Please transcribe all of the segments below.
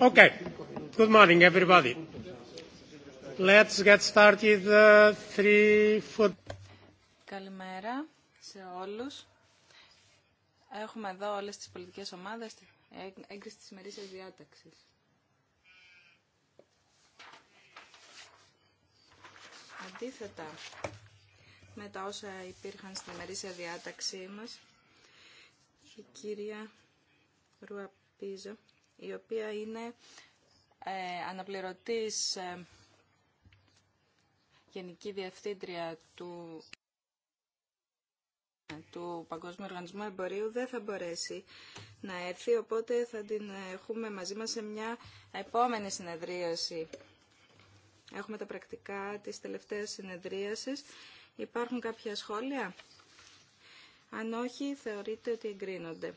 Καλημέρα σε όλους. Έχουμε εδώ όλες τις πολιτικές ομάδες έγκριση της ημερήσιας διάταξης. Αντίθετα με τα όσα υπήρχαν στη ημερήσια διάταξή μας, η κυρία Ρουαπίζα η οποία είναι ε, αναπληρωτής ε, Γενική Διευθύντρια του του Παγκόσμιου Οργανισμού Εμπορίου δεν θα μπορέσει να έρθει, οπότε θα την έχουμε μαζί μας σε μια επόμενη συνεδρίαση. Έχουμε τα πρακτικά της τελευταίας συνεδρίασης. Υπάρχουν κάποια σχόλια? Αν όχι, θεωρείτε ότι εγκρίνονται.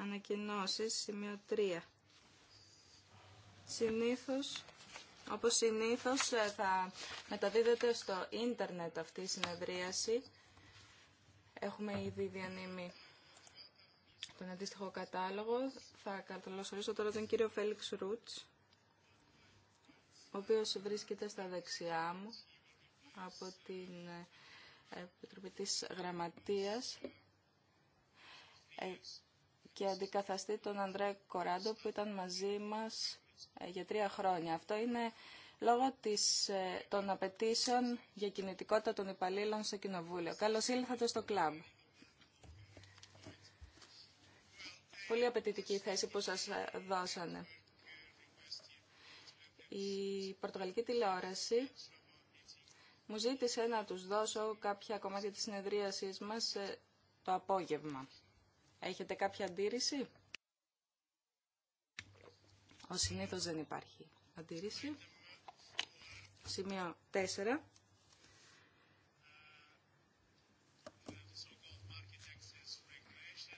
Ανακοινώσεις, σημείο 3. Συνήθως, όπως συνήθως ε, θα μεταδίδεται στο ίντερνετ αυτή η συνεδρίαση. Έχουμε ήδη διανύμει τον αντίστοιχο κατάλογο. Θα καταλωσορίσω τώρα τον κύριο Φέλιξ Ρούτς, ο οποίος βρίσκεται στα δεξιά μου από την ε, Επιτροπή της Γραμματείας ε, και αντικαθαστεί τον Ανδρέ Κοράντο που ήταν μαζί μας ε, για τρία χρόνια. Αυτό είναι λόγω της, ε, των απαιτήσεων για κινητικότητα των υπαλλήλων στο Κοινοβούλιο. Καλώς ήλθατε στο κλαμπ. Πολύ απαιτητική η θέση που σας ε, δώσανε. Η Πορτογαλική τηλεόραση μου ζήτησε να τους δώσω κάποια κομμάτια της συνεδρίασής μας το απόγευμα. Έχετε κάποια αντίρρηση? Ο συνήθως δεν υπάρχει αντίρρηση. Σημείο 4.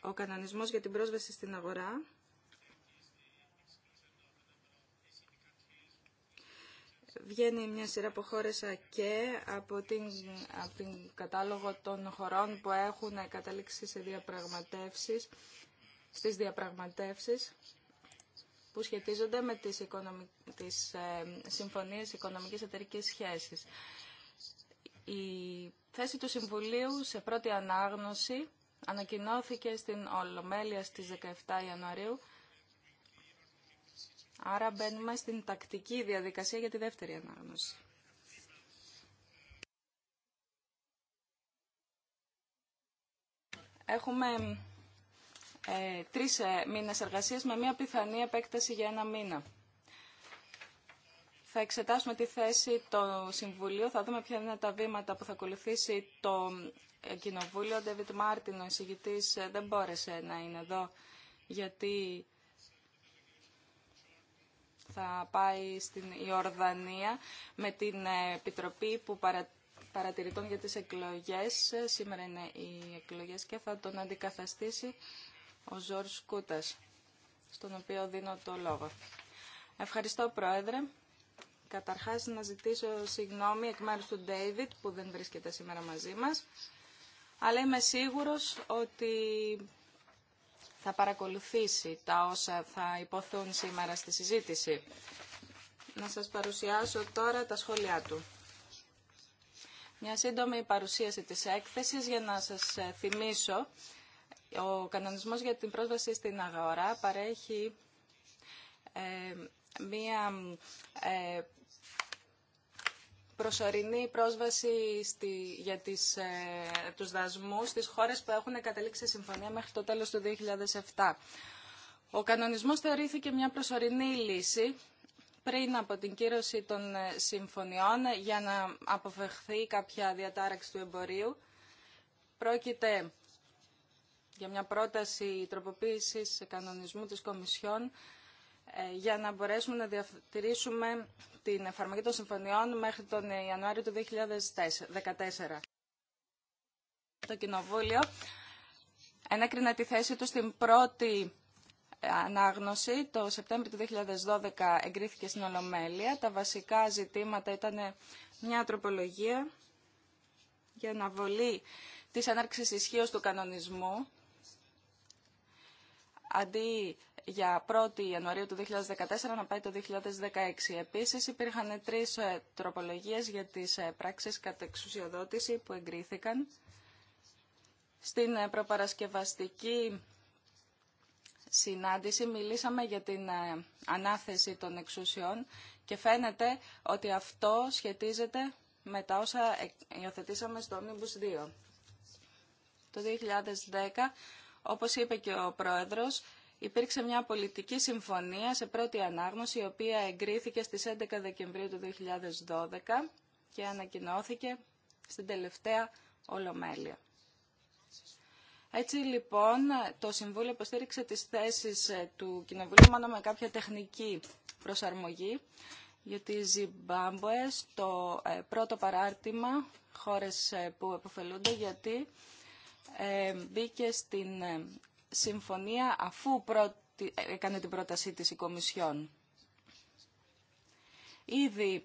Ο κανονισμός για την πρόσβαση στην αγορά βγαίνει μια σειρά από χώρες ΑΚΕ από την, από κατάλογο των χωρών που έχουν καταλήξει σε διαπραγματεύσεις, στις διαπραγματεύσεις που σχετίζονται με τις, οικονομι... τις ε, συμφωνίες οικονομικής εταιρικής σχέσης. Η θέση του Συμβουλίου σε πρώτη ανάγνωση ανακοινώθηκε στην Ολομέλεια στις 17 Ιανουαρίου Άρα μπαίνουμε στην τακτική διαδικασία για τη δεύτερη ανάγνωση. Έχουμε ε, τρεις ε, μήνες εργασίας με μια πιθανή επέκταση για ένα μήνα. Θα εξετάσουμε τη θέση το Συμβουλίο, θα δούμε ποια είναι τα βήματα που θα ακολουθήσει το ε, Κοινοβούλιο. Ο Ντέβιτ Μάρτιν, ο εισηγητής, ε, δεν μπόρεσε να είναι εδώ γιατί θα πάει στην Ιορδανία με την Επιτροπή που παρατηρητών για τις εκλογές. Σήμερα είναι οι εκλογές και θα τον αντικαθαστήσει ο Ζορ Κούτας, στον οποίο δίνω το λόγο. Ευχαριστώ Πρόεδρε. Καταρχάς να ζητήσω συγγνώμη εκ μέρους του Ντέιβιτ που δεν βρίσκεται σήμερα μαζί μας. Αλλά είμαι σίγουρος ότι θα παρακολουθήσει τα όσα θα υποθούν σήμερα στη συζήτηση. Να σας παρουσιάσω τώρα τα σχόλιά του. Μια σύντομη παρουσίαση της έκθεσης για να σας ε, θυμίσω. Ο κανονισμός για την πρόσβαση στην αγορά παρέχει ε, μία ε, προσωρινή πρόσβαση στη, για τις, ε, τους δασμούς στις χώρες που έχουν καταλήξει συμφωνία μέχρι το τέλος του 2007. Ο κανονισμός θεωρήθηκε μια προσωρινή λύση πριν από την κύρωση των ε, συμφωνιών για να αποφευχθεί κάποια διατάραξη του εμπορίου. Πρόκειται για μια πρόταση τροποποίησης κανονισμού της Κομισιόν ε, για να μπορέσουμε να διατηρήσουμε την εφαρμογή των συμφωνιών μέχρι τον Ιανουάριο του 2014. Το Κοινοβούλιο ενέκρινε τη θέση του στην πρώτη ανάγνωση. Το Σεπτέμβριο του 2012 εγκρίθηκε στην Ολομέλεια. Τα βασικά ζητήματα ήταν μια τροπολογία για αναβολή της έναρξης ισχύω του κανονισμού αντί για 1η Ιανουαρίου του 2014 να πάει το 2016. Επίσης υπήρχαν τρεις ε, τροπολογίες για τις ε, πράξεις εξουσιοδότηση που εγκρίθηκαν στην ε, προπαρασκευαστική συνάντηση μιλήσαμε για την ανάθεση των εξουσιών και φαίνεται ότι αυτό σχετίζεται με τα όσα υιοθετήσαμε στο Omnibus 2. Το 2010, όπως είπε και ο Πρόεδρος, υπήρξε μια πολιτική συμφωνία σε πρώτη ανάγνωση, η οποία εγκρίθηκε στις 11 Δεκεμβρίου του 2012 και ανακοινώθηκε στην τελευταία Ολομέλεια. Έτσι λοιπόν το Συμβούλιο υποστήριξε τις θέσεις ε, του Κοινοβουλίου μόνο με κάποια τεχνική προσαρμογή για τη Ζιμπάμπουε στο ε, πρώτο παράρτημα χώρες ε, που επωφελούνται γιατί μπήκε στην συμφωνία αφού έκανε την πρότασή της η Κομισιόν. Ήδη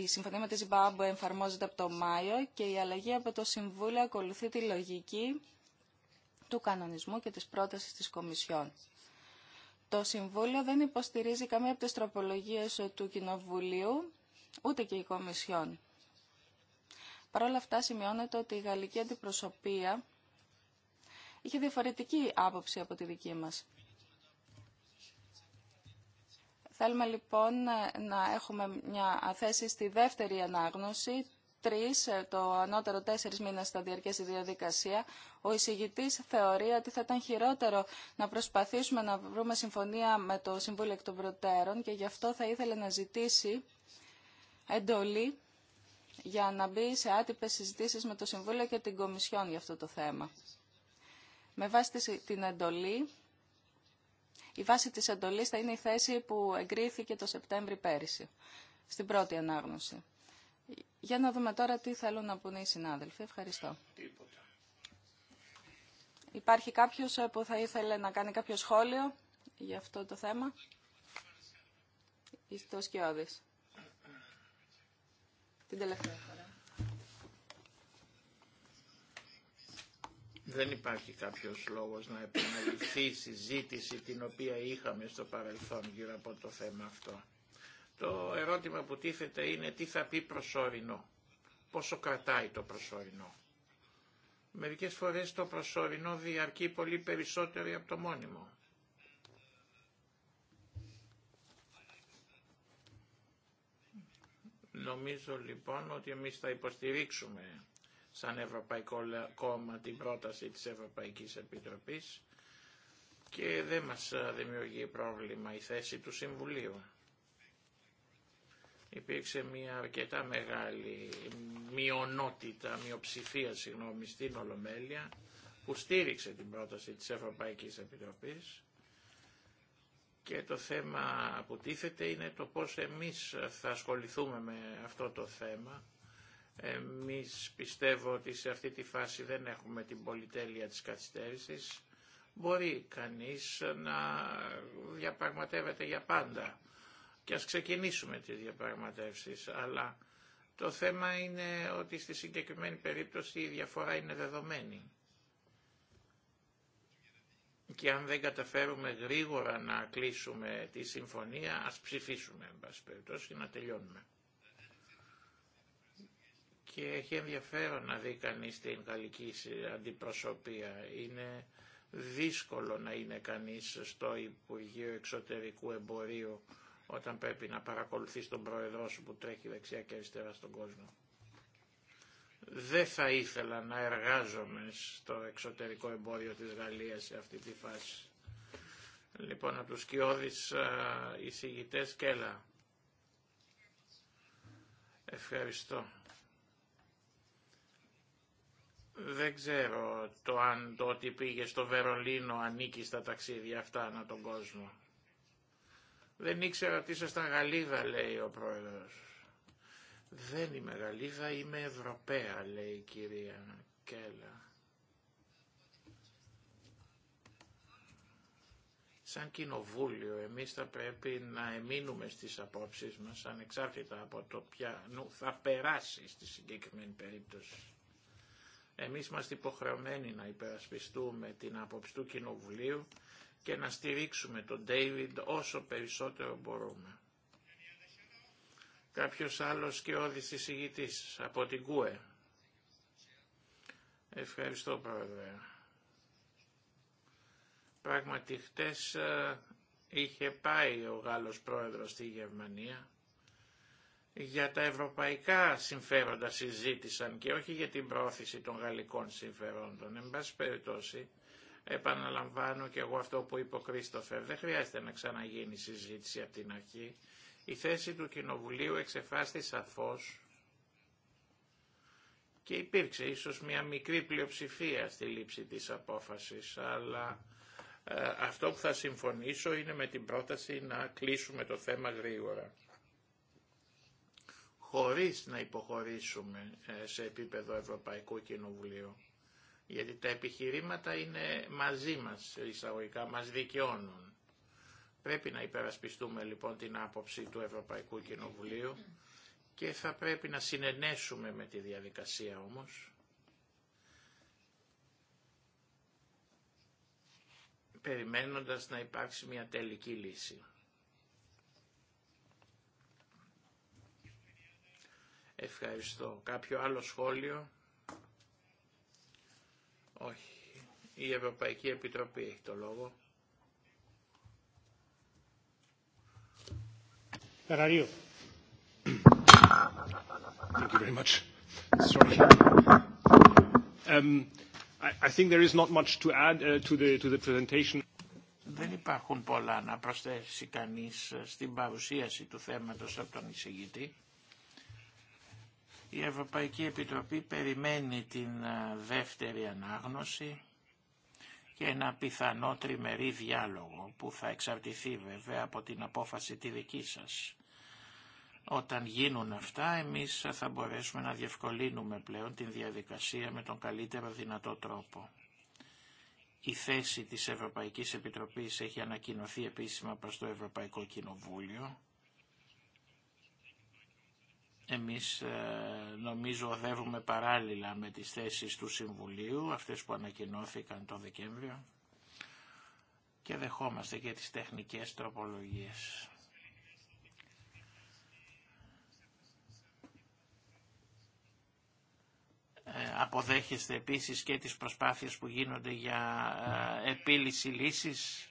η συμφωνία με τη Ζιμπάμπου εμφαρμόζεται από το Μάιο και η αλλαγή από το Συμβούλιο ακολουθεί τη λογική του κανονισμού και της πρότασης της Κομισιόν. Το Συμβούλιο δεν υποστηρίζει καμία από τις τροπολογίες του Κοινοβουλίου, ούτε και η Κομισιόν. Παρ' όλα αυτά σημειώνεται ότι η γαλλική αντιπροσωπεία είχε διαφορετική άποψη από τη δική μας. Θέλουμε λοιπόν να έχουμε μια θέση στη δεύτερη ανάγνωση, τρεις, το ανώτερο τέσσερις μήνες στα διαρκέσει διαδικασία. Ο εισηγητής θεωρεί ότι θα ήταν χειρότερο να προσπαθήσουμε να βρούμε συμφωνία με το Συμβούλιο εκ των Προτέρων και γι' αυτό θα ήθελε να ζητήσει εντολή για να μπει σε άτυπες συζητήσεις με το Συμβούλιο και την Κομισιόν για αυτό το θέμα. Με βάση την εντολή, η βάση της εντολής θα είναι η θέση που εγκρίθηκε το Σεπτέμβρη πέρυσι, στην πρώτη ανάγνωση. Για να δούμε τώρα τι θέλουν να πούνε οι συνάδελφοι. Ευχαριστώ. Τίποτα. Υπάρχει κάποιος που θα ήθελε να κάνει κάποιο σχόλιο για αυτό το θέμα. ο Σκιώδης. Την τελευταία. Δεν υπάρχει κάποιος λόγος να επαναληφθεί η συζήτηση την οποία είχαμε στο παρελθόν γύρω από το θέμα αυτό. Το ερώτημα που τίθεται είναι τι θα πει προσωρινό. Πόσο κρατάει το προσωρινό. Μερικές φορές το προσωρινό διαρκεί πολύ περισσότερο από το μόνιμο. Νομίζω λοιπόν ότι εμείς θα υποστηρίξουμε σαν Ευρωπαϊκό Κόμμα την πρόταση της Ευρωπαϊκής Επιτροπής και δεν μας ε, δημιουργεί πρόβλημα η θέση του Συμβουλίου. Υπήρξε μια αρκετά μεγάλη μειονότητα, μειοψηφία συγγνώμη, στην Ολομέλεια που στήριξε την πρόταση της Ευρωπαϊκής Επιτροπής και το θέμα που τίθεται είναι το πώς εμείς θα ασχοληθούμε με αυτό το θέμα εμείς πιστεύω ότι σε αυτή τη φάση δεν έχουμε την πολυτέλεια της καθυστέρησης. Μπορεί κανείς να διαπραγματεύεται για πάντα και ας ξεκινήσουμε τις διαπραγματεύσεις, αλλά το θέμα είναι ότι στη συγκεκριμένη περίπτωση η διαφορά είναι δεδομένη. Και αν δεν καταφέρουμε γρήγορα να κλείσουμε τη συμφωνία, ας ψηφίσουμε, εν πάση περιπτώσει, να τελειώνουμε και έχει ενδιαφέρον να δει κανείς την γαλλική αντιπροσωπεία. Είναι δύσκολο να είναι κανείς στο Υπουργείο Εξωτερικού Εμπορίου όταν πρέπει να παρακολουθεί τον πρόεδρό σου που τρέχει δεξιά και αριστερά στον κόσμο. Δεν θα ήθελα να εργάζομαι στο εξωτερικό εμπόριο της Γαλλίας σε αυτή τη φάση. Λοιπόν, από τους κοιόδης εισηγητές Κέλλα. Ευχαριστώ. Δεν ξέρω το αν το ότι πήγε στο Βερολίνο ανήκει στα ταξίδια αυτά ανά τον κόσμο. Δεν ήξερα ότι ήσασταν Γαλλίδα, λέει ο πρόεδρος. Δεν είμαι Γαλλίδα, είμαι Ευρωπαία, λέει η κυρία Κέλλα. Σαν κοινοβούλιο εμείς θα πρέπει να εμείνουμε στις απόψεις μας ανεξάρτητα από το ποια νου θα περάσει στη συγκεκριμένη περίπτωση. Εμείς είμαστε υποχρεωμένοι να υπερασπιστούμε την άποψη του Κοινοβουλίου και να στηρίξουμε τον Ντέιβιντ όσο περισσότερο μπορούμε. Κάποιος άλλος και όδης εισηγητής από την ΚΟΕ. Ευχαριστώ πρόεδρε. Πράγματι χτες ε, είχε πάει ο Γάλλος πρόεδρος στη Γερμανία για τα ευρωπαϊκά συμφέροντα συζήτησαν και όχι για την πρόθεση των γαλλικών συμφερόντων. Εν πάση περιπτώσει, επαναλαμβάνω και εγώ αυτό που είπε ο Κρίστοφερ, δεν χρειάζεται να ξαναγίνει συζήτηση από την αρχή. Η θέση του Κοινοβουλίου εξεφάστη σαφώς και υπήρξε ίσως μια μικρή πλειοψηφία στη λήψη της απόφασης, αλλά ε, αυτό που θα συμφωνήσω είναι με την πρόταση να κλείσουμε το θέμα γρήγορα χωρίς να υποχωρήσουμε ε, σε επίπεδο Ευρωπαϊκού Κοινοβουλίου. Γιατί τα επιχειρήματα είναι μαζί μας, εισαγωγικά, μας δικαιώνουν. Πρέπει να υπερασπιστούμε λοιπόν την άποψη του Ευρωπαϊκού Κοινοβουλίου και θα πρέπει να συνενέσουμε με τη διαδικασία όμως. περιμένοντας να υπάρξει μια τελική λύση. Ευχαριστώ. Κάποιο άλλο σχόλιο. Όχι. Η Ευρωπαϊκή Επιτροπή έχει το λόγο. Δεν υπάρχουν πολλά να προσθέσει κανείς ε, στην παρουσίαση του θέματος από τον εισηγητή. Η Ευρωπαϊκή Επιτροπή περιμένει την ε, δεύτερη ανάγνωση και ένα πιθανό τριμερή διάλογο που θα εξαρτηθεί βέβαια από την απόφαση τη δική σας. Όταν γίνουν αυτά εμείς θα μπορέσουμε να διευκολύνουμε πλέον την διαδικασία με τον καλύτερο δυνατό τρόπο. Η θέση της Ευρωπαϊκής Επιτροπής έχει ανακοινωθεί επίσημα προς το Ευρωπαϊκό Κοινοβούλιο εμείς ε, νομίζω οδεύουμε παράλληλα με τις θέσεις του Συμβουλίου, αυτές που ανακοινώθηκαν το Δεκέμβριο και δεχόμαστε και τις τεχνικές τροπολογίες. Ε, αποδέχεστε επίσης και τις προσπάθειες που γίνονται για ε, επίλυση λύσης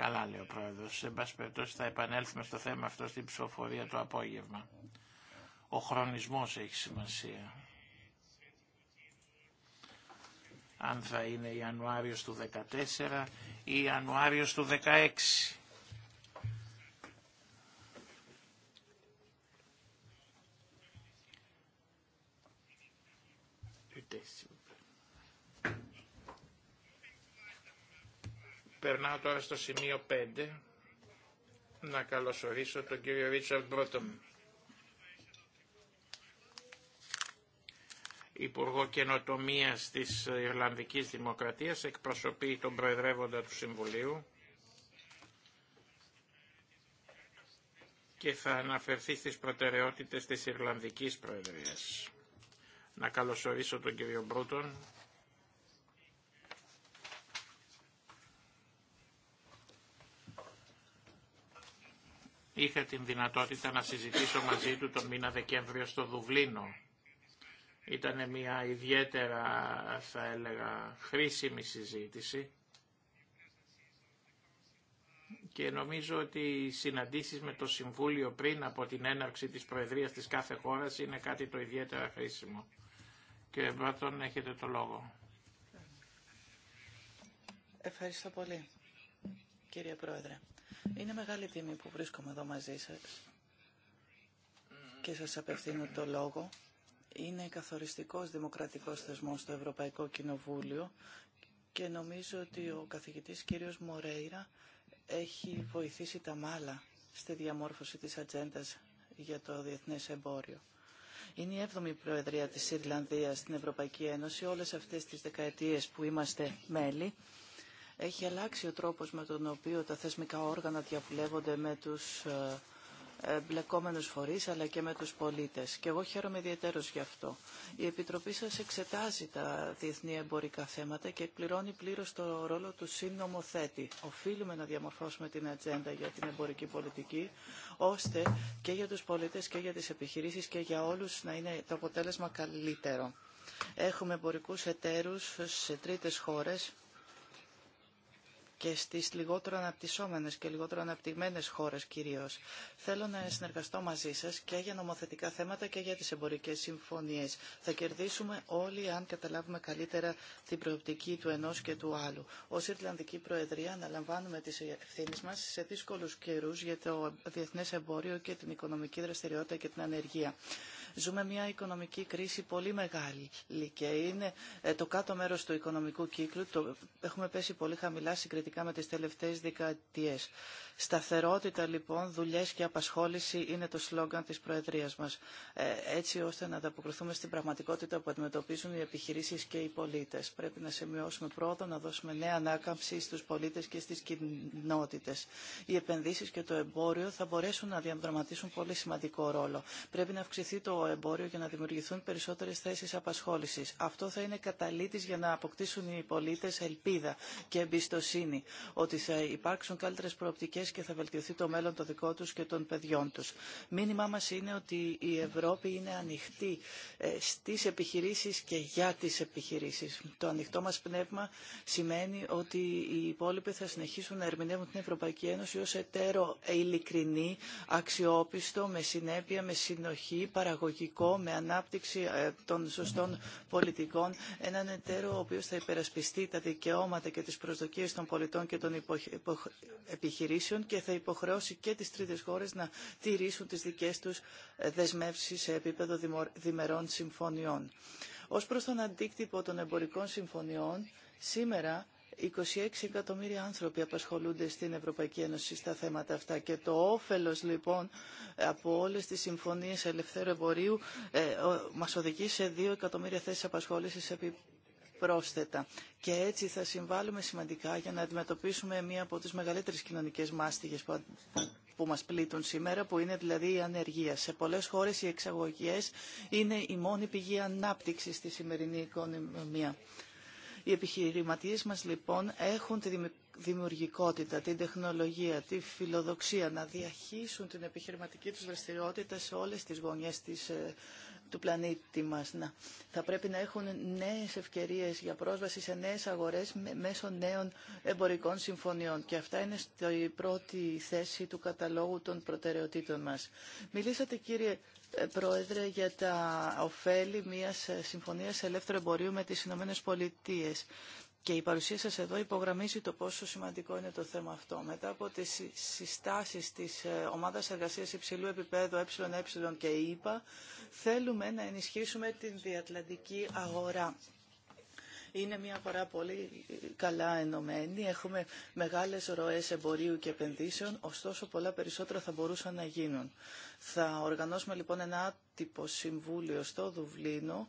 Καλά λέει ο Πρόεδρος. Σε περιπτώσει θα επανέλθουμε στο θέμα αυτό στην ψηφοφορία το απόγευμα. Ο χρονισμός έχει σημασία. Αν θα είναι Ιανουάριος του 14 ή Ιανουάριος του 16. Περνάω τώρα στο σημείο 5 να καλωσορίσω τον κύριο Ρίτσαρντ Μπρότον. Υπουργό Καινοτομία τη Ιρλανδική Δημοκρατία, εκπροσωπεί τον Προεδρεύοντα του Συμβουλίου και θα αναφερθεί στις προτεραιότητε της Ιρλανδική Προεδρίας. Να καλωσορίσω τον κύριο Μπρούτον. Είχα την δυνατότητα να συζητήσω μαζί του τον μήνα Δεκέμβριο στο Δουβλίνο. Ήταν μια ιδιαίτερα, θα έλεγα, χρήσιμη συζήτηση και νομίζω ότι οι συναντήσεις με το Συμβούλιο πριν από την έναρξη της Προεδρίας της κάθε χώρας είναι κάτι το ιδιαίτερα χρήσιμο. Και Μπράτον, έχετε το λόγο. Ευχαριστώ πολύ, κύριε Πρόεδρε. Είναι μεγάλη τιμή που βρίσκομαι εδώ μαζί σας και σας απευθύνω το λόγο. Είναι καθοριστικός δημοκρατικός θεσμός στο Ευρωπαϊκό Κοινοβούλιο και νομίζω ότι ο καθηγητής κύριος Μορέιρα έχει βοηθήσει τα μάλα στη διαμόρφωση της ατζέντα για το διεθνές εμπόριο. Είναι η 7 Προεδρία της Ιρλανδίας στην Ευρωπαϊκή Ένωση όλες αυτές τις δεκαετίες που είμαστε μέλη έχει αλλάξει ο τρόπος με τον οποίο τα θεσμικά όργανα διαβουλεύονται με τους ε, ε, μπλεκόμενους φορείς αλλά και με τους πολίτες. Και εγώ χαίρομαι ιδιαίτερος γι' αυτό. Η Επιτροπή σας εξετάζει τα διεθνή εμπορικά θέματα και εκπληρώνει πλήρως το ρόλο του συνομοθέτη. Οφείλουμε να διαμορφώσουμε την ατζέντα για την εμπορική πολιτική, ώστε και για τους πολίτες και για τις επιχειρήσεις και για όλους να είναι το αποτέλεσμα καλύτερο. Έχουμε εμπορικού εταίρους σε τρίτες χώρες και στις λιγότερο αναπτυσσόμενες και λιγότερο αναπτυγμένες χώρες κυρίως. Θέλω να συνεργαστώ μαζί σας και για νομοθετικά θέματα και για τις εμπορικές συμφωνίες. Θα κερδίσουμε όλοι αν καταλάβουμε καλύτερα την προοπτική του ενός και του άλλου. Ως Ιρλανδική Προεδρία αναλαμβάνουμε τις ευθύνε μας σε δύσκολους καιρούς για το διεθνές εμπόριο και την οικονομική δραστηριότητα και την ανεργία. Ζούμε μια οικονομική κρίση πολύ μεγάλη και είναι ε, το κάτω μέρος του οικονομικού κύκλου. Το έχουμε πέσει πολύ χαμηλά συγκριτικά με τις τελευταίες δεκαετίες. Σταθερότητα λοιπόν, δουλειές και απασχόληση είναι το σλόγγαν της Προεδρίας μας. Ε, έτσι ώστε να ανταποκριθούμε στην πραγματικότητα που αντιμετωπίζουν οι επιχειρήσεις και οι πολίτες. Πρέπει να σημειώσουμε πρώτο, να δώσουμε νέα ανάκαμψη στους πολίτες και στις κοινότητες. Οι επενδύσει και το εμπόριο θα μπορέσουν να διαδραματίσουν πολύ σημαντικό ρόλο. Πρέπει να αυξηθεί το εμπόριο για να δημιουργηθούν περισσότερες θέσεις απασχόλησης. Αυτό θα είναι καταλήτης για να αποκτήσουν οι πολίτες ελπίδα και εμπιστοσύνη ότι θα υπάρξουν καλύτερες προοπτικές και θα βελτιωθεί το μέλλον το δικό τους και των παιδιών τους. Μήνυμά μας είναι ότι η Ευρώπη είναι ανοιχτή ε, στις επιχειρήσεις και για τις επιχειρήσεις. Το ανοιχτό μας πνεύμα σημαίνει ότι οι υπόλοιποι θα συνεχίσουν να ερμηνεύουν την Ευρωπαϊκή Ένωση ως εταίρο ειλικρινή, αξιόπιστο, με συνέπεια, με συνοχή, παραγωγή με ανάπτυξη ε, των σωστών πολιτικών, έναν εταίρο ο οποίος θα υπερασπιστεί τα δικαιώματα και τις προσδοκίες των πολιτών και των επιχειρήσεων και θα υποχρεώσει και τις τρίτες χώρες να τηρήσουν τις δικές τους ε, δεσμεύσεις σε επίπεδο διμερών συμφωνιών. Ως προς τον αντίκτυπο των εμπορικών συμφωνιών, σήμερα 26 εκατομμύρια άνθρωποι απασχολούνται στην Ευρωπαϊκή Ένωση στα θέματα αυτά και το όφελος λοιπόν από όλες τις συμφωνίες ελευθέρου εμπορίου ε, μας οδηγεί σε 2 εκατομμύρια θέσεις απασχόλησης επιπρόσθετα. Και έτσι θα συμβάλλουμε σημαντικά για να αντιμετωπίσουμε μία από τις μεγαλύτερες κοινωνικές μάστιγες που που μας πλήττουν σήμερα, που είναι δηλαδή η ανεργία. Σε πολλές χώρες οι εξαγωγές είναι η μόνη πηγή ανάπτυξης στη σημερινή οικονομία. Οι επιχειρηματίες μας λοιπόν έχουν τη δημιουργικότητα, την τεχνολογία, τη φιλοδοξία να διαχύσουν την επιχειρηματική τους δραστηριότητα σε όλες τις γωνιές ε, του πλανήτη μας. Θα πρέπει να έχουν νέες ευκαιρίες για πρόσβαση σε νέες αγορές μέσω νέων εμπορικών συμφωνιών. Και αυτά είναι στη πρώτη θέση του καταλόγου των προτεραιοτήτων μας. Μιλήσατε κύριε ε, πρόεδρε, για τα ωφέλη μιας ε, συμφωνίας ελεύθερου εμπορίου με τις Ηνωμένες Πολιτείες. Και η παρουσία σας εδώ υπογραμμίζει το πόσο σημαντικό είναι το θέμα αυτό. Μετά από τις συστάσεις της ε, Ομάδας Εργασίας Υψηλού Επιπέδου ΕΕ και ΕΕ, θέλουμε να ενισχύσουμε την διατλαντική αγορά. Είναι μια αγορά πολύ καλά ενωμένη. Έχουμε μεγάλες ροέ εμπορίου και επενδύσεων, ωστόσο πολλά περισσότερα θα μπορούσαν να γίνουν. Θα οργανώσουμε λοιπόν ένα άτυπο συμβούλιο στο Δουβλίνο,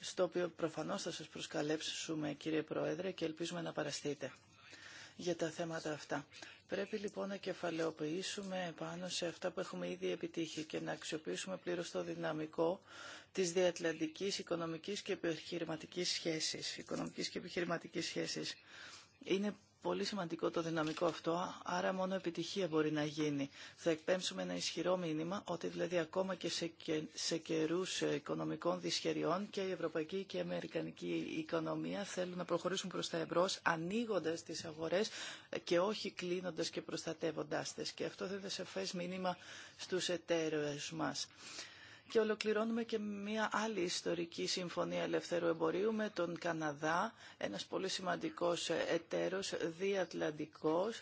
στο οποίο προφανώς θα σας προσκαλέψουμε κύριε Πρόεδρε και ελπίζουμε να παραστείτε για τα θέματα αυτά. Πρέπει λοιπόν να κεφαλαιοποιήσουμε πάνω σε αυτά που έχουμε ήδη επιτύχει και να αξιοποιήσουμε πλήρως το δυναμικό της διατλαντικής οικονομικής και επιχειρηματικής σχέσης. Οικονομικής και επιχειρηματικής σχέσης. Είναι πολύ σημαντικό το δυναμικό αυτό, άρα μόνο επιτυχία μπορεί να γίνει. Θα εκπέμψουμε ένα ισχυρό μήνυμα ότι δηλαδή ακόμα και σε, και, καιρούς ε, οικονομικών δυσχεριών και η ευρωπαϊκή και η αμερικανική οικονομία θέλουν να προχωρήσουν προς τα εμπρός, ανοίγοντας τις αγορές και όχι κλείνοντας και προστατεύοντάς τις. Και αυτό θα είναι σαφές μήνυμα στους εταίρους μας και ολοκληρώνουμε και μία άλλη ιστορική συμφωνία ελευθερού εμπορίου με τον Καναδά, ένας πολύ σημαντικός εταίρος διατλαντικός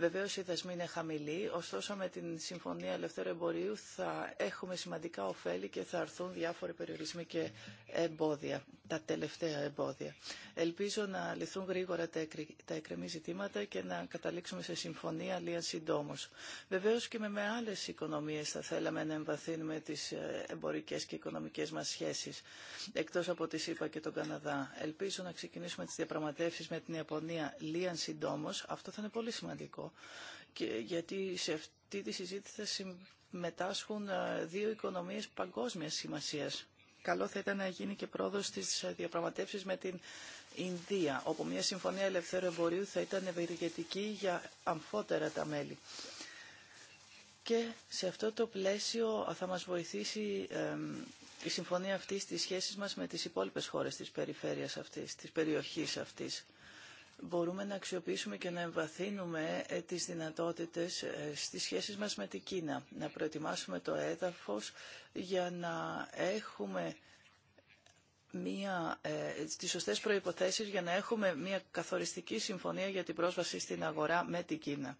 Βεβαίω οι δασμοί είναι χαμηλοί, ωστόσο με την Συμφωνία Ελευθέρου Εμπορίου θα έχουμε σημαντικά ωφέλη και θα αρθούν διάφοροι περιορισμοί και εμπόδια, τα τελευταία εμπόδια. Ελπίζω να λυθούν γρήγορα τα εκκρεμή ζητήματα και να καταλήξουμε σε συμφωνία λίγα συντόμω. Βεβαίω και με, με άλλε οικονομίε θα θέλαμε να εμβαθύνουμε τι ε, εμπορικέ και οικονομικέ μα σχέσει, εκτό από τη ΣΥΠΑ και τον Καναδά. Ελπίζω να ξεκινήσουμε τι διαπραγματεύσει με την Ιαπωνία λίγαν συντόμω. Αυτό θα είναι πολύ σημαντικό γιατί σε αυτή τη συζήτηση θα συμμετάσχουν ε, δύο οικονομίες παγκόσμιας σημασίας. Καλό θα ήταν να γίνει και πρόοδος στις ε, διαπραγματεύσεις με την Ινδία, όπου μια συμφωνία ελευθέρου εμπορίου θα ήταν ευεργετική για αμφότερα τα μέλη. Και σε αυτό το πλαίσιο ε, θα μας βοηθήσει η συμφωνία αυτή στις σχέσεις μας με τις υπόλοιπες χώρες της περιφέρειας αυτής, της περιοχής αυτής μπορούμε να αξιοποιήσουμε και να εμβαθύνουμε ε, τις δυνατότητες ε, στις σχέσεις μας με την Κίνα. Να προετοιμάσουμε το έδαφος για να έχουμε μία, ε, τις σωστές προϋποθέσεις για να έχουμε μία καθοριστική συμφωνία για την πρόσβαση στην αγορά με την Κίνα.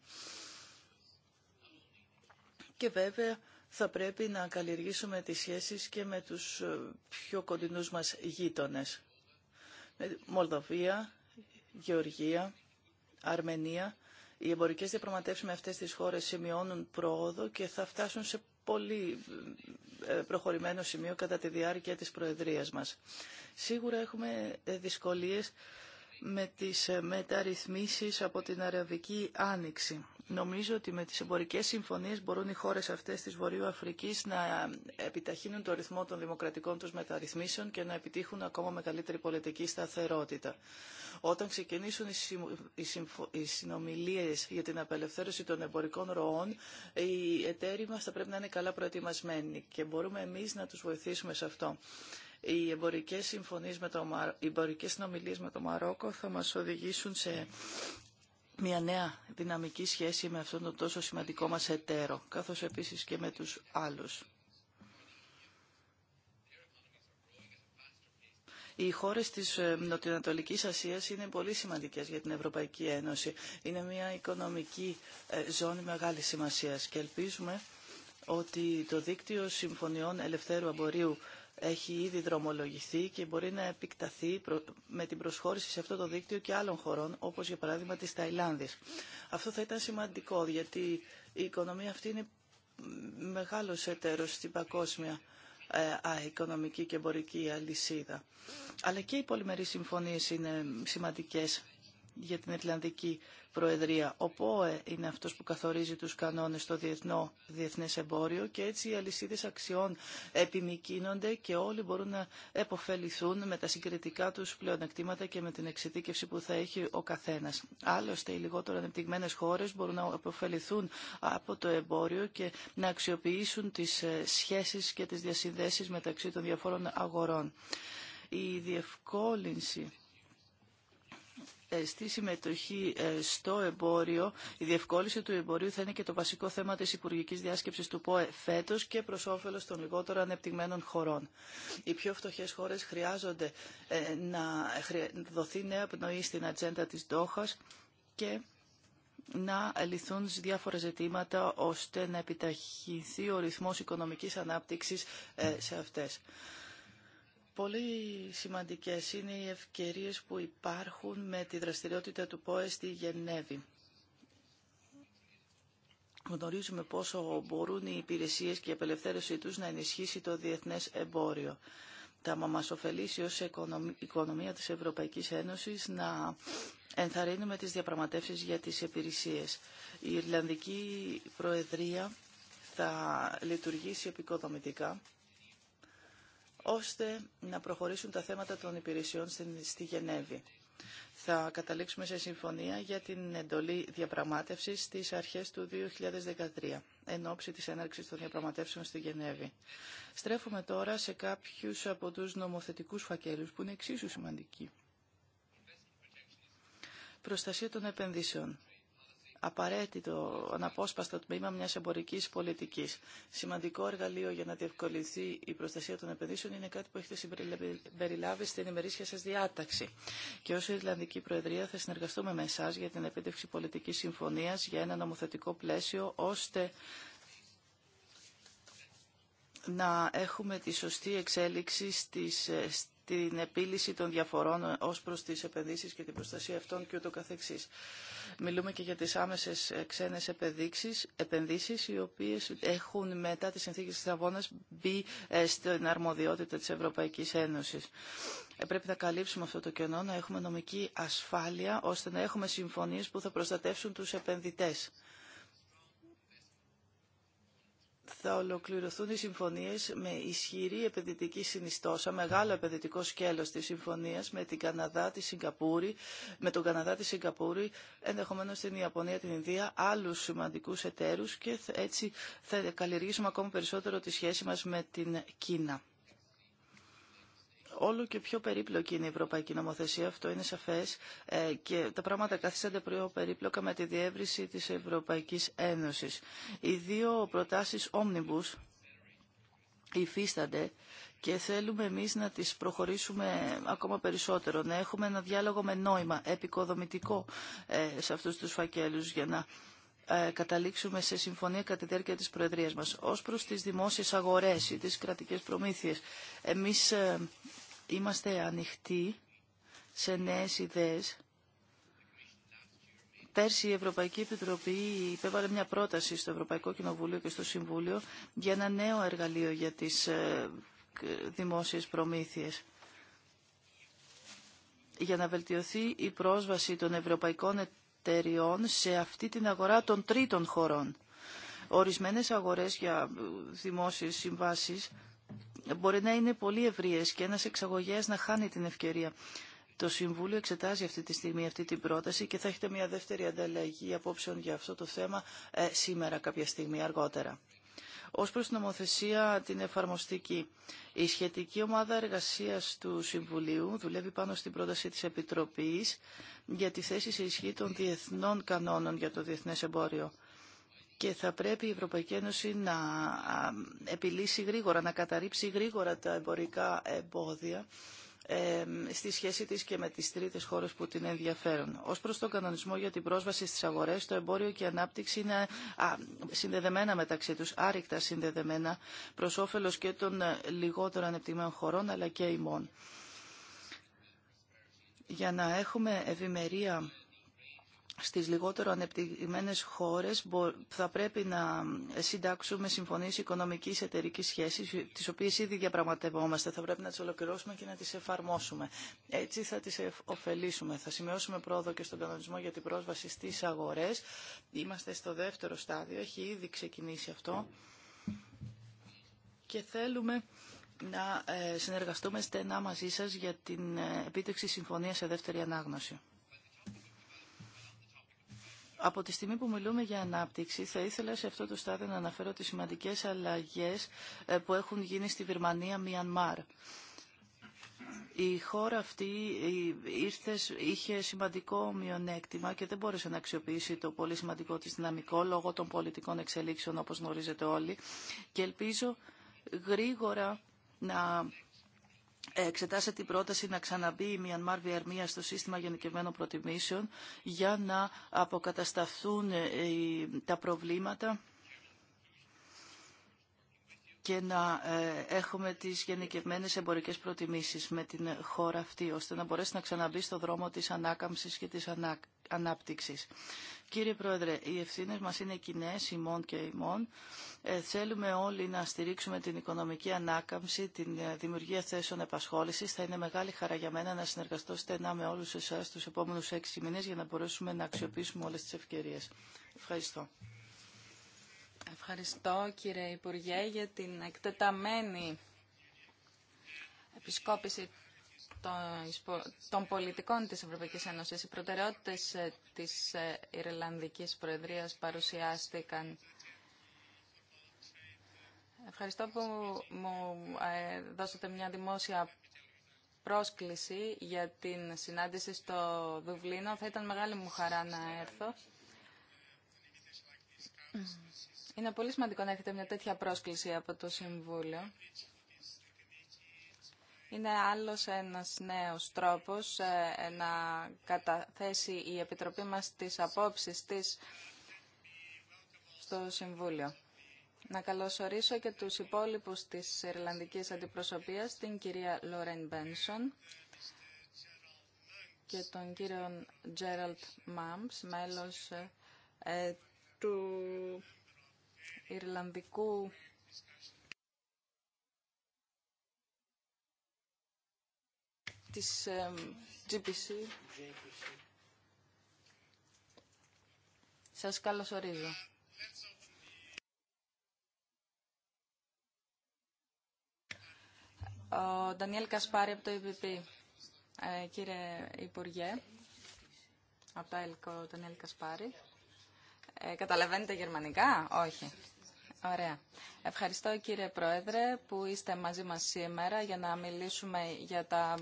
Και βέβαια θα πρέπει να καλλιεργήσουμε τις σχέσεις και με τους ε, πιο κοντινούς μας γείτονες. Μολδοβία, Γεωργία, Αρμενία. Οι εμπορικέ διαπραγματεύσει με αυτές τις χώρες σημειώνουν πρόοδο και θα φτάσουν σε πολύ ε, προχωρημένο σημείο κατά τη διάρκεια τη Προεδρίας μας. Σίγουρα έχουμε ε, δυσκολίες με τις ε, μεταρρυθμίσεις από την Αραβική Άνοιξη. Νομίζω ότι με τις εμπορικές συμφωνίες μπορούν οι χώρες αυτές της Βορείου να επιταχύνουν το ρυθμό των δημοκρατικών τους μεταρρυθμίσεων και να επιτύχουν ακόμα μεγαλύτερη πολιτική σταθερότητα. Όταν ξεκινήσουν οι, συνομιλίες για την απελευθέρωση των εμπορικών ροών, οι εταίροι μας θα πρέπει να είναι καλά προετοιμασμένοι και μπορούμε εμείς να τους βοηθήσουμε σε αυτό. Οι εμπορικές συμφωνίες με το Μαρό, οι εμπορικές συνομιλίες με το Μαρόκο θα μας οδηγήσουν σε μια νέα δυναμική σχέση με αυτόν τον τόσο σημαντικό μας εταίρο, καθώς επίσης και με τους άλλους. Οι χώρες της ε, Νοτιοανατολικής Ασίας είναι πολύ σημαντικές για την Ευρωπαϊκή Ένωση. Είναι μια οικονομική ε, ζώνη μεγάλης σημασίας και ελπίζουμε ότι το δίκτυο συμφωνιών ελευθέρου εμπορίου έχει ήδη δρομολογηθεί και μπορεί να επικταθεί με την προσχώρηση σε αυτό το δίκτυο και άλλων χωρών, όπως για παράδειγμα της Ταϊλάνδης. Αυτό θα ήταν σημαντικό, γιατί η οικονομία αυτή είναι μεγάλος εταίρος στην παγκόσμια ε, οικονομική και εμπορική αλυσίδα. Αλλά και οι πολυμερείς συμφωνίες είναι σημαντικές για την Ιρλανδική Προεδρία. Ο ΠΟΕ είναι αυτός που καθορίζει τους κανόνες στο διεθνό, διεθνές εμπόριο και έτσι οι αλυσίδες αξιών επιμηκύνονται και όλοι μπορούν να επωφεληθούν με τα συγκριτικά τους πλεονεκτήματα και με την εξειδίκευση που θα έχει ο καθένας. Άλλωστε, οι λιγότερο ανεπτυγμένε χώρες μπορούν να επωφεληθούν από το εμπόριο και να αξιοποιήσουν τις ε, σχέσεις και τις διασυνδέσεις μεταξύ των διαφόρων αγορών. Η διευκόλυνση ε, στη συμμετοχή ε, στο εμπόριο, η διευκόλυνση του εμπορίου θα είναι και το βασικό θέμα της Υπουργικής Διάσκεψης του ΠΟΕ φέτος και προς όφελος των λιγότερο ανεπτυγμένων χωρών. Οι πιο φτωχές χώρες χρειάζονται ε, να δοθεί νέα πνοή στην ατζέντα της Ντόχας και να λυθούν διάφορα ζητήματα ώστε να επιταχυνθεί ο ρυθμός οικονομικής ανάπτυξης σε αυτές πολύ σημαντικές είναι οι ευκαιρίες που υπάρχουν με τη δραστηριότητα του ΠΟΕ στη Γενέβη. Γνωρίζουμε πόσο μπορούν οι υπηρεσίες και η απελευθέρωσή τους να ενισχύσει το διεθνές εμπόριο. Θα μας ωφελήσει ως οικονομία της Ευρωπαϊκής Ένωσης να ενθαρρύνουμε τις διαπραγματεύσεις για τις υπηρεσίες. Η Ιρλανδική Προεδρία θα λειτουργήσει επικοδομητικά ώστε να προχωρήσουν τα θέματα των υπηρεσιών στη Γενέβη. Θα καταλήξουμε σε συμφωνία για την εντολή διαπραγμάτευσης στις αρχές του 2013, εν ώψη της έναρξης των διαπραγματεύσεων στη Γενέβη. Στρέφουμε τώρα σε κάποιους από τους νομοθετικούς φακέλους που είναι εξίσου σημαντικοί. Προστασία των επενδύσεων απαραίτητο αναπόσπαστο τμήμα μιας εμπορική πολιτικής. Σημαντικό εργαλείο για να διευκολυνθεί η προστασία των επενδύσεων είναι κάτι που έχετε συμπεριλάβει στην ημερήσια σα διάταξη. Και ως Ιρλανδική Προεδρία θα συνεργαστούμε με εσά για την επίτευξη πολιτική συμφωνίας για ένα νομοθετικό πλαίσιο ώστε να έχουμε τη σωστή εξέλιξη στις, την επίλυση των διαφορών ως προς τις επενδύσεις και την προστασία αυτών και ούτω καθεξής. Μιλούμε και για τις άμεσες ε, ξένες επενδύσεις, οι οποίες έχουν μετά τις συνθήκες της Λαβώνας μπει ε, στην αρμοδιότητα της Ευρωπαϊκής Ένωσης. Ε, πρέπει να καλύψουμε αυτό το κενό, να έχουμε νομική ασφάλεια, ώστε να έχουμε συμφωνίες που θα προστατεύσουν τους επενδυτές θα ολοκληρωθούν οι συμφωνίες με ισχυρή επενδυτική συνιστόσα, μεγάλο επενδυτικό σκέλος της συμφωνίας με, την Καναδά, τη Σιγκαπούρη, με τον Καναδά, τη Σιγκαπούρη, ενδεχομένως την Ιαπωνία, την Ινδία, άλλους σημαντικούς εταίρους και έτσι θα καλλιεργήσουμε ακόμα περισσότερο τη σχέση μας με την Κίνα όλο και πιο περίπλοκη είναι η ευρωπαϊκή νομοθεσία, αυτό είναι σαφές, ε, και τα πράγματα καθίστανται πιο περίπλοκα με τη διεύρυνση της Ευρωπαϊκής Ένωσης. Οι δύο προτάσεις Omnibus υφίστανται και θέλουμε εμείς να τις προχωρήσουμε ακόμα περισσότερο, να έχουμε ένα διάλογο με νόημα, επικοδομητικό ε, σε αυτούς τους φακέλους για να ε, καταλήξουμε σε συμφωνία κατά τη διάρκεια της Προεδρίας μας. Ως προς τις δημόσιες αγορές ή τις κρατικές προμήθειες, εμείς είμαστε ανοιχτοί σε νέες ιδέες. Πέρσι η Ευρωπαϊκή Επιτροπή υπέβαλε μια πρόταση στο Ευρωπαϊκό Κοινοβούλιο και στο Συμβούλιο για ένα νέο εργαλείο για τις ε, δημόσιες προμήθειες για να βελτιωθεί η πρόσβαση των ευρωπαϊκών εταιριών σε αυτή την αγορά των τρίτων χωρών. Ορισμένες αγορές για ε, δημόσιες συμβάσεις μπορεί να είναι πολύ ευρειέ και ένα εξαγωγέ να χάνει την ευκαιρία. Το Συμβούλιο εξετάζει αυτή τη στιγμή αυτή την πρόταση και θα έχετε μια δεύτερη ανταλλαγή απόψεων για αυτό το θέμα ε, σήμερα κάποια στιγμή αργότερα. Ως προς την νομοθεσία την εφαρμοστική, η σχετική ομάδα εργασίας του Συμβουλίου δουλεύει πάνω στην πρόταση της Επιτροπής για τη θέση σε ισχύ των διεθνών κανόνων για το διεθνές εμπόριο και θα πρέπει η Ευρωπαϊκή Ένωση να επιλύσει γρήγορα, να καταρρύψει γρήγορα τα εμπορικά εμπόδια ε, στη σχέση της και με τις τρίτες χώρες που την ενδιαφέρουν. Ως προς τον κανονισμό για την πρόσβαση στις αγορές, το εμπόριο και η ανάπτυξη είναι συνδεδεμένα μεταξύ τους, άρρηκτα συνδεδεμένα, προς όφελος και των ε, λιγότερων ανεπτυγμένων χωρών, αλλά και ημών. Για να έχουμε ευημερία στις λιγότερο ανεπτυγμένες χώρες θα πρέπει να συντάξουμε συμφωνίες οικονομικής εταιρικής σχέσης, τις οποίες ήδη διαπραγματευόμαστε. Θα πρέπει να τις ολοκληρώσουμε και να τις εφαρμόσουμε. Έτσι θα τις ωφελήσουμε. Θα σημειώσουμε πρόοδο και στον κανονισμό για την πρόσβαση στις αγορές. Είμαστε στο δεύτερο στάδιο. Έχει ήδη ξεκινήσει αυτό. Και θέλουμε να ε, συνεργαστούμε στενά μαζί σας για την ε, επίτευξη συμφωνίας σε δεύτερη ανάγνωση. Από τη στιγμή που μιλούμε για ανάπτυξη, θα ήθελα σε αυτό το στάδιο να αναφέρω τις σημαντικές αλλαγές ε, που έχουν γίνει στη Βερμανία Μιανμάρ. Η χώρα αυτή ήρθε, είχε σημαντικό μειονέκτημα και δεν μπόρεσε να αξιοποιήσει το πολύ σημαντικό της δυναμικό λόγω των πολιτικών εξελίξεων όπως γνωρίζετε όλοι και ελπίζω γρήγορα να Εξετάσε την πρόταση να ξαναμπεί η Μιανμάρ Βιαρμία στο σύστημα γενικευμένων προτιμήσεων για να αποκατασταθούν ε, τα προβλήματα και να ε, έχουμε τις γενικευμένες εμπορικές προτιμήσεις με την χώρα αυτή, ώστε να μπορέσει να ξαναμπεί στο δρόμο της ανάκαμψης και της, ανάκαμψης ανάπτυξης. Κύριε Πρόεδρε, οι ευθύνε μας είναι κοινέ, ημών και ημών. Ε, θέλουμε όλοι να στηρίξουμε την οικονομική ανάκαμψη, την ε, δημιουργία θέσεων επασχόληση. Θα είναι μεγάλη χαρά για μένα να συνεργαστώ στενά με όλου εσά του επόμενου έξι μήνες για να μπορέσουμε να αξιοποιήσουμε όλες τις ευκαιρίες. Ευχαριστώ. Ευχαριστώ κύριε Υπουργέ για την εκτεταμένη επισκόπηση των πολιτικών της Ευρωπαϊκής Ένωσης. Οι προτεραιότητες ε, της ε, Ιρλανδικής Προεδρίας παρουσιάστηκαν. Ευχαριστώ που μου ε, δώσατε μια δημόσια πρόσκληση για την συνάντηση στο Δουβλίνο. Θα ήταν μεγάλη μου χαρά να έρθω. Είναι πολύ σημαντικό να έχετε μια τέτοια πρόσκληση από το Συμβούλιο είναι άλλος ένας νέος τρόπος ε, να καταθέσει η Επιτροπή μας τις απόψεις της στο Συμβούλιο. Να καλωσορίσω και τους υπόλοιπους της Ιρλανδικής Αντιπροσωπείας, την κυρία Λόρεν Μπένσον και τον κύριο Τζέραλτ Μάμπς, μέλος ε, του Ιρλανδικού της GPC. Σας καλωσορίζω. Ο Ντανιέλ Κασπάρη από το ΕΠΠ. κύριε Υπουργέ, από το ΕΛΚΟ, Ντανιέλ Κασπάρη. Ε, καταλαβαίνετε γερμανικά, όχι. Ωραία. Ευχαριστώ κύριε Πρόεδρε που είστε μαζί μας σήμερα για να μιλήσουμε για τα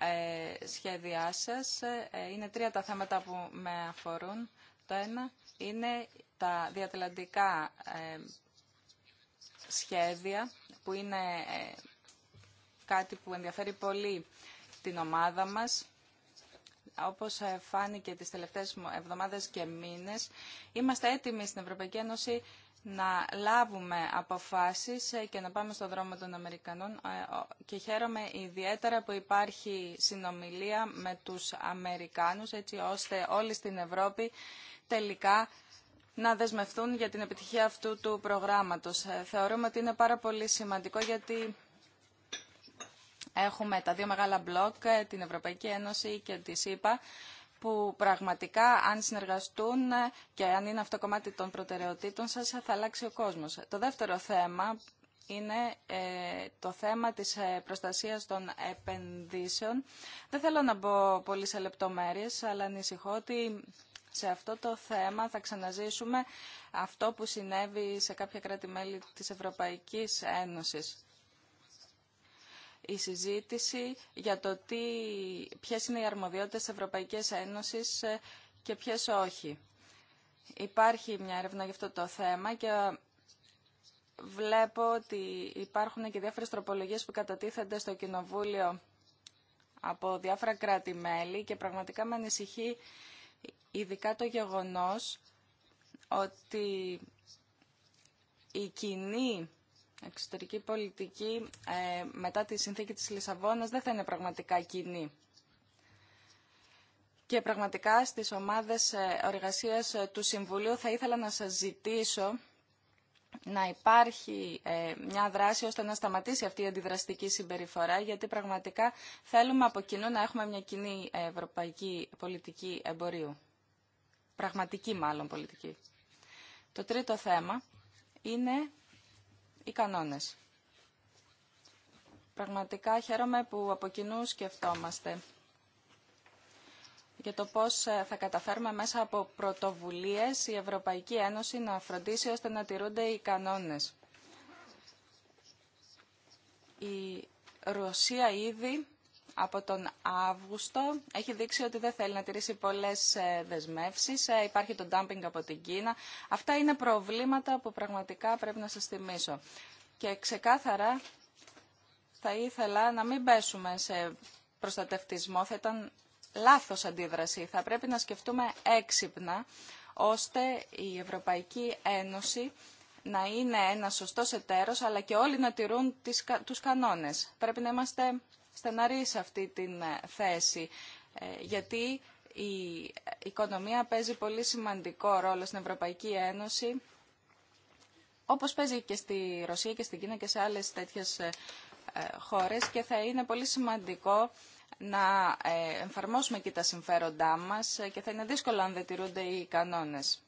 ε, σχέδιά σας. Ε, είναι τρία τα θέματα που με αφορούν. Το ένα είναι τα διατελαντικά ε, σχέδια που είναι κάτι που ενδιαφέρει πολύ την ομάδα μας όπως φάνηκε τις τελευταίες εβδομάδες και μήνες, είμαστε έτοιμοι στην Ευρωπαϊκή Ένωση να λάβουμε αποφάσεις ε, και να πάμε στον δρόμο των Αμερικανών ε, και χαίρομαι ιδιαίτερα που υπάρχει συνομιλία με τους Αμερικάνους έτσι ώστε όλοι στην Ευρώπη τελικά να δεσμευτούν για την επιτυχία αυτού του προγράμματος. Ε, θεωρούμε ότι είναι πάρα πολύ σημαντικό γιατί έχουμε τα δύο μεγάλα μπλοκ, την Ευρωπαϊκή Ένωση και τη ΣΥΠΑ που πραγματικά αν συνεργαστούν και αν είναι αυτό κομμάτι των προτεραιοτήτων σας θα αλλάξει ο κόσμος. Το δεύτερο θέμα είναι ε, το θέμα της ε, προστασίας των επενδύσεων. Δεν θέλω να μπω πολύ σε λεπτομέρειες, αλλά ανησυχώ ότι σε αυτό το θέμα θα ξαναζήσουμε αυτό που συνέβη σε κάποια κράτη-μέλη της Ευρωπαϊκής Ένωσης η συζήτηση για το τι, ποιες είναι οι αρμοδιότητες της Ευρωπαϊκής Ένωσης ε, και ποιες όχι. Υπάρχει μια έρευνα για αυτό το θέμα και βλέπω ότι υπάρχουν και διάφορες τροπολογίες που κατατίθενται στο Κοινοβούλιο από διάφορα κράτη-μέλη και πραγματικά με ανησυχεί ειδικά το γεγονός ότι η κοινή εξωτερική πολιτική ε, μετά τη συνθήκη της Λισαβόνας δεν θα είναι πραγματικά κοινή. Και πραγματικά στις ομάδες εργασία ε, του Συμβουλίου θα ήθελα να σας ζητήσω να υπάρχει ε, μια δράση ώστε να σταματήσει αυτή η αντιδραστική συμπεριφορά, γιατί πραγματικά θέλουμε από κοινού να έχουμε μια κοινή ευρωπαϊκή πολιτική εμπορίου. Πραγματική μάλλον πολιτική. Το τρίτο θέμα είναι οι κανόνες. Πραγματικά χαίρομαι που από κοινού σκεφτόμαστε για το πώς ε, θα καταφέρουμε μέσα από πρωτοβουλίες η Ευρωπαϊκή Ένωση να φροντίσει ώστε να τηρούνται οι κανόνες. Η Ρωσία ήδη από τον Αύγουστο έχει δείξει ότι δεν θέλει να τηρήσει πολλές ε, δεσμεύσεις. Ε, υπάρχει το dumping από την Κίνα. Αυτά είναι προβλήματα που πραγματικά πρέπει να σας θυμίσω. Και ξεκάθαρα θα ήθελα να μην πέσουμε σε προστατευτισμό. Θα ήταν λάθος αντίδραση. Θα πρέπει να σκεφτούμε έξυπνα ώστε η Ευρωπαϊκή Ένωση να είναι ένα σωστό εταίρος, αλλά και όλοι να τηρούν τις, τους κανόνες. Πρέπει να είμαστε στεναρεί σε αυτή την ε, θέση, ε, γιατί η οικονομία παίζει πολύ σημαντικό ρόλο στην Ευρωπαϊκή Ένωση, όπως παίζει και στη Ρωσία και στην Κίνα και σε άλλες τέτοιες ε, χώρες και θα είναι πολύ σημαντικό να εφαρμόσουμε εκεί τα συμφέροντά μας και θα είναι δύσκολο αν δεν τηρούνται οι κανόνες.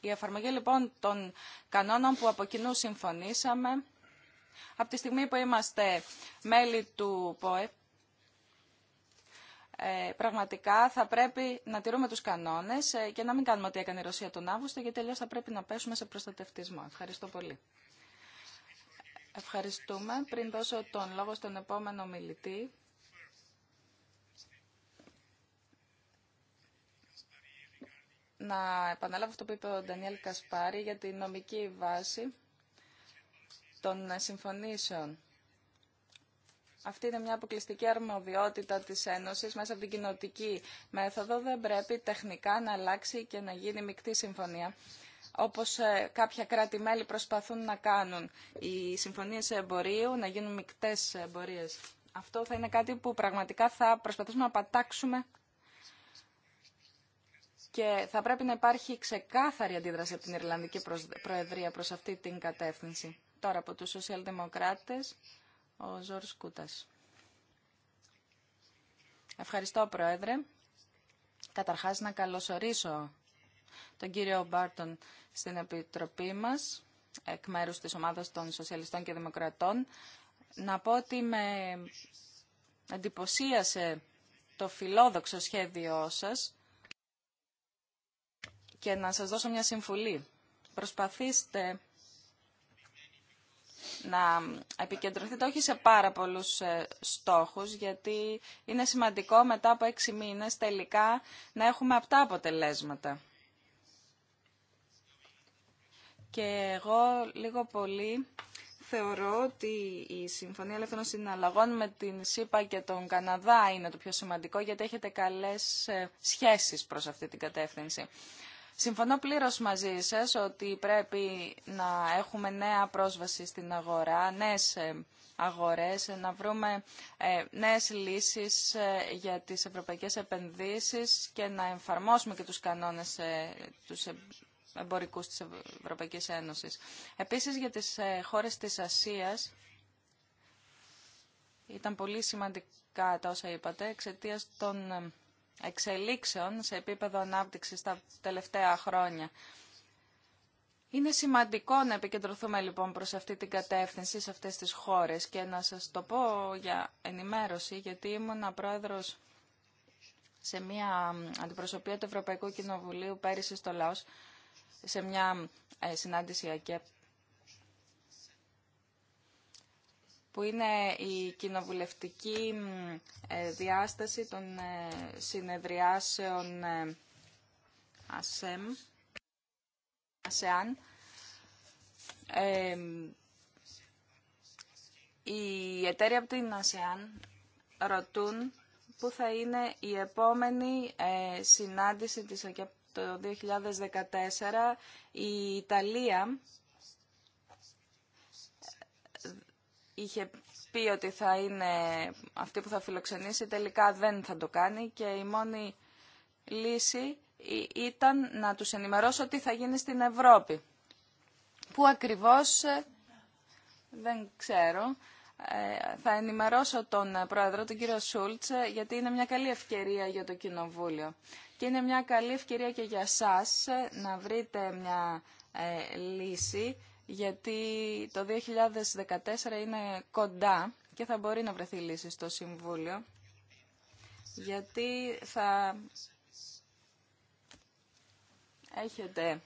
Η εφαρμογή λοιπόν των κανόνων που από κοινού συμφωνήσαμε από τη στιγμή που είμαστε μέλη του ΠΟΕ, ε, πραγματικά θα πρέπει να τηρούμε τους κανόνες ε, και να μην κάνουμε ό,τι έκανε η Ρωσία τον Αύγουστο, γιατί τελείως θα πρέπει να πέσουμε σε προστατευτισμό. Ευχαριστώ πολύ. Ευχαριστούμε. Πριν δώσω τον λόγο στον επόμενο μιλητή, να επαναλάβω αυτό που είπε ο Ντανιέλ Κασπάρη για τη νομική βάση των συμφωνήσεων. Αυτή είναι μια αποκλειστική αρμοδιότητα της Ένωσης μέσα από την κοινοτική μέθοδο. Δεν πρέπει τεχνικά να αλλάξει και να γίνει μεικτή συμφωνία όπως ε, κάποια κράτη-μέλη προσπαθούν να κάνουν. Οι συμφωνίες εμπορίου να γίνουν μεικτές εμπορίες. Αυτό θα είναι κάτι που πραγματικά θα προσπαθήσουμε να πατάξουμε και θα πρέπει να υπάρχει ξεκάθαρη αντίδραση από την Ιρλανδική Προεδρία προς αυτή την κατεύθυνση. Τώρα από τους σοσιαλδημοκράτες, ο Ζόρς Κούτας. Ευχαριστώ, Πρόεδρε. Καταρχάς, να καλωσορίσω τον κύριο Μπάρτον στην Επιτροπή μας, εκ μέρους της Ομάδας των Σοσιαλιστών και Δημοκρατών. Να πω ότι με εντυπωσίασε το φιλόδοξο σχέδιό σας και να σας δώσω μια συμφουλή. Προσπαθήστε να επικεντρωθείτε όχι σε πάρα πολλούς ε, στόχους, γιατί είναι σημαντικό μετά από έξι μήνες τελικά να έχουμε αυτά αποτελέσματα. Και εγώ λίγο πολύ θεωρώ ότι η Συμφωνία Ελεύθερων Συναλλαγών με την ΣΥΠΑ και τον Καναδά είναι το πιο σημαντικό, γιατί έχετε καλές ε, σχέσεις προς αυτή την κατεύθυνση. Συμφωνώ πλήρως μαζί σας ότι πρέπει να έχουμε νέα πρόσβαση στην αγορά, νέες ε, αγορές, να βρούμε ε, νέες λύσεις ε, για τις ευρωπαϊκές επενδύσεις και να εφαρμόσουμε και τους κανόνες τους εμπορικούς της Ευρωπαϊκής Ένωσης. Επίσης για τις χώρες της Ασίας ήταν πολύ σημαντικά τα όσα είπατε εξαιτίας των εξελίξεων σε επίπεδο ανάπτυξης τα τελευταία χρόνια. Είναι σημαντικό να επικεντρωθούμε λοιπόν προς αυτή την κατεύθυνση σε αυτές τις χώρες και να σας το πω για ενημέρωση γιατί ήμουν πρόεδρος σε μια αντιπροσωπεία του Ευρωπαϊκού Κοινοβουλίου πέρυσι στο Λαός σε μια ε, συνάντηση ΑΚΕΠ που είναι η κοινοβουλευτική ε, διάσταση των ε, συνεδριάσεων ε, ΑΣΕΜ, ΑΣΕΑΝ. οι εταίροι από την ΑΣΕΑΝ ρωτούν πού θα είναι η επόμενη συνάντηση της ΑΚΕΠ το 2014. Η Ιταλία είχε πει ότι θα είναι αυτή που θα φιλοξενήσει, τελικά δεν θα το κάνει και η μόνη λύση ήταν να τους ενημερώσω τι θα γίνει στην Ευρώπη. Πού ακριβώς ε, δεν ξέρω. Ε, θα ενημερώσω τον Πρόεδρο, τον κύριο Σούλτς, ε, γιατί είναι μια καλή ευκαιρία για το Κοινοβούλιο. Και είναι μια καλή ευκαιρία και για σας να βρείτε μια λύση γιατί το 2014 είναι κοντά και θα μπορεί να βρεθεί λύση στο Συμβούλιο, γιατί θα έχετε...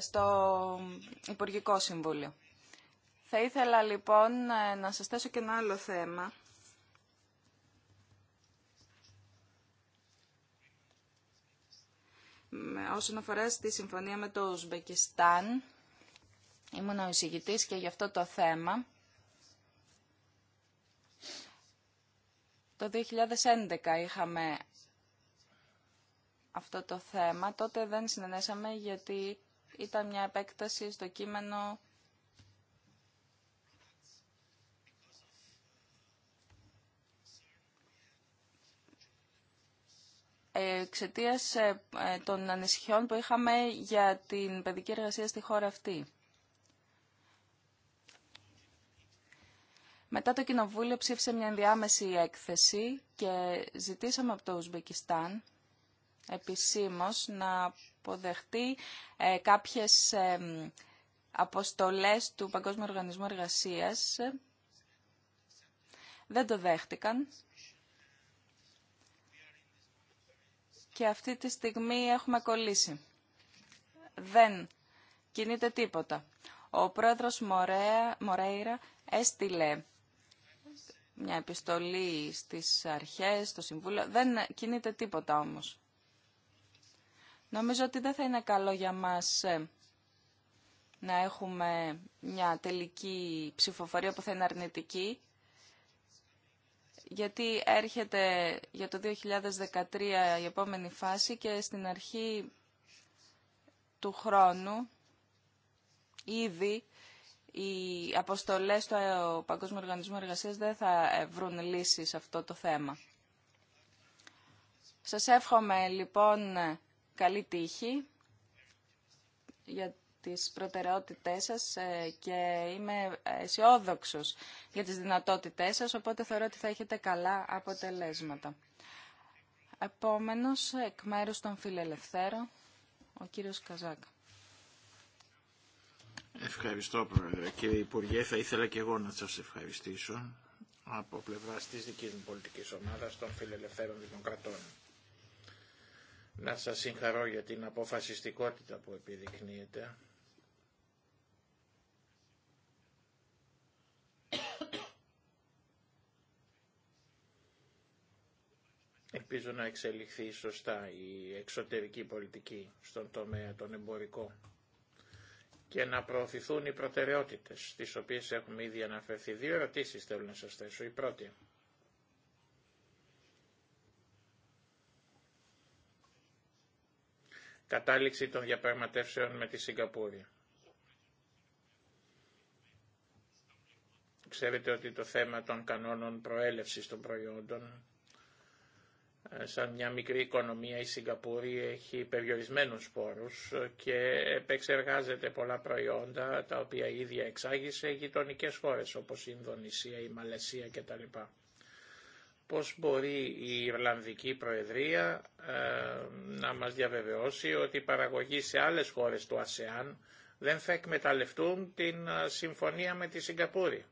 στο Υπουργικό Συμβούλιο. Θα ήθελα λοιπόν να σας θέσω και ένα άλλο θέμα όσον αφορά στη συμφωνία με το Ουσμπεκιστάν. Ήμουν ο εισηγητής και γι' αυτό το θέμα. Το 2011 είχαμε αυτό το θέμα. Τότε δεν συνενέσαμε γιατί ήταν μια επέκταση στο κείμενο εξαιτία ε, ε, των ανησυχιών που είχαμε για την παιδική εργασία στη χώρα αυτή. Μετά το Κοινοβούλιο ψήφισε μια ενδιάμεση έκθεση και ζητήσαμε από το Ουσμπεκιστάν επισήμως να αποδεχτεί ε, κάποιες αποστολές του Παγκόσμιου Οργανισμού Εργασίας. Δεν το δέχτηκαν και αυτή τη στιγμή έχουμε κολλήσει. Δεν κινείται τίποτα. Ο πρόεδρος Μορέα, Μορέιρα έστειλε μια επιστολή στις αρχές, στο Συμβούλιο. Δεν κινείται τίποτα όμως. Νομίζω ότι δεν θα είναι καλό για μας ε, να έχουμε μια τελική ψηφοφορία που θα είναι αρνητική, γιατί έρχεται για το 2013 η επόμενη φάση και στην αρχή του χρόνου ήδη οι αποστολές του Παγκόσμιου Οργανισμού Εργασίας δεν θα ε, βρουν λύση σε αυτό το θέμα. Σας εύχομαι λοιπόν καλή τύχη τις προτεραιότητές σας ε, και είμαι αισιόδοξο για τις δυνατότητές σας, οπότε θεωρώ ότι θα έχετε καλά αποτελέσματα. Επόμενος, εκ μέρους των φιλελευθέρων, ο κύριος Καζάκ. Ευχαριστώ, Πρόεδρε. Κύριε Υπουργέ, θα ήθελα και εγώ να σας ευχαριστήσω από πλευρά τη δική μου πολιτική ομάδα των φιλελευθέρων δημοκρατών. Να σας συγχαρώ για την αποφασιστικότητα που επιδεικνύεται ελπίζω να εξελιχθεί σωστά η εξωτερική πολιτική στον τομέα τον εμπορικό και να προωθηθούν οι προτεραιότητες, στις οποίες έχουμε ήδη αναφερθεί. Δύο ερωτήσεις θέλω να σας θέσω. Η πρώτη. Κατάληξη των διαπραγματεύσεων με τη Σιγκαπούρη. Ξέρετε ότι το θέμα των κανόνων προέλευσης των προϊόντων ε, σαν μια μικρή οικονομία η Σιγκαπούρη έχει περιορισμένους πόρους και επεξεργάζεται πολλά προϊόντα τα οποία ίδια εξάγει σε γειτονικέ χώρες όπως η Ινδονησία, η Μαλαισία κτλ. Πώς μπορεί η Ιρλανδική Προεδρία ε, να μας διαβεβαιώσει ότι η παραγωγή σε άλλες χώρες του ΑΣΕΑΝ δεν θα εκμεταλλευτούν την ε, συμφωνία με τη Σιγκαπούρη.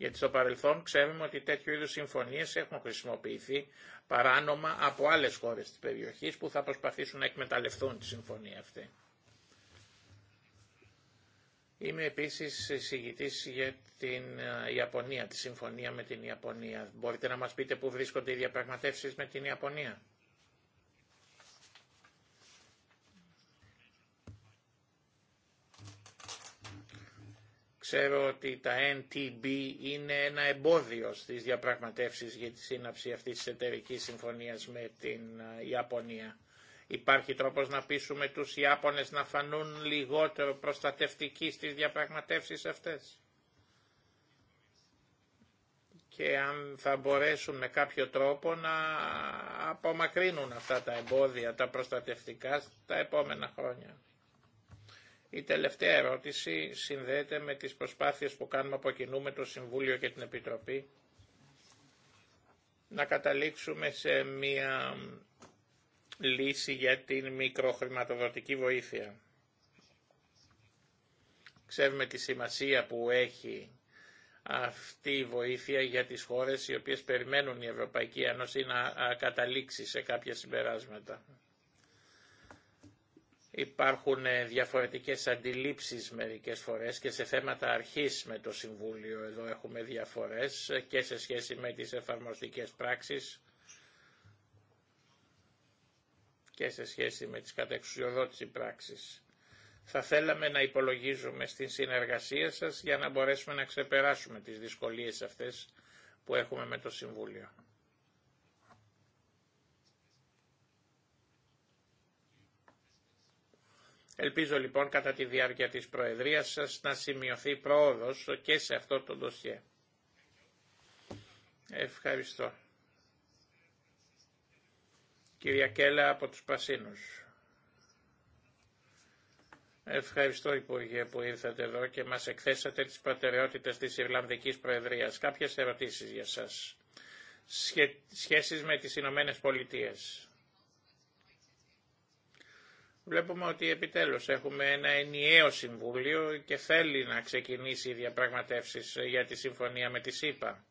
Γιατί στο παρελθόν ξέρουμε ότι τέτοιου είδους συμφωνίες έχουν χρησιμοποιηθεί παράνομα από άλλες χώρες της περιοχής που θα προσπαθήσουν να εκμεταλλευτούν τη συμφωνία αυτή. Είμαι επίσης συγητής για την ε, Ιαπωνία, τη συμφωνία με την Ιαπωνία. Μπορείτε να μας πείτε πού βρίσκονται οι διαπραγματεύσεις με την Ιαπωνία. Ξέρω ότι τα NTB είναι ένα εμπόδιο στις διαπραγματεύσεις για τη σύναψη αυτής της εταιρική συμφωνίας με την ε, Ιαπωνία. Υπάρχει τρόπος να πείσουμε τους Ιάπωνες να φανούν λιγότερο προστατευτικοί στις διαπραγματεύσεις αυτές. Και αν θα μπορέσουν με κάποιο τρόπο να απομακρύνουν αυτά τα εμπόδια, τα προστατευτικά, τα επόμενα χρόνια. Η τελευταία ερώτηση συνδέεται με τις προσπάθειες που κάνουμε από κοινού με το Συμβούλιο και την Επιτροπή να καταλήξουμε σε μία λύση για την μικροχρηματοδοτική βοήθεια. Ξέρουμε τη σημασία που έχει αυτή η βοήθεια για τις χώρες οι οποίες περιμένουν η Ευρωπαϊκή Ένωση να καταλήξει σε κάποια συμπεράσματα. Υπάρχουν ε, διαφορετικές αντιλήψεις μερικές φορές και σε θέματα αρχής με το Συμβούλιο εδώ έχουμε διαφορές ε, και σε σχέση με τις εφαρμοστικές πράξεις και σε σχέση με τις κατεξουσιοδότηση πράξεις. Θα θέλαμε να υπολογίζουμε στην συνεργασία σας για να μπορέσουμε να ξεπεράσουμε τις δυσκολίες αυτές που έχουμε με το Συμβούλιο. Ελπίζω λοιπόν κατά τη διάρκεια της Προεδρίας σας να σημειωθεί πρόοδος και σε αυτό το ντοσιέ. Ευχαριστώ. Κυρία Κέλλα από τους Πασίνους. Ευχαριστώ Υπουργέ που ήρθατε εδώ και μας εκθέσατε τις προτεραιότητες της Ιρλανδικής Προεδρίας. Κάποιες ερωτήσεις για σας. Σχέσεις με τις Ηνωμένε Πολιτείες. Βλέπουμε ότι επιτέλους έχουμε ένα ενιαίο συμβούλιο και θέλει να ξεκινήσει οι διαπραγματεύσεις για τη συμφωνία με τη ΣΥΠΑ.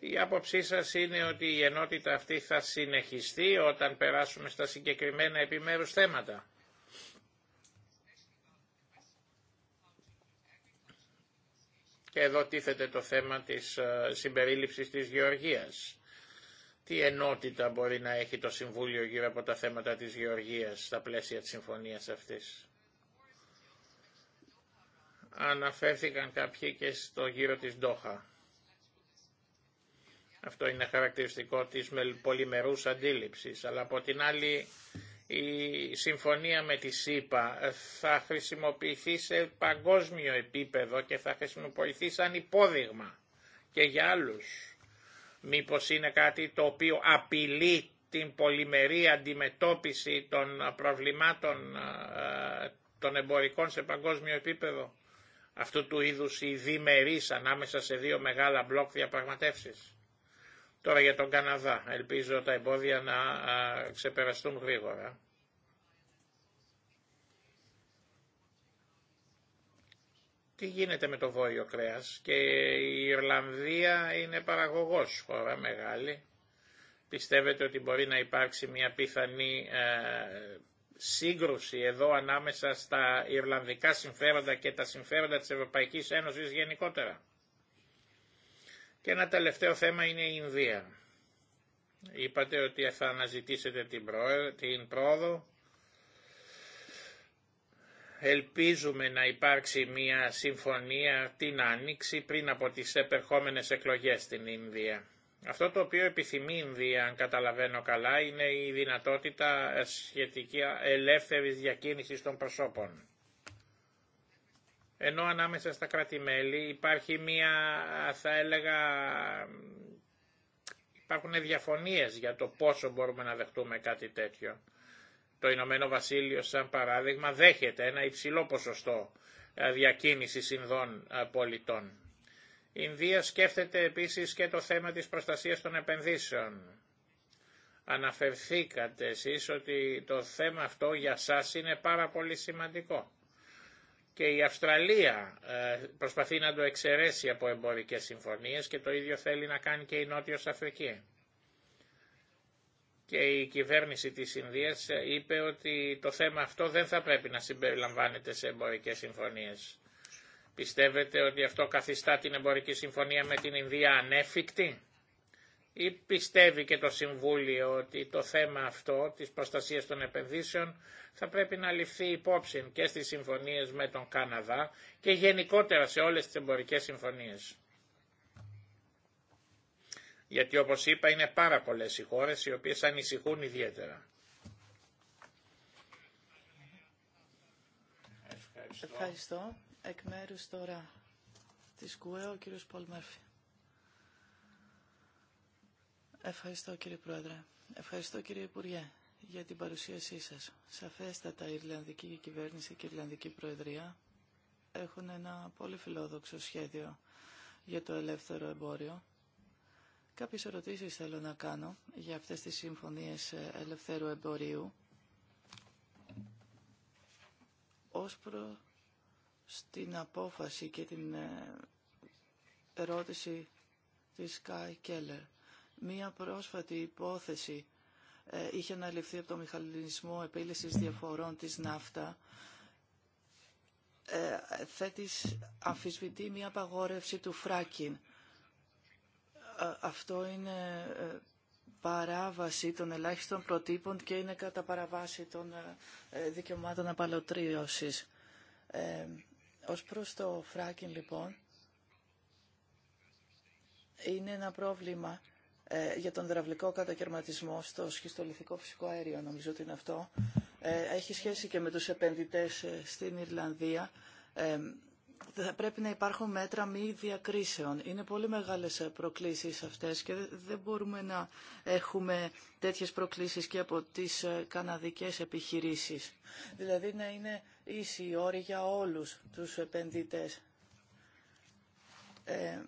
Η άποψή σας είναι ότι η ενότητα αυτή θα συνεχιστεί όταν περάσουμε στα συγκεκριμένα επιμέρους θέματα. Και εδώ τίθεται το θέμα της ε, συμπερίληψης της γεωργίας. Τι ενότητα μπορεί να έχει το Συμβούλιο γύρω από τα θέματα της Γεωργίας στα πλαίσια της συμφωνίας αυτής. Αναφέρθηκαν κάποιοι και στο γύρο της Ντόχα. Αυτό είναι χαρακτηριστικό της πολυμερούς αντίληψης, αλλά από την άλλη η συμφωνία με τη ΣΥΠΑ θα χρησιμοποιηθεί σε παγκόσμιο επίπεδο και θα χρησιμοποιηθεί σαν υπόδειγμα και για άλλους μήπως είναι κάτι το οποίο απειλεί την πολυμερή αντιμετώπιση των προβλημάτων ε, των εμπορικών σε παγκόσμιο επίπεδο αυτού του είδους η δίμερης ανάμεσα σε δύο μεγάλα μπλοκ διαπραγματεύσεις. Τώρα για τον Καναδά. Ελπίζω τα εμπόδια να ε, ξεπεραστούν γρήγορα. τι γίνεται με το βόρειο κρέας και η Ιρλανδία είναι παραγωγός χώρα μεγάλη. Πιστεύετε ότι μπορεί να υπάρξει μια πιθανή ε, σύγκρουση εδώ ανάμεσα στα Ιρλανδικά συμφέροντα και τα συμφέροντα της Ευρωπαϊκής Ένωσης γενικότερα. Και ένα τελευταίο θέμα είναι η Ινδία. Είπατε ότι θα αναζητήσετε την πρόοδο ελπίζουμε να υπάρξει μια συμφωνία την Άνοιξη πριν από τις επερχόμενες εκλογές στην Ινδία. Αυτό το οποίο επιθυμεί η Ινδία, αν καταλαβαίνω καλά, είναι η δυνατότητα σχετική ελεύθερης διακίνησης των προσώπων. Ενώ ανάμεσα στα κράτη-μέλη υπάρχει μια, θα έλεγα, υπάρχουν διαφωνίες για το πόσο μπορούμε να δεχτούμε κάτι τέτοιο. Το Ηνωμένο Βασίλειο, σαν παράδειγμα, δέχεται ένα υψηλό ποσοστό ε, διακίνηση συνδών ε, πολιτών. Η Ινδία σκέφτεται επίσης και το θέμα της προστασίας των επενδύσεων. Αναφερθήκατε εσείς ότι το θέμα αυτό για σας είναι πάρα πολύ σημαντικό. Και η Αυστραλία ε, προσπαθεί να το εξαιρέσει από εμπορικές συμφωνίες και το ίδιο θέλει να κάνει και η Νότιος Αφρική και η κυβέρνηση της Ινδίας είπε ότι το θέμα αυτό δεν θα πρέπει να συμπεριλαμβάνεται σε εμπορικές συμφωνίες. Πιστεύετε ότι αυτό καθιστά την εμπορική συμφωνία με την Ινδία ανέφικτη ή πιστεύει και το Συμβούλιο ότι το θέμα αυτό της προστασίας των επενδύσεων θα πρέπει να ληφθεί υπόψη και στις συμφωνίες με τον Καναδά και γενικότερα σε όλες τις εμπορικές συμφωνίες γιατί όπως είπα είναι πάρα πολλές οι χώρες οι οποίες ανησυχούν ιδιαίτερα. Ευχαριστώ. Εκ μέρους τώρα της ΚΟΕ ο κύριος Πολ Μέρφη. Ευχαριστώ κύριε Πρόεδρε. Ευχαριστώ κύριε Υπουργέ για την παρουσίασή σας. Σαφέστατα η Ιρλανδική κυβέρνηση και η Ιρλανδική Προεδρία έχουν ένα πολύ φιλόδοξο σχέδιο για το ελεύθερο εμπόριο Κάποιες ερωτήσεις θέλω να κάνω για αυτές τις συμφωνίες ελευθέρου εμπορίου ως προς την απόφαση και την ε, ερώτηση της Σκάι Κέλλερ. Μία πρόσφατη υπόθεση ε, είχε αναλυφθεί από το Μηχανισμό Επίλυσης Διαφορών της ΝΑΦΤΑ ε, θέτης αμφισβητεί μία απαγόρευση του φράκιν ε, αυτό είναι ε, παράβαση των ελάχιστων προτύπων και είναι κατά παραβάση των ε, δικαιωμάτων απαλωτρίωσης. Ε, ως προς το φράκιν λοιπόν, είναι ένα πρόβλημα για τον δραυλικό κατακαιρματισμό στο σχιστολιθικό φυσικό αέριο, νομίζω ότι είναι αυτό. έχει σχέση και με τους επενδυτές στην Ιρλανδία θα πρέπει να υπάρχουν μέτρα μη διακρίσεων. Είναι πολύ μεγάλες ε, προκλήσεις αυτές και δεν μπορούμε να έχουμε τέτοιες προκλήσεις και από τις ε, καναδικές επιχειρήσεις. Δηλαδή να είναι ίση η όρη για όλους τους επενδυτές. Ε,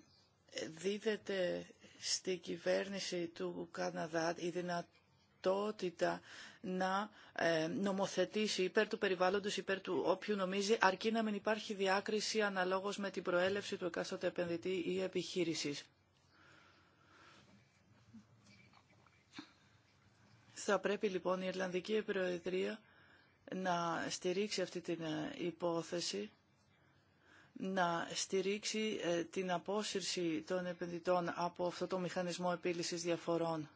δίδεται στη κυβέρνηση του Καναδά η δυνατότητα να ε, νομοθετήσει υπέρ του περιβάλλοντος, υπέρ του όποιου νομίζει, αρκεί να μην υπάρχει διάκριση αναλόγως με την προέλευση του εκάστοτε επενδυτή ή επιχείρησης. Θα πρέπει λοιπόν η Ιρλανδική η ιρλανδικη επιροεδρια να στηρίξει αυτή την ε, υπόθεση, να στηρίξει ε, την απόσυρση των επενδυτών από αυτό το μηχανισμό επίλυσης διαφορών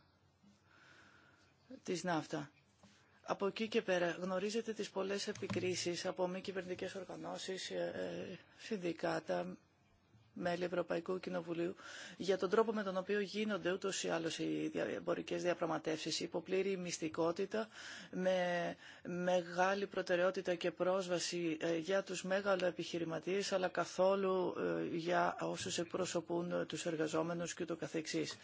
της ΝΑΦΤΑ. Από εκεί και πέρα γνωρίζετε τις πολλές επικρίσεις από μη κυβερνητικέ οργανώσεις, ε, ε, συνδικάτα, μέλη Ευρωπαϊκού Κοινοβουλίου για τον τρόπο με τον οποίο γίνονται ούτως ή άλλως οι εμπορικέ διαπραγματεύσεις υπό πλήρη μυστικότητα με μεγάλη προτεραιότητα και πρόσβαση ε, για τους μέγαλο επιχειρηματίες αλλά καθόλου ε, για όσους εκπροσωπούν ε, τους εργαζόμενους και το καθεξής.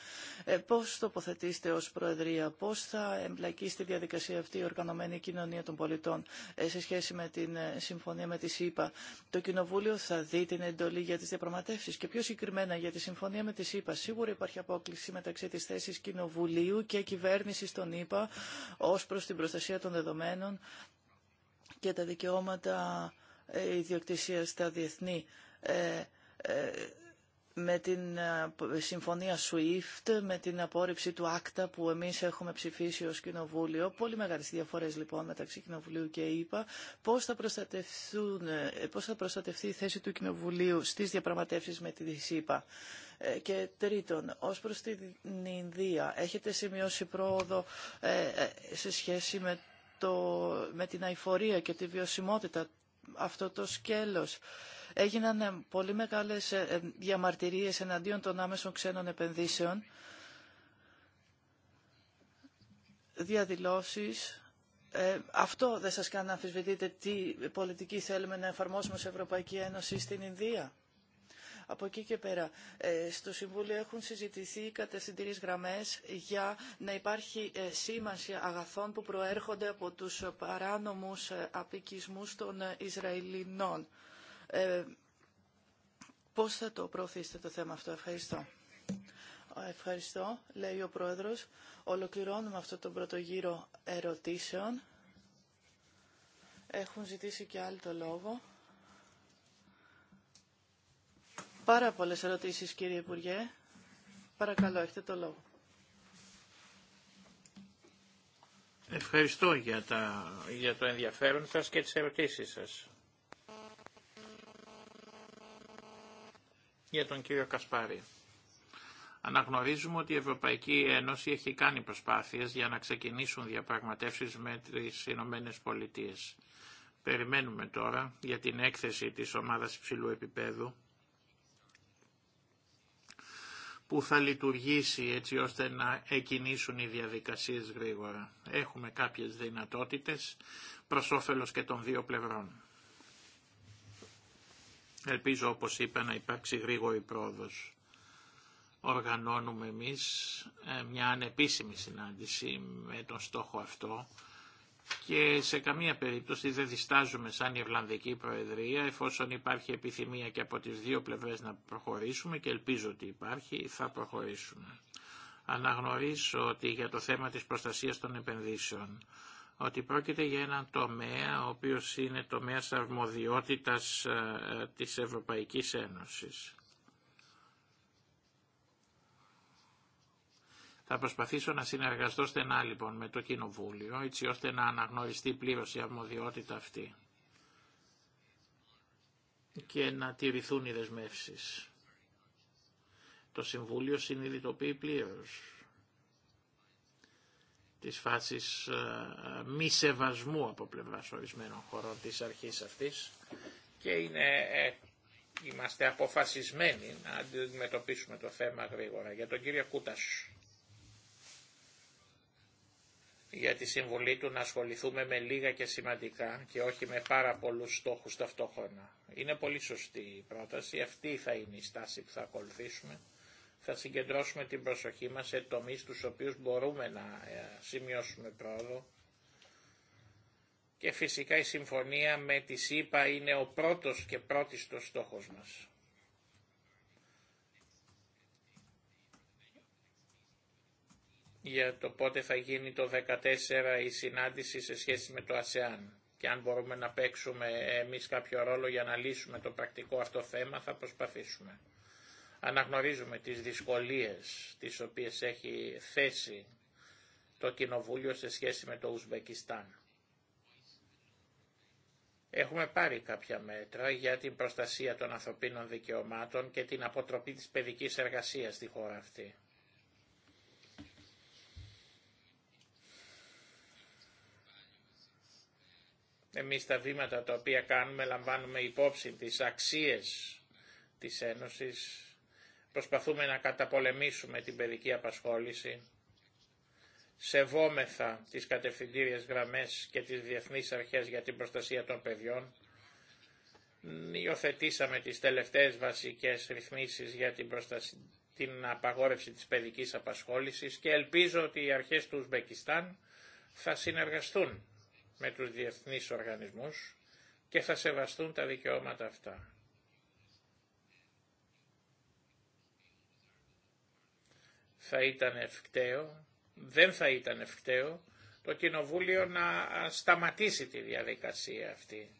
Πώς τοποθετήσετε ως Προεδρία, πώς θα εμπλακεί στη διαδικασία αυτή η οργανωμένη κοινωνία των πολιτών σε σχέση με την συμφωνία με τη ΣΥΠΑ. Το Κοινοβούλιο θα δει την εντολή για τις διαπραγματεύσεις και πιο συγκεκριμένα για τη συμφωνία με τη ΣΥΠΑ. Σίγουρα υπάρχει απόκληση μεταξύ της θέσης Κοινοβουλίου και κυβέρνησης των ΗΠΑ ως προς την προστασία των δεδομένων και τα δικαιώματα ε, ιδιοκτησίας στα διεθνή ε, ε, με την ε, συμφωνία SWIFT, με την απόρριψη του ΆΚΤΑ που εμείς έχουμε ψηφίσει ως Κοινοβούλιο. Πολύ μεγάλες διαφορές λοιπόν μεταξύ Κοινοβουλίου και ήπα, Πώς θα, ε, πώς θα προστατευτεί η θέση του Κοινοβουλίου στις διαπραγματεύσεις με τη ΔΙΣΥΠΑ. Ε, και τρίτον, ως προς την Ινδία, έχετε σημειώσει πρόοδο σε σχέση με, το, με την αηφορία και τη βιωσιμότητα αυτό το σκέλος έγιναν ε, πολύ μεγάλες ε, ε, διαμαρτυρίες εναντίον των άμεσων ξένων επενδύσεων, διαδηλώσεις. αυτό δεν σας κάνει να αμφισβητείτε τι πολιτική θέλουμε να εφαρμόσουμε σε Ευρωπαϊκή Ένωση στην Ινδία. Από εκεί και πέρα, στο Συμβούλιο έχουν συζητηθεί οι γραμμές γραμμέ για να υπάρχει σήμανση αγαθών που προέρχονται από του παράνομου απικισμούς των Ισραηλινών. Ε, πώς θα το προωθήσετε το θέμα αυτό. Ευχαριστώ. Ε, ευχαριστώ, λέει ο Πρόεδρος. Ολοκληρώνουμε αυτό τον πρώτο γύρο ερωτήσεων. Έχουν ζητήσει και άλλοι το λόγο. Πάρα πολλές ερωτήσεις, κύριε Υπουργέ. Παρακαλώ, έχετε το λόγο. Ευχαριστώ για, τα, για το ενδιαφέρον σας και τις ερωτήσεις σας. για τον κύριο Κασπάρη. Αναγνωρίζουμε ότι η Ευρωπαϊκή Ένωση έχει κάνει προσπάθειες για να ξεκινήσουν διαπραγματεύσεις με τις Ηνωμένε Πολιτείε. Περιμένουμε τώρα για την έκθεση της ομάδας υψηλού επίπεδου που θα λειτουργήσει έτσι ώστε να εκινήσουν οι διαδικασίες γρήγορα. Έχουμε κάποιες δυνατότητες προς όφελος και των δύο πλευρών. Ελπίζω όπως είπα να υπάρξει γρήγορη πρόοδος. Οργανώνουμε εμείς ε, μια ανεπίσημη συνάντηση με τον στόχο αυτό και σε καμία περίπτωση δεν διστάζουμε σαν Ιρλανδική Προεδρία εφόσον υπάρχει επιθυμία και από τις δύο πλευρές να προχωρήσουμε και ελπίζω ότι υπάρχει θα προχωρήσουμε. Αναγνωρίζω ότι για το θέμα της προστασίας των επενδύσεων ότι πρόκειται για έναν τομέα ο οποίος είναι τομέας αρμοδιότητας ε, της Ευρωπαϊκής Ένωσης. Θα προσπαθήσω να συνεργαστώ στενά λοιπόν με το Κοινοβούλιο, έτσι ώστε να αναγνωριστεί πλήρως η αρμοδιότητα αυτή και να τηρηθούν οι δεσμεύσεις. Το Συμβούλιο συνειδητοποιεί πλήρως της φάσης ε, ε, μη σεβασμού από πλευράς ορισμένων χωρών της αρχής αυτής και είναι, ε, είμαστε αποφασισμένοι να αντιμετωπίσουμε το θέμα γρήγορα. Για τον κύριο Κούτας, για τη συμβολή του να ασχοληθούμε με λίγα και σημαντικά και όχι με πάρα πολλούς στόχους ταυτόχρονα. Είναι πολύ σωστή η πρόταση, αυτή θα είναι η στάση που θα ακολουθήσουμε θα συγκεντρώσουμε την προσοχή μας σε τομείς τους οποίους μπορούμε να ε, σημειώσουμε πρόοδο και φυσικά η συμφωνία με τη ΣΥΠΑ είναι ο πρώτος και το στόχος μας. για το πότε θα γίνει το 14 η συνάντηση σε σχέση με το ΑΣΕΑΝ και αν μπορούμε να παίξουμε εμείς κάποιο ρόλο για να λύσουμε το πρακτικό αυτό θέμα θα προσπαθήσουμε. Αναγνωρίζουμε τις δυσκολίες τις οποίες έχει θέσει το Κοινοβούλιο σε σχέση με το Ουσμπεκιστάν. Έχουμε πάρει κάποια μέτρα για την προστασία των ανθρωπίνων δικαιωμάτων και την αποτροπή της παιδικής εργασίας στη χώρα αυτή. Εμείς τα βήματα τα οποία κάνουμε λαμβάνουμε υπόψη τις αξίες της Ένωσης Προσπαθούμε να καταπολεμήσουμε την παιδική απασχόληση. Σεβόμεθα τις κατευθυντήριες γραμμές και τις διεθνείς αρχές για την προστασία των παιδιών. Υιοθετήσαμε τις τελευταίες βασικές ρυθμίσεις για την, προστασία, την απαγόρευση της παιδικής απασχόλησης και ελπίζω ότι οι αρχές του Ουσμπεκιστάν θα συνεργαστούν με τους διεθνείς οργανισμούς και θα σεβαστούν τα δικαιώματα αυτά. θα ήταν ευκταίο, δεν θα ήταν ευκταίο το Κοινοβούλιο να σταματήσει τη διαδικασία αυτή.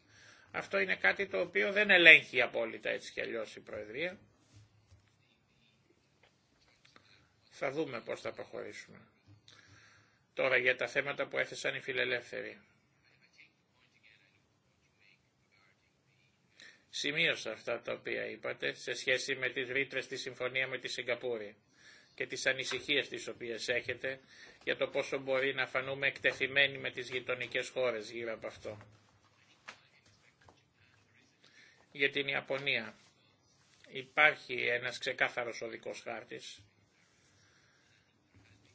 Αυτό είναι κάτι το οποίο δεν ελέγχει απόλυτα έτσι κι αλλιώς η Προεδρία. Θα δούμε πώς θα προχωρήσουμε. Τώρα για τα θέματα που έθεσαν οι φιλελεύθεροι. Σημείωσα αυτά τα οποία είπατε σε σχέση με τις ρήτρες στη συμφωνία με τη Σιγκαπούρη και τις ανησυχίες τις οποίες έχετε για το πόσο μπορεί να φανούμε εκτεθειμένοι με τις γειτονικές χώρες γύρω από αυτό. Για την Ιαπωνία υπάρχει ένας ξεκάθαρος οδικός χάρτης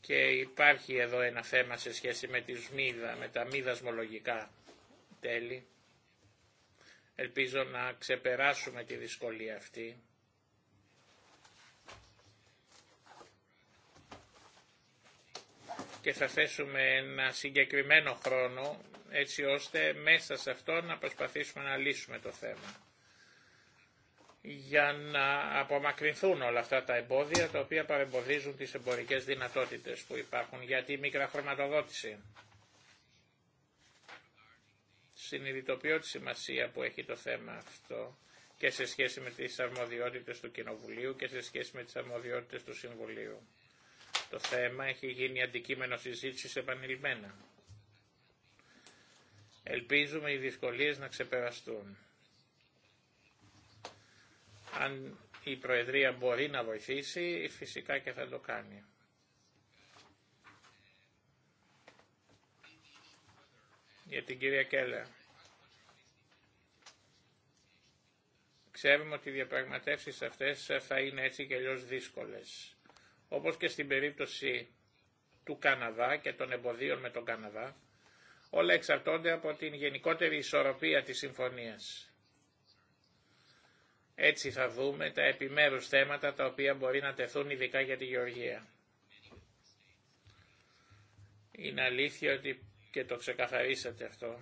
και υπάρχει εδώ ένα θέμα σε σχέση με, τις μύδα, με τα μη δασμολογικά τέλη. Ελπίζω να ξεπεράσουμε τη δυσκολία αυτή και θα θέσουμε ένα συγκεκριμένο χρόνο έτσι ώστε μέσα σε αυτό να προσπαθήσουμε να λύσουμε το θέμα για να απομακρυνθούν όλα αυτά τα εμπόδια τα οποία παρεμποδίζουν τις εμπορικές δυνατότητες που υπάρχουν για τη χρωματοδότηση. Συνειδητοποιώ τη σημασία που έχει το θέμα αυτό και σε σχέση με τις αρμοδιότητες του Κοινοβουλίου και σε σχέση με τις αρμοδιότητες του Συμβουλίου το θέμα έχει γίνει αντικείμενο συζήτηση επανειλημμένα. Ελπίζουμε οι δυσκολίες να ξεπεραστούν. Αν η Προεδρία μπορεί να βοηθήσει, φυσικά και θα το κάνει. Για την κυρία Κέλλα. Ξέρουμε ότι οι διαπραγματεύσεις αυτές θα είναι έτσι και αλλιώς δύσκολες. Όπως και στην περίπτωση του Καναδά και των εμποδίων με τον Καναδά, όλα εξαρτώνται από την γενικότερη ισορροπία της συμφωνίας. Έτσι θα δούμε τα επιμέρους θέματα τα οποία μπορεί να τεθούν ειδικά για τη Γεωργία. Είναι αλήθεια ότι και το ξεκαθαρίσατε αυτό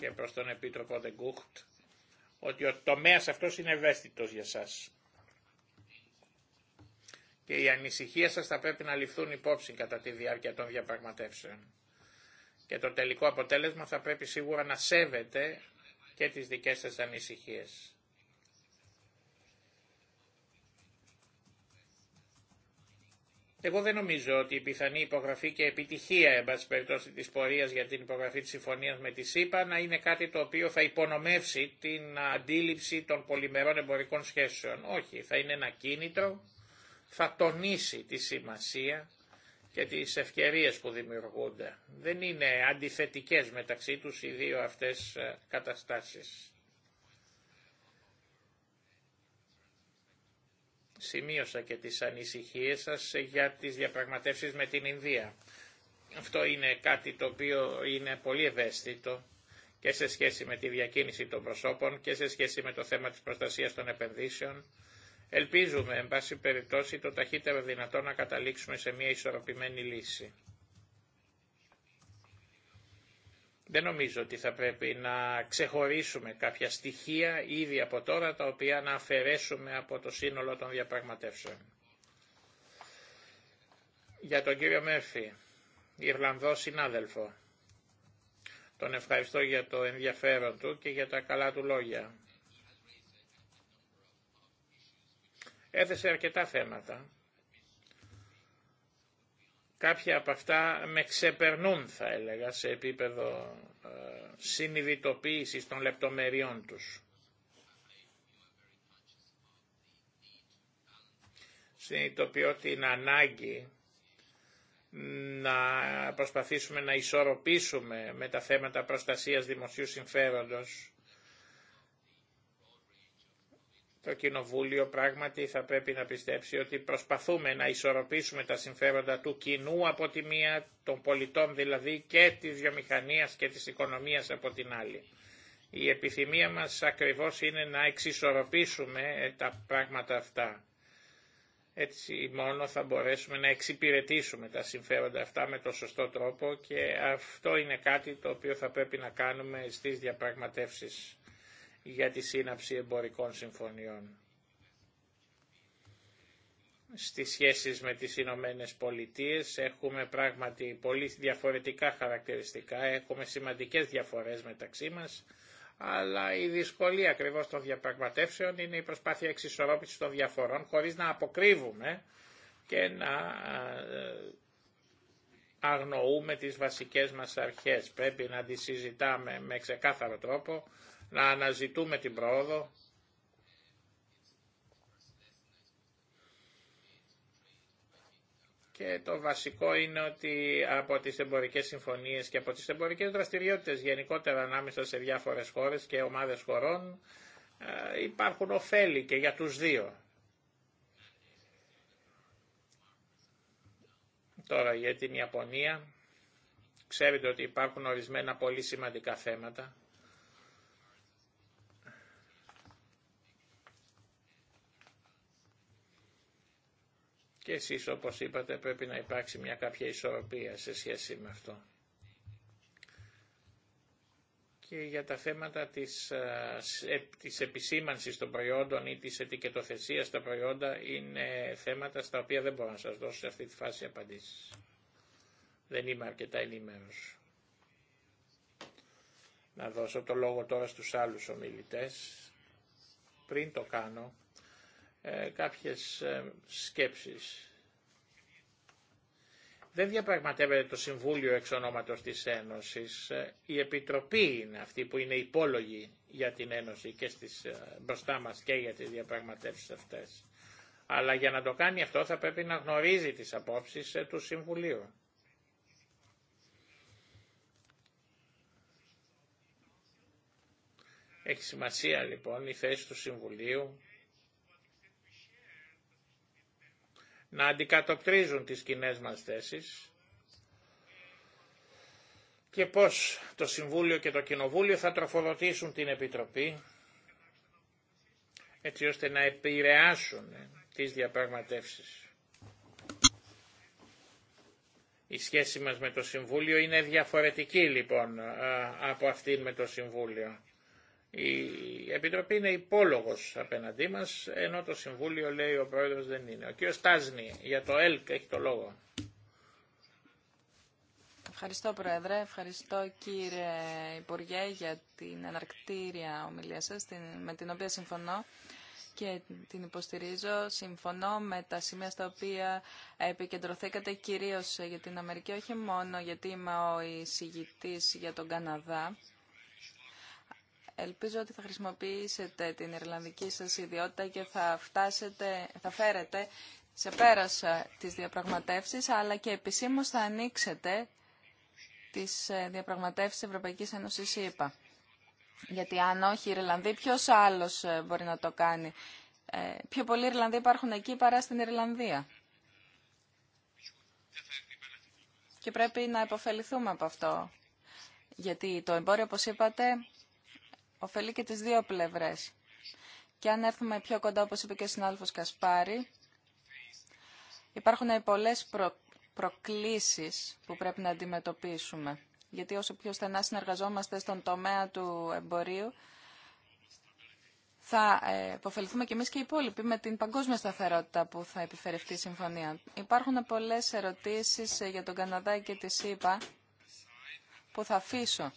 και προς τον Επίτροπο Δεγκούχτ ότι ο τομέας αυτός είναι ευαίσθητος για σας και οι ανησυχία σας θα πρέπει να ληφθούν υπόψη κατά τη διάρκεια των διαπραγματεύσεων. Και το τελικό αποτέλεσμα θα πρέπει σίγουρα να σέβεται και τις δικές σας ανησυχίες. Εγώ δεν νομίζω ότι η πιθανή υπογραφή και επιτυχία, εν πάση περιπτώσει, της πορείας για την υπογραφή της συμφωνίας με τη ΣΥΠΑ να είναι κάτι το οποίο θα υπονομεύσει την αντίληψη των πολυμερών εμπορικών σχέσεων. Όχι, θα είναι ένα κίνητρο θα τονίσει τη σημασία και τις ευκαιρίες που δημιουργούνται. Δεν είναι αντιθετικές μεταξύ τους οι δύο αυτές ε, καταστάσεις. Σημείωσα και τις ανησυχίες σας για τις διαπραγματεύσεις με την Ινδία. Αυτό είναι κάτι το οποίο είναι πολύ ευαίσθητο και σε σχέση με τη διακίνηση των προσώπων και σε σχέση με το θέμα της προστασίας των επενδύσεων Ελπίζουμε, εν πάση περιπτώσει, το ταχύτερο δυνατό να καταλήξουμε σε μια ισορροπημένη λύση. Δεν νομίζω ότι θα πρέπει να ξεχωρίσουμε κάποια στοιχεία ήδη από τώρα τα οποία να αφαιρέσουμε από το σύνολο των διαπραγματεύσεων. Για τον κύριο Μέρφυ, Ιρλανδό συνάδελφο, τον ευχαριστώ για το ενδιαφέρον του και για τα καλά του λόγια. έθεσε αρκετά θέματα. Κάποια από αυτά με ξεπερνούν θα έλεγα σε επίπεδο ε, συνειδητοποίησης των λεπτομεριών τους. Συνειδητοποιώ την ανάγκη να προσπαθήσουμε να ισορροπήσουμε με τα θέματα προστασίας δημοσίου συμφέροντος το Κοινοβούλιο πράγματι θα πρέπει να πιστέψει ότι προσπαθούμε να ισορροπήσουμε τα συμφέροντα του κοινού από τη μία, των πολιτών δηλαδή και της βιομηχανίας και της οικονομίας από την άλλη. Η επιθυμία μας ακριβώς είναι να εξισορροπήσουμε ε, τα πράγματα αυτά. Έτσι μόνο θα μπορέσουμε να εξυπηρετήσουμε τα συμφέροντα αυτά με το σωστό τρόπο και αυτό είναι κάτι το οποίο θα πρέπει να κάνουμε στις διαπραγματεύσεις για τη σύναψη εμπορικών συμφωνιών στις σχέσεις με τις Ηνωμένε Πολιτείες έχουμε πράγματι πολύ διαφορετικά χαρακτηριστικά, έχουμε σημαντικές διαφορές μεταξύ μας, αλλά η δυσκολία ακριβώς των διαπραγματεύσεων είναι η προσπάθεια εξισορρόπησης των διαφορών χωρίς να αποκρύβουμε και να ε, αγνοούμε τις βασικές μας αρχές. Πρέπει να τις συζητάμε με ξεκάθαρο τρόπο, να αναζητούμε την πρόοδο, Και το βασικό είναι ότι από τις εμπορικές συμφωνίες και από τις εμπορικές δραστηριότητες γενικότερα ανάμεσα σε διάφορες χώρες και ομάδες χωρών ε, υπάρχουν ωφέλη και για τους δύο. Τώρα για την Ιαπωνία. Ξέρετε ότι υπάρχουν ορισμένα πολύ σημαντικά θέματα Και εσείς όπως είπατε πρέπει να υπάρξει μια κάποια ισορροπία σε σχέση με αυτό. Και για τα θέματα της, ε, της επισήμανσης των προϊόντων ή της ετικετοθεσίας στα προϊόντα είναι θέματα στα οποία δεν μπορώ να σας δώσω σε αυτή τη φάση απαντήσεις. Δεν είμαι αρκετά ενημέρος. Να δώσω το λόγο τώρα στους άλλους ομιλητές. Πριν το κάνω, ε, κάποιες ε, σκέψεις. Δεν διαπραγματεύεται το Συμβούλιο εξ ονόματος της Ένωσης. Ε, η Επιτροπή είναι αυτή που είναι υπόλογη για την Ένωση και στις, μπροστά μας και για τις διαπραγματεύσεις αυτές. Αλλά για να το κάνει αυτό θα πρέπει να γνωρίζει τις απόψεις του Συμβουλίου. Έχει σημασία λοιπόν η θέση του Συμβουλίου να αντικατοπτρίζουν τις κοινέ μας θέσεις και πώς το Συμβούλιο και το Κοινοβούλιο θα τροφοδοτήσουν την Επιτροπή έτσι ώστε να επηρεάσουν τις διαπραγματεύσεις. Η σχέση μας με το Συμβούλιο είναι διαφορετική λοιπόν από αυτήν με το Συμβούλιο. Η Επιτροπή είναι υπόλογος απέναντί μας, ενώ το Συμβούλιο λέει ο Πρόεδρος δεν είναι. Ο κ. Στάζνη για το ΕΛΚ έχει το λόγο. Ευχαριστώ Πρόεδρε, ευχαριστώ κύριε Υπουργέ για την αναρκτήρια ομιλία σας, με την οποία συμφωνώ και την υποστηρίζω. Συμφωνώ με τα σημεία στα οποία επικεντρωθήκατε κυρίως για την Αμερική, όχι μόνο γιατί είμαι ο εισηγητής για τον Καναδά Ελπίζω ότι θα χρησιμοποιήσετε την Ιρλανδική σας ιδιότητα και θα, φτάσετε, θα φέρετε σε πέρας ε, τις διαπραγματεύσεις, αλλά και επισήμως θα ανοίξετε τις ε, διαπραγματεύσεις Ευρωπαϊκής Ένωσης είπα. Γιατί αν όχι οι Ιρλανδοί, ποιος άλλος ε, μπορεί να το κάνει. πιο πολλοί Ιρλανδοί υπάρχουν εκεί παρά στην Ιρλανδία. Και πρέπει να υποφεληθούμε από αυτό. Γιατί το εμπόριο, όπως είπατε, Οφελεί και τις δύο πλευρές. Και αν έρθουμε πιο κοντά, όπως είπε και ο συνάδελφος Κασπάρη, υπάρχουν πολλές προ... προκλήσεις που πρέπει να αντιμετωπίσουμε. Γιατί όσο πιο στενά συνεργαζόμαστε στον τομέα του εμπορίου, θα ε, υποφεληθούμε και εμείς και οι υπόλοιποι με την παγκόσμια σταθερότητα που θα επιφέρει η συμφωνία. Υπάρχουν πολλές ερωτήσεις για τον Καναδά και τη ΣΥΠΑ που θα αφήσω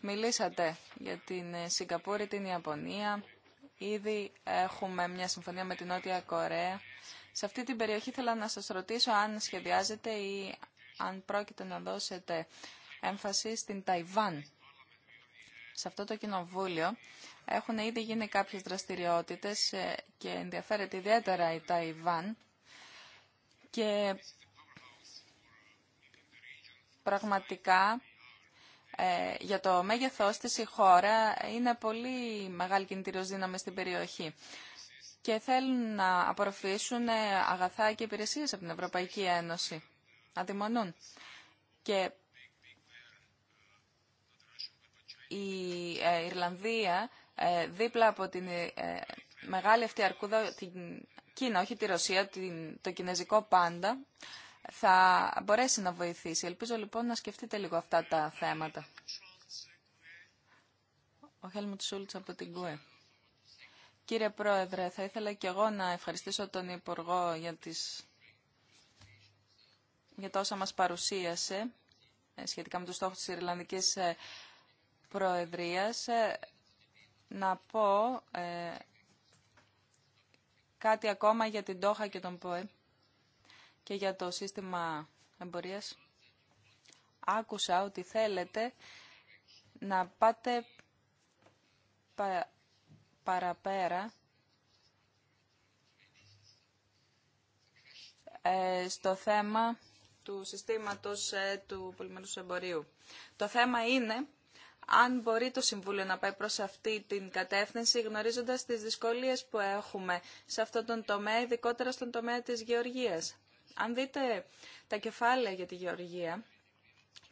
Μιλήσατε για την Σιγκαπούρη, την Ιαπωνία. Ήδη έχουμε μια συμφωνία με την Νότια Κορέα. Σε αυτή την περιοχή θέλω να σας ρωτήσω αν σχεδιάζετε ή αν πρόκειται να δώσετε έμφαση στην Ταϊβάν. Σε αυτό το κοινοβούλιο έχουν ήδη γίνει κάποιες δραστηριότητες ε, και ενδιαφέρεται ιδιαίτερα η Ταϊβάν και πραγματικά ε, για το μέγεθός της η χώρα είναι πολύ μεγάλη κινητήριος δύναμη στην περιοχή και θέλουν να απορροφήσουν ε, αγαθά και υπηρεσίες από την Ευρωπαϊκή Ένωση. Αντιμονούν. Και η ε, Ιρλανδία δίπλα από την μεγάλη αυτή αρκούδα, την Κίνα, όχι τη Ρωσία, την, το κινέζικο πάντα, θα μπορέσει να βοηθήσει. Ελπίζω λοιπόν να σκεφτείτε λίγο αυτά τα θέματα. Ο Χέλμουτ Σούλτς από την ΚΟΕ. Κύριε Πρόεδρε, θα ήθελα και εγώ να ευχαριστήσω τον Υπουργό για, τις... για τα όσα μας παρουσίασε ε, σχετικά με τους στόχους της Ιρλανδικής ε, Προεδρίας. Ε, να πω κάτι ακόμα για την Τόχα και τον ΠΟΕ και για το σύστημα εμπορίας. Άκουσα ότι θέλετε να πάτε παραπέρα ε, στο θέμα του συστήματος ε, του πολυμερούς εμπορίου. Το θέμα είναι αν μπορεί το Συμβούλιο να πάει προς αυτή την κατεύθυνση, γνωρίζοντας τις δυσκολίες που έχουμε σε αυτόν τον τομέα, ειδικότερα στον τομέα της γεωργίας. Αν δείτε τα κεφάλαια για τη γεωργία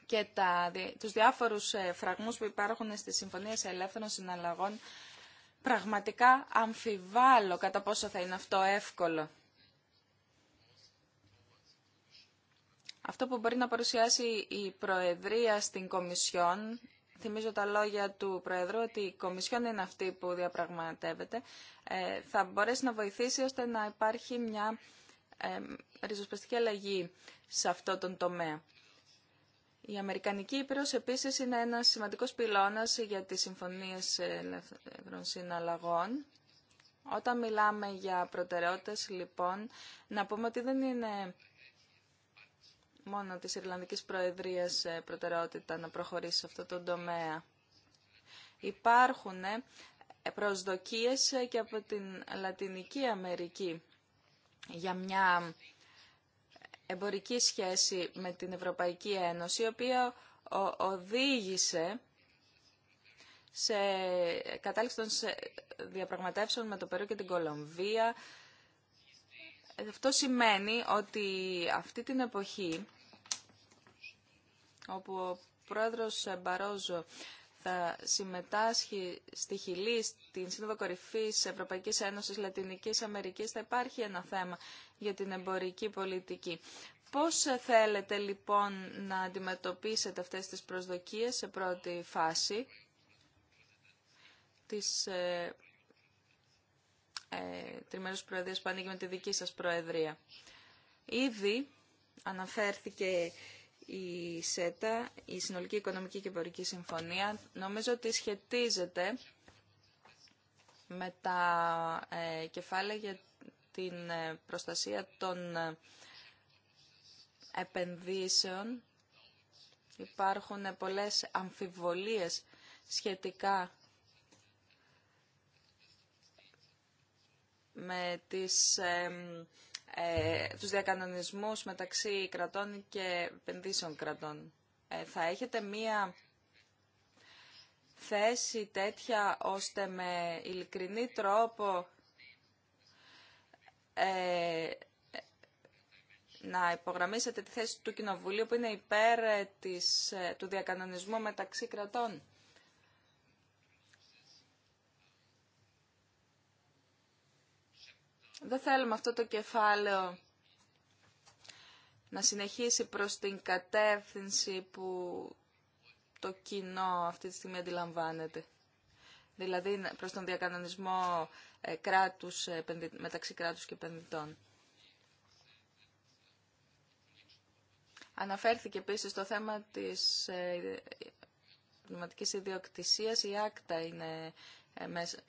και τα, τους διάφορους ε, φραγμούς που υπάρχουν στις συμφωνίες ελεύθερων συναλλαγών, πραγματικά αμφιβάλλω κατά πόσο θα είναι αυτό εύκολο. Αυτό που μπορεί να παρουσιάσει η Προεδρία στην Κομισιόν, θυμίζω τα λόγια του Προεδρού ότι η Κομισιόν είναι αυτή που διαπραγματεύεται, ε, θα μπορέσει να βοηθήσει ώστε να υπάρχει μια ριζοσπαστική αλλαγή σε αυτό τον τομέα. Η Αμερικανική Ήπειρος επίσης είναι ένας σημαντικός πυλώνας για τις συμφωνίες ελεύθερων συναλλαγών. Όταν μιλάμε για προτεραιότητες, λοιπόν, να πούμε ότι δεν είναι μόνο της Ιρλανδικής Προεδρίας ε, προτεραιότητα να προχωρήσει σε αυτό τον τομέα. Υπάρχουν ε, προσδοκίες ε, και από την Λατινική Αμερική για μια εμπορική σχέση με την Ευρωπαϊκή Ένωση, η οποία οδήγησε σε κατάληξη των διαπραγματεύσεων με το Περού και την Κολομβία. Αυτό σημαίνει ότι αυτή την εποχή όπου ο πρόεδρος Μπαρόζο θα συμμετάσχει στη Χιλή, στην Σύνοδο Κορυφής Ευρωπαϊκής Ένωσης Λατινικής Αμερικής, θα υπάρχει ένα θέμα για την εμπορική πολιτική. Πώς θέλετε λοιπόν να αντιμετωπίσετε αυτές τις προσδοκίες σε πρώτη φάση της ε, ε, τριμερούς προεδρίας που ανήκει με τη δική σας προεδρία. Ήδη αναφέρθηκε η ΣΕΤΑ, η Συνολική Οικονομική και Εμπορική Συμφωνία, νομίζω ότι σχετίζεται με τα ε, κεφάλαια για την ε, προστασία των ε, επενδύσεων. Υπάρχουν πολλές αμφιβολίες σχετικά με τις ε, τους διακανονισμούς μεταξύ κρατών και επενδύσεων κρατών. Ε, θα έχετε μία θέση τέτοια ώστε με ειλικρινή τρόπο ε, να υπογραμμίσετε τη θέση του Κοινοβουλίου που είναι υπέρ της, του διακανονισμού μεταξύ κρατών. Δεν θέλουμε αυτό το κεφάλαιο να συνεχίσει προς την κατεύθυνση που το κοινό αυτή τη στιγμή αντιλαμβάνεται. Δηλαδή προς τον διακανονισμό ε, κράτους, ε, μεταξύ κράτους και επενδυτών. Αναφέρθηκε επίσης το θέμα της ε, πνευματικής ιδιοκτησίας. Η άκτα είναι ε,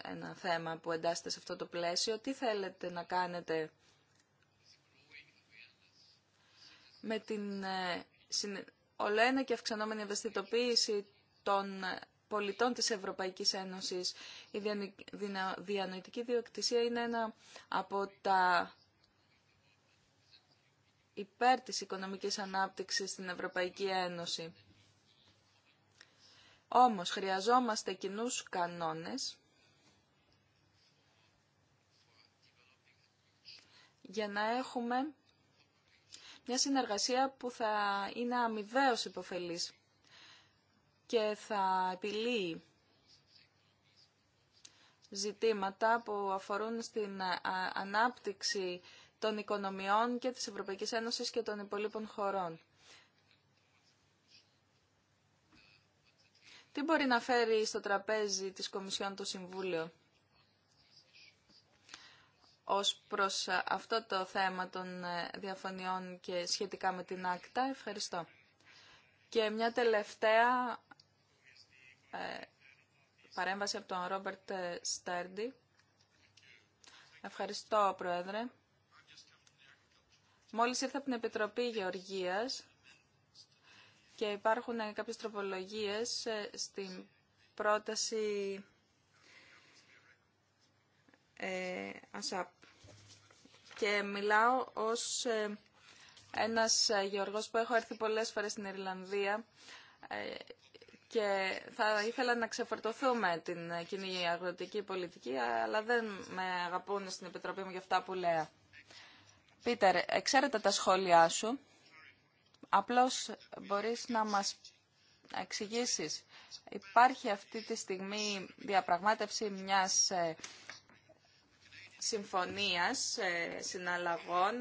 ένα θέμα που εντάσσεται σε αυτό το πλαίσιο. Τι θέλετε να κάνετε με την ολοένα ε, και αυξανόμενη ευαισθητοποίηση των πολιτών της Ευρωπαϊκής Ένωσης. Η διανοητική διοκτησία είναι ένα από τα υπέρ της οικονομικής ανάπτυξης στην Ευρωπαϊκή Ένωση. Όμως χρειαζόμαστε κοινού κανόνες για να έχουμε μια συνεργασία που θα είναι αμοιβαίως υποφελής και θα επιλύει ζητήματα που αφορούν στην ανάπτυξη των οικονομιών και της Ευρωπαϊκής Ένωσης και των υπολείπων χωρών. Τι μπορεί να φέρει στο τραπέζι της Κομισιόν του Συμβούλιο ως προς αυτό το θέμα των ε, διαφωνιών και σχετικά με την άκτα. Ευχαριστώ. Και μια τελευταία ε, παρέμβαση από τον Ρόμπερτ ε, Στέρντι. Ευχαριστώ, Πρόεδρε. Μόλις ήρθα από την Επιτροπή Γεωργίας και υπάρχουν κάποιες τροπολογίες ε, στην πρόταση ε, ΑΣΑΠ. Και μιλάω ως ε, ένας ε, γεωργός που έχω έρθει πολλές φορές στην Ιρλανδία και θα ήθελα να ξεφορτωθούμε την κοινή αγροτική πολιτική, αλλά δεν με αγαπούν στην Επιτροπή μου για αυτά που λέω. Πίτερ, εξαίρετα τα σχόλιά σου Απλώς μπορείς να μας εξηγήσεις. Υπάρχει αυτή τη στιγμή διαπραγμάτευση μιας ε, συμφωνίας ε, συναλλαγών.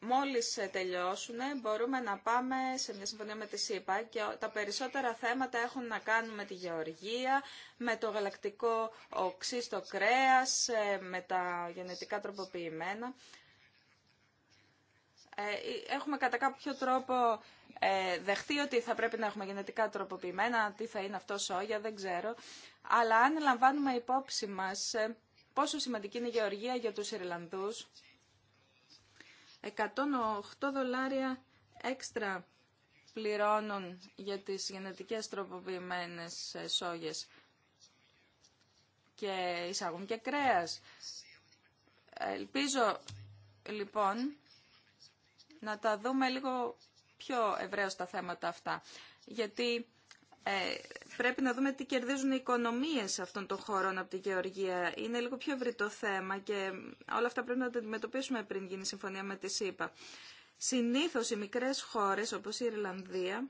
Μόλις ε, τελειώσουν μπορούμε να πάμε σε μια συμφωνία με τη ΣΥΠΑ και τα περισσότερα θέματα έχουν να κάνουν με τη γεωργία, με το γαλακτικό οξύ στο κρέας, με τα γενετικά τροποποιημένα. Ε, ε, έχουμε κατά κάποιο τρόπο ε, δεχτεί ότι θα πρέπει να έχουμε γενετικά τροποποιημένα, τι θα είναι αυτό σόγια, δεν ξέρω. Αλλά αν λαμβάνουμε υπόψη μας πόσο σημαντική είναι η γεωργία για τους Ιρλανδούς, 108 δολάρια έξτρα πληρώνουν για τις γενετικές τροποποιημένες σόγες και εισάγουν και κρέας. Ελπίζω λοιπόν να τα δούμε λίγο πιο ευρέως τα θέματα αυτά. Γιατί ε, πρέπει να δούμε τι κερδίζουν οι οικονομίες αυτών των χωρών από τη Γεωργία. Είναι λίγο πιο ευρύ το θέμα και όλα αυτά πρέπει να τα αντιμετωπίσουμε πριν γίνει η συμφωνία με τη ΣΥΠΑ. Συνήθως οι μικρές χώρες όπως η Ιρλανδία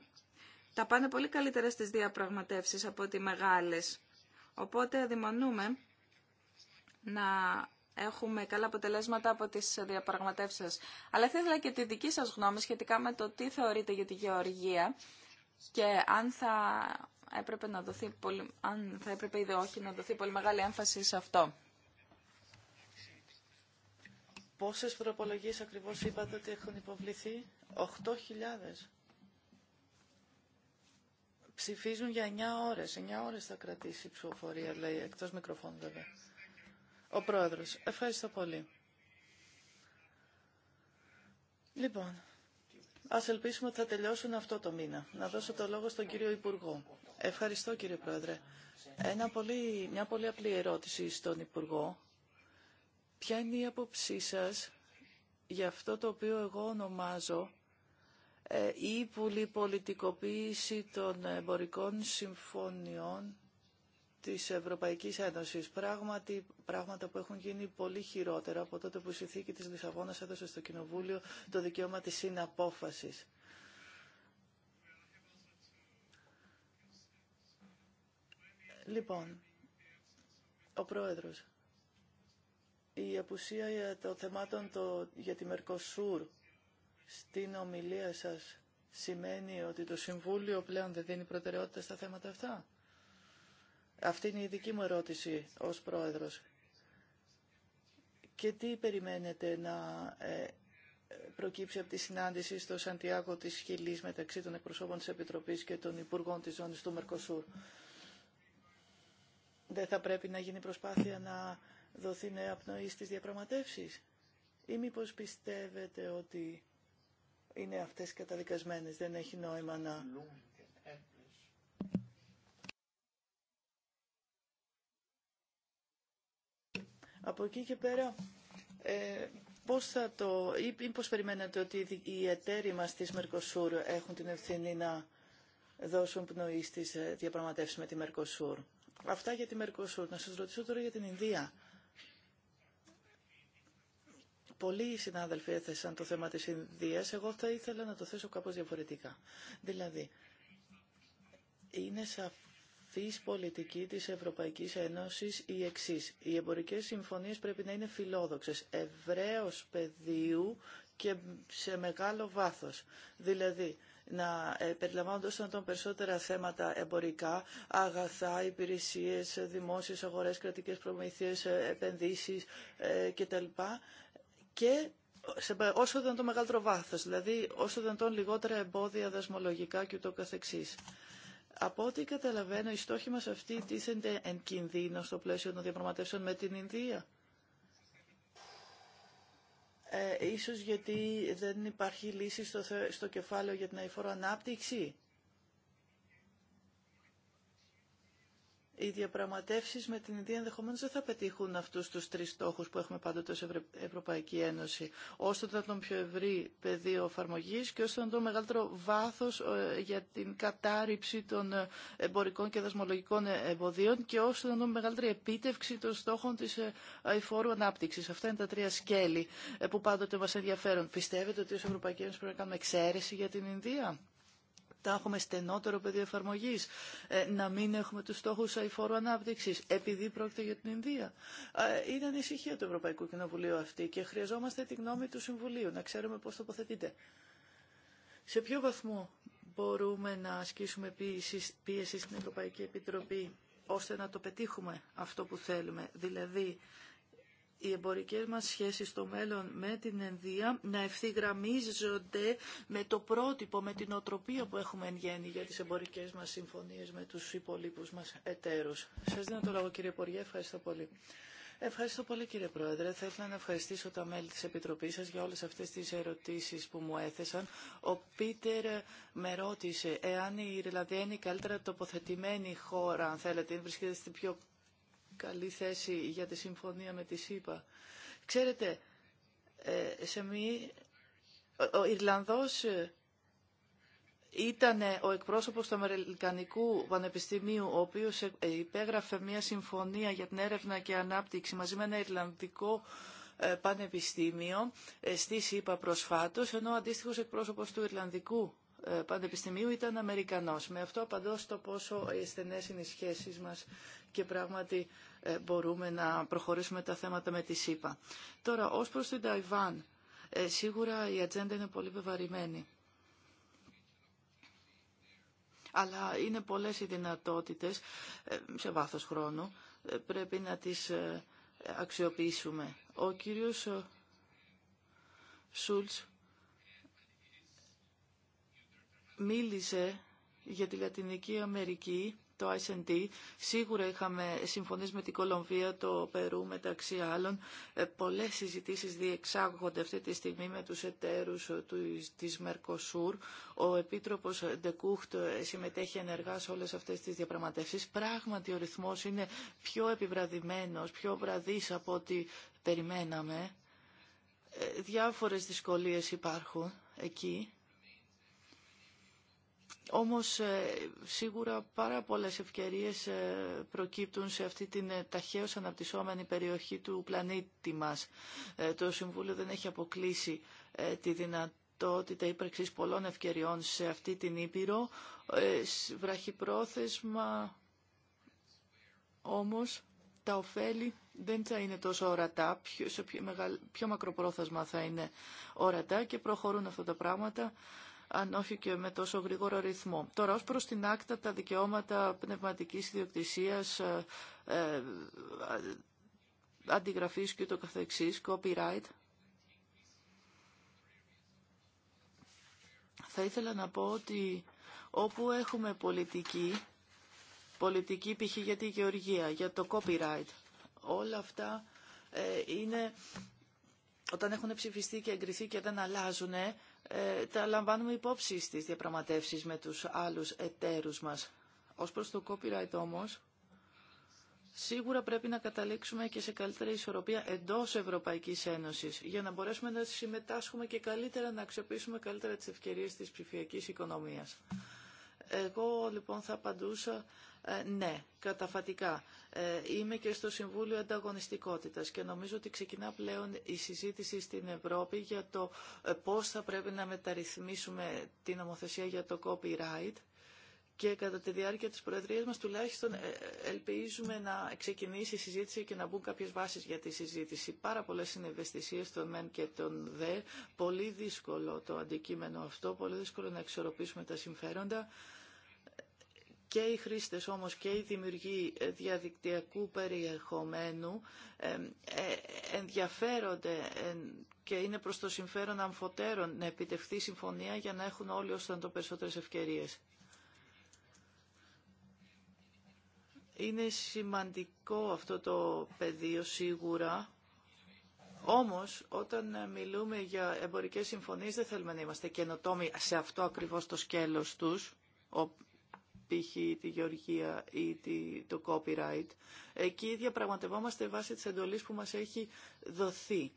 τα πάνε πολύ καλύτερα στις διαπραγματεύσεις από ότι οι μεγάλες. Οπότε αδειμονούμε να έχουμε καλά αποτελέσματα από τι διαπραγματεύσει σα. Αλλά θα ήθελα και τη δική σα γνώμη σχετικά με το τι θεωρείτε για τη γεωργία και αν θα έπρεπε, να δοθεί πολύ, αν θα έπρεπε ή όχι να δοθεί πολύ μεγάλη έμφαση σε αυτό. Πόσες προπολογίες ακριβώς είπατε ότι έχουν υποβληθεί. 8.000. Ψηφίζουν για 9 ώρες. 9 ώρες θα κρατήσει η ψηφοφορία, λέει, εκτός μικροφώνου βέβαια. Ο Πρόεδρος. Ευχαριστώ πολύ. Λοιπόν, ας ελπίσουμε ότι θα τελειώσουν αυτό το μήνα. Να δώσω το λόγο στον κύριο Υπουργό. Ευχαριστώ κύριε Πρόεδρε. Ένα πολύ, μια πολύ απλή ερώτηση στον Υπουργό. Ποια είναι η άποψή σας για αυτό το οποίο εγώ ονομάζω ε, ή πολιτικοποίηση των εμπορικών συμφωνιών της Ευρωπαϊκής Ένωσης. Πράγματι, πράγματα που έχουν γίνει πολύ χειρότερα από τότε που η συνθήκη της Λισαβόνας έδωσε στο Κοινοβούλιο το δικαίωμα της συναπόφασης. Λοιπόν, ο Πρόεδρος, η απουσία των θεμάτων το, για τη Μερκοσούρ στην ομιλία σας σημαίνει ότι το Συμβούλιο πλέον δεν δίνει προτεραιότητα στα θέματα αυτά. Αυτή είναι η δική μου ερώτηση ως πρόεδρος. Και τι περιμένετε να ε, προκύψει από τη συνάντηση στο Σαντιάκο της Χιλής μεταξύ των εκπροσώπων της Επιτροπής και των Υπουργών της Ζώνης του Μερκοσούρ. Δεν θα πρέπει να γίνει προσπάθεια να δοθεί νέα πνοή στις διαπραγματεύσεις. Ή μήπω πιστεύετε ότι είναι αυτές καταδικασμένες, δεν έχει νόημα να Από εκεί και πέρα, ε, πώς θα το, ή πώς περιμένετε ότι οι εταίροι μας της Μερκοσούρ έχουν την ευθύνη να δώσουν πνοή στις ε, διαπραγματεύσεις με τη Μερκοσούρ. Αυτά για τη Μερκοσούρ. Να σας ρωτήσω τώρα για την Ινδία. Πολλοί συνάδελφοι έθεσαν το θέμα της Ινδίας. Εγώ θα ήθελα να το θέσω κάπως διαφορετικά. Δηλαδή, είναι σαφ σαφής πολιτική της Ευρωπαϊκής Ένωσης η εξής. Οι εμπορικές συμφωνίες πρέπει να είναι φιλόδοξες, ευραίως πεδίου και σε μεγάλο βάθος. Δηλαδή, να όσο ε, τον περισσότερα θέματα εμπορικά, αγαθά, υπηρεσίες, δημόσιες αγορές, κρατικές προμήθειες, ε, επενδύσεις ε, κτλ. Και σε, όσο δεν το μεγαλύτερο βάθος, δηλαδή όσο δεν λιγότερα εμπόδια δασμολογικά και ούτω από ό,τι καταλαβαίνω, οι στόχοι μας αυτοί τίθενται εν κινδύνο στο πλαίσιο των διαπραγματεύσεων με την Ινδία. Ε, ίσως γιατί δεν υπάρχει λύση στο, στο κεφάλαιο για την αηφόρο ανάπτυξη οι διαπραγματεύσεις με την Ινδία ενδεχομένω δεν θα πετύχουν αυτούς τους τρεις στόχους που έχουμε πάντοτε ως Ευρωπαϊκή Ένωση. ώστε να τον πιο ευρύ πεδίο εφαρμογή και ώστε να το μεγαλύτερο βάθος ε, για την κατάρριψη των ε, εμπορικών και δασμολογικών ε, εμποδίων και ώστε να το μεγαλύτερη επίτευξη των στόχων της αηφόρου ανάπτυξης. Αυτά είναι τα τρία σκέλη που πάντοτε μας ενδιαφέρουν. Πιστεύετε ότι ως Ευρωπαϊκή Ένωση πρέπει να κάνουμε εξαίρεση για την Ινδία τα έχουμε στενότερο πεδίο εφαρμογή, ε, να μην έχουμε του στόχου αηφόρου ανάπτυξη, επειδή πρόκειται για την Ινδία. Ε, είναι ανησυχία του Ευρωπαϊκού Κοινοβουλίου αυτή και χρειαζόμαστε τη γνώμη του Συμβουλίου, να ξέρουμε πώ τοποθετείται. Σε ποιο βαθμό μπορούμε να ασκήσουμε πίεση στην Ευρωπαϊκή Επιτροπή ώστε να το πετύχουμε αυτό που θέλουμε, δηλαδή οι εμπορικές μας σχέσεις στο μέλλον με την Ενδία να ευθυγραμμίζονται με το πρότυπο, με την οτροπία που έχουμε εν γέννη για τις εμπορικές μας συμφωνίες με τους υπολείπους μας εταίρους. Σας δίνω το λόγο κύριε Ποριέ. ευχαριστώ πολύ. Ευχαριστώ πολύ κύριε Πρόεδρε. Θα ήθελα να ευχαριστήσω τα μέλη της Επιτροπής σας για όλες αυτές τις ερωτήσεις που μου έθεσαν. Ο Πίτερ με ρώτησε εάν η Ιρλανδία είναι η καλύτερα τοποθετημένη χώρα, αν θέλετε, βρίσκεται στην πιο καλή θέση για τη συμφωνία με τη ΣΥΠΑ. Ξέρετε, ε, σε μη... ο Ιρλανδός ε, ήταν ο εκπρόσωπος του Αμερικανικού Πανεπιστημίου, ο οποίος ε, υπέγραφε μια συμφωνία για την έρευνα και ανάπτυξη μαζί με ένα Ιρλανδικό Πανεπιστήμιο στη ΣΥΠΑ προσφάτως, ενώ ο αντίστοιχος εκπρόσωπος του Ιρλανδικού ε, πανεπιστημίου ήταν Αμερικανός. Με αυτό απαντώ στο πόσο στενές είναι οι σχέσεις μας και πράγματι ε, μπορούμε να προχωρήσουμε τα θέματα με τη ΣΥΠΑ. Τώρα, ως προς την Ταϊβάν, ε, σίγουρα η ατζέντα είναι πολύ βεβαρημένη. Αλλά είναι πολλές οι δυνατότητες σε βάθος χρόνου. Πρέπει να τις αξιοποιήσουμε. Ο κύριος Σούλτς μίλησε για τη Λατινική Αμερική, το S&D. Σίγουρα είχαμε συμφωνίες με την Κολομβία, το Περού μεταξύ άλλων. Ε, πολλές συζητήσεις διεξάγονται αυτή τη στιγμή με τους εταίρους της Μερκοσούρ. Ο Επίτροπος Ντεκούχτ συμμετέχει ενεργά σε όλες αυτές τις διαπραγματεύσεις. Πράγματι ο ρυθμός είναι πιο επιβραδυμένος, πιο βραδύς από ό,τι περιμέναμε. Ε, διάφορες δυσκολίες υπάρχουν εκεί όμως ε, σίγουρα πάρα πολλές ευκαιρίες ε, προκύπτουν σε αυτή την ε, ταχαίως αναπτυσσόμενη περιοχή του πλανήτη μας. Το Συμβούλιο δεν έχει αποκλείσει τη δυνατότητα ύπαρξη πολλών ευκαιριών σε αυτή την Ήπειρο. Βραχυπρόθεσμα όμως τα ωφέλη δεν θα είναι τόσο ορατά, πιο, πιο μακροπρόθεσμα θα είναι ορατά και προχωρούν αυτά τα πράγματα αν όχι και με τόσο γρήγορο ρυθμό. Τώρα, ως προς την άκτα, τα δικαιώματα πνευματικής ιδιοκτησίας, ε, ε αντιγραφής και το καθεξής, copyright, θα ήθελα να πω ότι όπου έχουμε πολιτική, πολιτική π.χ. για τη γεωργία, για το copyright, όλα αυτά ε, είναι, όταν έχουν ψηφιστεί και εγκριθεί και δεν αλλάζουν, ε, τα λαμβάνουμε υπόψη στις διαπραγματεύσεις με τους άλλους εταίρους μας. Ως προς το copyright όμως, σίγουρα πρέπει να καταλήξουμε και σε καλύτερη ισορροπία εντός Ευρωπαϊκής Ένωσης, για να μπορέσουμε να συμμετάσχουμε και καλύτερα να αξιοποιήσουμε καλύτερα τις ευκαιρίες της ψηφιακής οικονομίας. Εγώ λοιπόν θα απαντούσα ε, ναι, καταφατικά. Ε, είμαι και στο Συμβούλιο Ανταγωνιστικότητας και νομίζω ότι ξεκινά πλέον η συζήτηση στην Ευρώπη για το ε, πώς θα πρέπει να μεταρρυθμίσουμε την νομοθεσία για το copyright και κατά τη διάρκεια της Προεδρίας μας τουλάχιστον ε, ελπίζουμε να ξεκινήσει η συζήτηση και να μπουν κάποιες βάσεις για τη συζήτηση. Πάρα πολλές είναι των ΜΕΝ και των ΔΕ. Πολύ δύσκολο το αντικείμενο αυτό, πολύ δύσκολο να εξορροπήσουμε τα συμφέροντα και οι χρήστες όμως και οι δημιουργοί διαδικτυακού περιεχομένου ε, ενδιαφέρονται και είναι προς το συμφέρον αμφωτέρων να επιτευχθεί συμφωνία για να έχουν όλοι όσο το περισσότερες ευκαιρίες. Είναι σημαντικό αυτό το πεδίο σίγουρα, όμως όταν μιλούμε για εμπορικές συμφωνίες δεν θέλουμε να είμαστε καινοτόμοι σε αυτό ακριβώς το σκέλος τους, π.χ. τη γεωργία ή το copyright. Εκεί διαπραγματευόμαστε βάσει της εντολής που μας έχει δοθεί.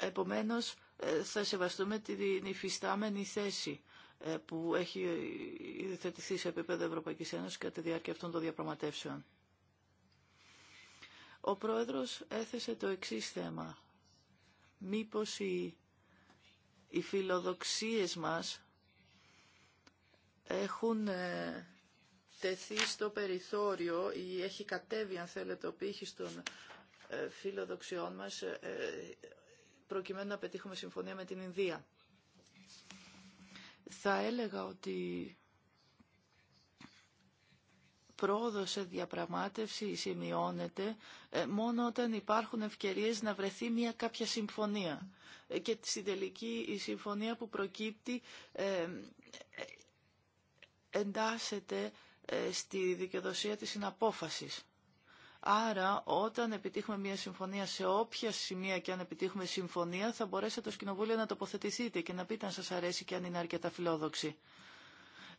Επομένως, ε, θα σεβαστούμε την υφιστάμενη θέση ε, που έχει θετηθεί σε επίπεδο Ευρωπαϊκής Ένωσης κατά τη διάρκεια αυτών των διαπραγματεύσεων. Ο Πρόεδρος έθεσε το εξής θέμα. Μήπως οι, οι φιλοδοξίες μας έχουν ε, τεθεί στο περιθώριο ή έχει κατέβει αν θέλετε ο πύχης των ε, φιλοδοξιών μας ε, προκειμένου να πετύχουμε συμφωνία με την Ινδία. Θα έλεγα ότι πρόοδο σε διαπραγμάτευση σημειώνεται μόνο όταν υπάρχουν ευκαιρίες να βρεθεί μια κάποια συμφωνία. Και στην τελική η συμφωνία που προκύπτει εντάσσεται ε, στη δικαιοδοσία της συναπόφασης. Άρα, όταν επιτύχουμε μια συμφωνία, σε όποια σημεία και αν επιτύχουμε συμφωνία, θα μπορέσετε το Κοινοβούλιο να τοποθετηθείτε και να πείτε αν σας αρέσει και αν είναι αρκετά φιλόδοξη.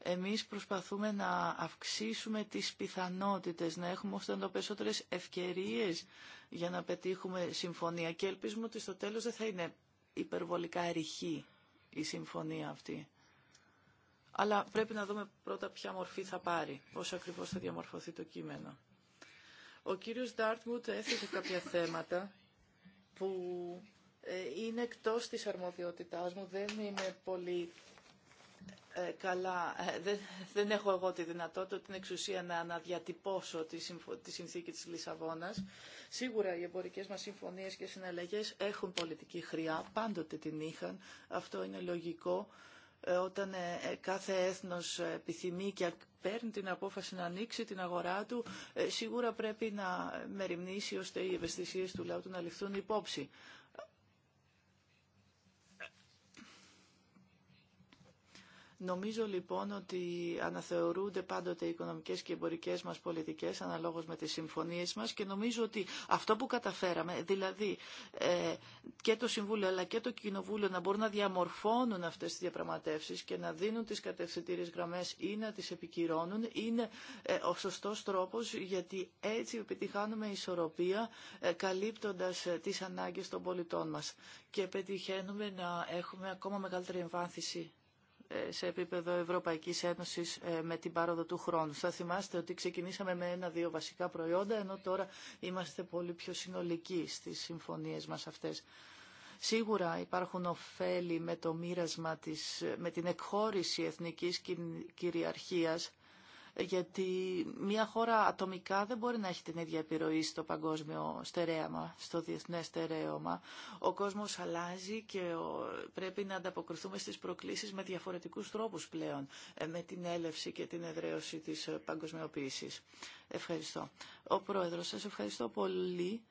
Εμείς προσπαθούμε να αυξήσουμε τις πιθανότητες, να έχουμε όσο το περισσότερες ευκαιρίες για να πετύχουμε συμφωνία και ελπίζουμε ότι στο τέλος δεν θα είναι υπερβολικά ρηχή η συμφωνία αυτή αλλά πρέπει να δούμε πρώτα ποια μορφή θα πάρει, πώς ακριβώς θα διαμορφωθεί το κείμενο. Ο κύριος Ντάρτμουτ έθεσε κάποια θέματα που ε, είναι εκτός της αρμοδιότητάς μου, δεν είναι πολύ ε, καλά, ε, δεν, έχω εγώ τη δυνατότητα, την εξουσία να αναδιατυπώσω τη, συμφω... τη συνθήκη της Λισαβόνας. Σίγουρα οι εμπορικές μας συμφωνίες και συναλλαγές έχουν πολιτική χρειά, πάντοτε την είχαν, αυτό είναι λογικό. Ε, όταν ε, ε, κάθε έθνος επιθυμεί και παίρνει την απόφαση να ανοίξει την αγορά του, σίγουρα πρέπει να μεριμνήσει ώστε οι ευαισθησίες του λαού του να ληφθούν υπόψη. Νομίζω λοιπόν ότι αναθεωρούνται πάντοτε οι οικονομικές και εμπορικές μας πολιτικές αναλόγως με τις συμφωνίες μας και νομίζω ότι αυτό που καταφέραμε, δηλαδή ε, και το Συμβούλιο αλλά και το Κοινοβούλιο να μπορούν να διαμορφώνουν αυτές τις διαπραγματεύσεις και να δίνουν τις κατευθυντήριες γραμμές ή να τις επικυρώνουν είναι ε, ο σωστός τρόπος γιατί έτσι επιτυχάνουμε ισορροπία ε, καλύπτοντας ε, τις ανάγκες των πολιτών μας και πετυχαίνουμε να έχουμε ακόμα μεγαλύτερη εμβάνθηση σε επίπεδο Ευρωπαϊκής Ένωσης ε, με την πάροδο του χρόνου. Θα θυμάστε ότι ξεκινήσαμε με ένα-δύο βασικά προϊόντα, ενώ τώρα είμαστε πολύ πιο συνολικοί στις συμφωνίες μας αυτές. Σίγουρα υπάρχουν ωφέλη με το μοίρασμα της, με την εκχώρηση εθνικής κυριαρχίας γιατί μια χώρα ατομικά δεν μπορεί να έχει την ίδια επιρροή στο παγκόσμιο στερέαμα, στο διεθνές στερέωμα. Ο κόσμος αλλάζει και πρέπει να ανταποκριθούμε στις προκλήσεις με διαφορετικούς τρόπους πλέον, ε, με την έλευση και την εδραίωση της παγκοσμιοποίησης. Ευχαριστώ. Ο Πρόεδρος, σας ευχαριστώ πολύ.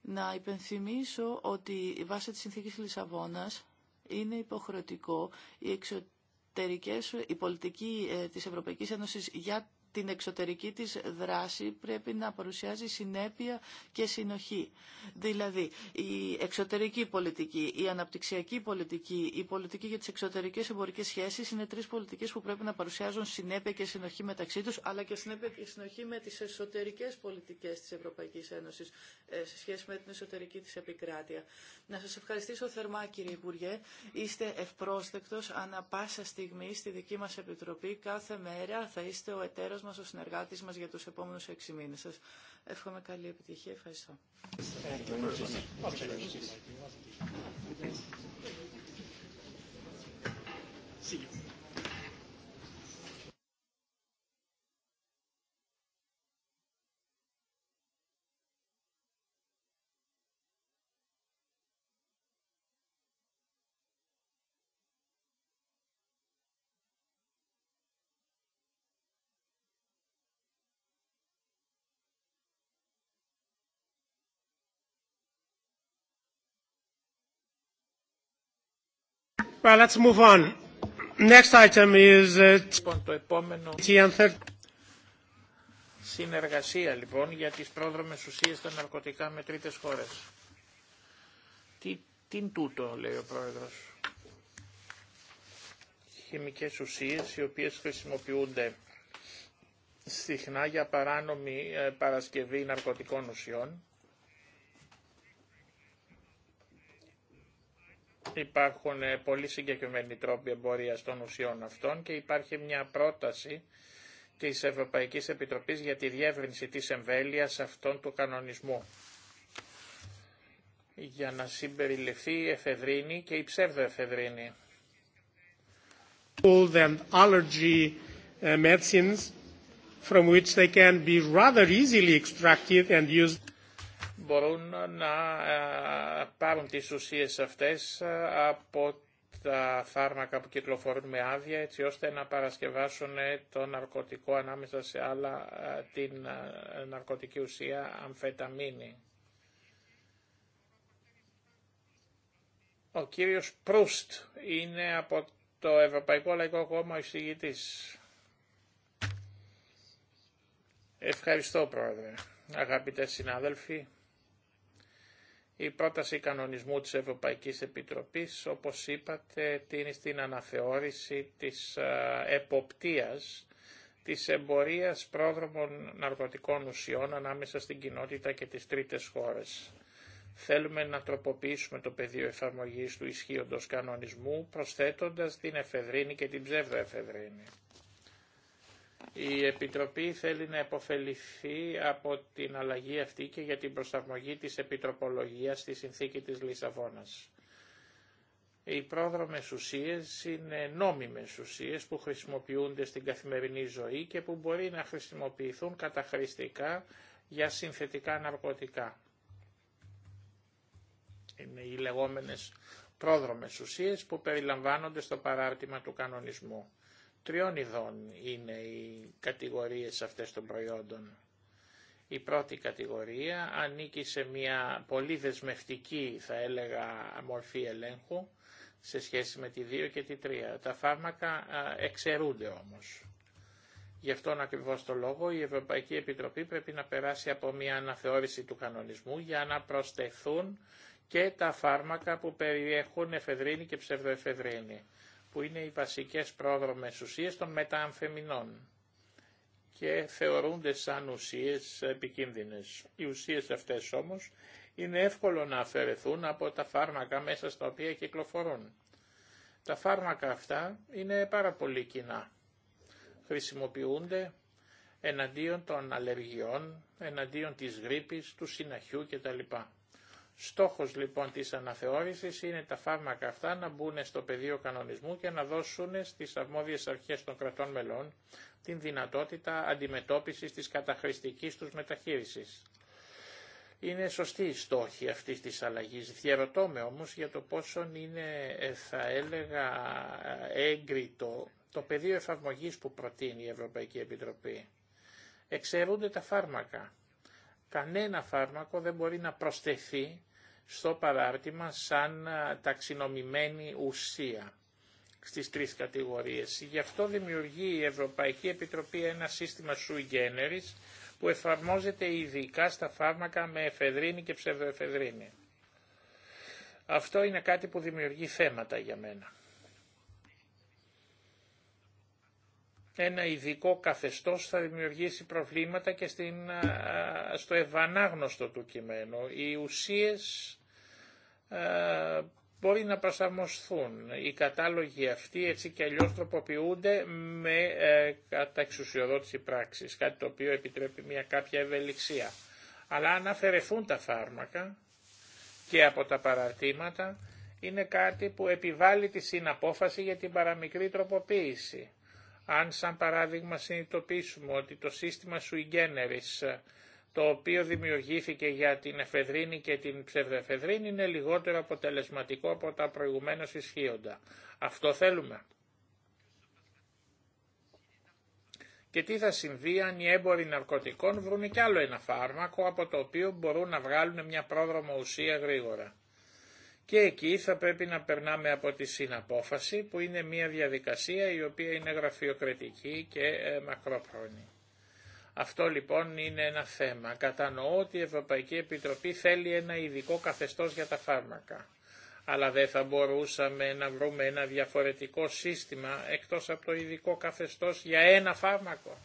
Να υπενθυμίσω ότι η βάση της συνθήκης Λισαβόνας είναι υποχρεωτικό η εξωτερική εσωτερικές, η πολιτική ε, της Ευρωπαϊκής Ένωσης για την εξωτερική της δράση πρέπει να παρουσιάζει συνέπεια και συνοχή. Δηλαδή, η εξωτερική πολιτική, η αναπτυξιακή πολιτική, η πολιτική για τις εξωτερικές εμπορικές σχέσεις είναι τρεις πολιτικές που πρέπει να παρουσιάζουν συνέπεια και συνοχή μεταξύ τους, αλλά και συνέπεια και συνοχή με τις εσωτερικές πολιτικές της Ευρωπαϊκής Ένωσης ε, σε σχέση με την εσωτερική της επικράτεια. Να σας ευχαριστήσω θερμά κύριε Υπουργέ. Είστε ευπρόσδεκτος ανα πάσα στιγμή στη δική μας Επιτροπή. Κάθε μέρα θα είστε ο εταίρος μας, ο συνεργάτης μας για τους επόμενους έξι μήνες. Σας εύχομαι καλή επιτυχία. Ευχαριστώ. Uh, λοιπόν, το επόμενο... Συνεργασία, λοιπόν, για τις πρόδρομες ουσίες στα ναρκωτικά με τρίτες χώρες. Τι, είναι τούτο, λέει ο πρόεδρος. Χημικές ουσίες, οι οποίες χρησιμοποιούνται συχνά για παράνομη ε, παρασκευή ναρκωτικών ουσιών Υπάρχουν ε, πολύ συγκεκριμένοι τρόποι εμπορία των ουσιών αυτών και υπάρχει μια πρόταση της Ευρωπαϊκής Επιτροπής για τη διεύρυνση της εμβέλειας αυτών του κανονισμού για να συμπεριληφθεί η εφεδρίνη και η ψεύδο εφεδρίνη. Ε, medicines from which they can be rather easily extracted and used μπορούν να ε, πάρουν τις ουσίες αυτές ε, από τα φάρμακα που κυκλοφορούν με άδεια έτσι ώστε να παρασκευάσουν το ναρκωτικό ανάμεσα σε άλλα ε, την ναρκωτική ουσία αμφεταμίνη. Ο κύριος Προύστ είναι από το Ευρωπαϊκό Λαϊκό Κόμμα εισηγητής. Ευχαριστώ πρόεδρε. Αγαπητέ συνάδελφοι, η πρόταση κανονισμού της Ευρωπαϊκής Επιτροπής, όπως είπατε, τίνει στην αναθεώρηση της ε, εποπτείας της εμπορίας πρόδρομων ναρκωτικών ουσιών ανάμεσα στην κοινότητα και τις τρίτες χώρες. Θέλουμε να τροποποιήσουμε το πεδίο εφαρμογής του ισχύοντος κανονισμού, προσθέτοντας την εφεδρίνη και την εφεδρίνη. Η Επιτροπή θέλει να επωφεληθεί από την αλλαγή αυτή και για την προσαρμογή της επιτροπολογίας στη συνθήκη της Λισαβόνας. Οι πρόδρομες ουσίες είναι νόμιμες ουσίες που χρησιμοποιούνται στην καθημερινή ζωή και που μπορεί να χρησιμοποιηθούν καταχρηστικά για συνθετικά ναρκωτικά. Είναι οι λεγόμενες πρόδρομες ουσίες που περιλαμβάνονται στο παράρτημα του κανονισμού. Τριών ειδών είναι οι κατηγορίες αυτές των προϊόντων. Η πρώτη κατηγορία ανήκει σε μια πολύ δεσμευτική, θα έλεγα, μορφή ελέγχου σε σχέση με τη 2 και τη 3. Τα φάρμακα εξαιρούνται όμως. Γι' αυτόν ακριβώς το λόγο η Ευρωπαϊκή Επιτροπή πρέπει να περάσει από μια αναθεώρηση του κανονισμού για να προσθεθούν και τα φάρμακα που περιέχουν εφεδρίνη και ψευδοεφεδρίνη που είναι οι βασικές πρόδρομες ουσίες των μετααμφεμινών και θεωρούνται σαν ουσίες επικίνδυνες. Οι ουσίες αυτές όμως είναι εύκολο να αφαιρεθούν από τα φάρμακα μέσα στα οποία κυκλοφορούν. Τα φάρμακα αυτά είναι πάρα πολύ κοινά. Χρησιμοποιούνται εναντίον των αλλεργιών, εναντίον της γρήπης, του συναχιού κτλ. Στόχος λοιπόν της αναθεώρησης είναι τα φάρμακα αυτά να μπουν στο πεδίο κανονισμού και να δώσουν στις αρμόδιες αρχές των κρατών μελών την δυνατότητα αντιμετώπισης της καταχρηστικής τους μεταχείρισης. Είναι σωστή η στόχη αυτή της αλλαγή. Διαρωτώ με όμως για το πόσο είναι, ε, θα έλεγα, έγκριτο το πεδίο εφαρμογή που προτείνει η Ευρωπαϊκή Επιτροπή. Εξαιρούνται τα φάρμακα. Κανένα φάρμακο δεν μπορεί να προσθεθεί στο παράρτημα σαν ταξινομημένη ουσία στις τρεις κατηγορίες. Γι' αυτό δημιουργεί η Ευρωπαϊκή Επιτροπή ένα σύστημα sui generis που εφαρμόζεται ειδικά στα φάρμακα με εφεδρίνη και ψευδοεφεδρίνη. Αυτό είναι κάτι που δημιουργεί θέματα για μένα. ένα ειδικό καθεστώς θα δημιουργήσει προβλήματα και στο ευανάγνωστο του κειμένου. Οι ουσίες μπορεί να προσαρμοστούν. Οι κατάλογοι αυτοί έτσι και αλλιώς τροποποιούνται με ε, εξουσιοδότηση πράξης, κάτι το οποίο επιτρέπει μια κάποια ευελιξία. Αλλά αν αφαιρεθούν τα φάρμακα και από τα παραρτήματα, είναι κάτι που επιβάλλει τη συναπόφαση για την παραμικρή τροποποίηση. Αν σαν παράδειγμα συνειδητοποιήσουμε ότι το σύστημα sui το οποίο δημιουργήθηκε για την εφεδρίνη και την ψευδεφεδρίνη, είναι λιγότερο αποτελεσματικό από τα προηγουμένως ισχύοντα. Αυτό θέλουμε. Και τι θα συμβεί αν οι έμποροι ναρκωτικών βρουν κι άλλο ένα φάρμακο από το οποίο μπορούν να βγάλουν μια πρόδρομο ουσία γρήγορα και εκεί θα πρέπει να περνάμε από τη συναπόφαση που είναι μια διαδικασία η οποία είναι γραφειοκρατική και ε, μακρόπρονη. Αυτό λοιπόν είναι ένα θέμα. Κατανοώ ότι η Ευρωπαϊκή Επιτροπή θέλει ένα ειδικό καθεστώς για τα φάρμακα. Αλλά δεν θα μπορούσαμε να βρούμε ένα διαφορετικό σύστημα εκτός από το ειδικό καθεστώς για ένα φάρμακο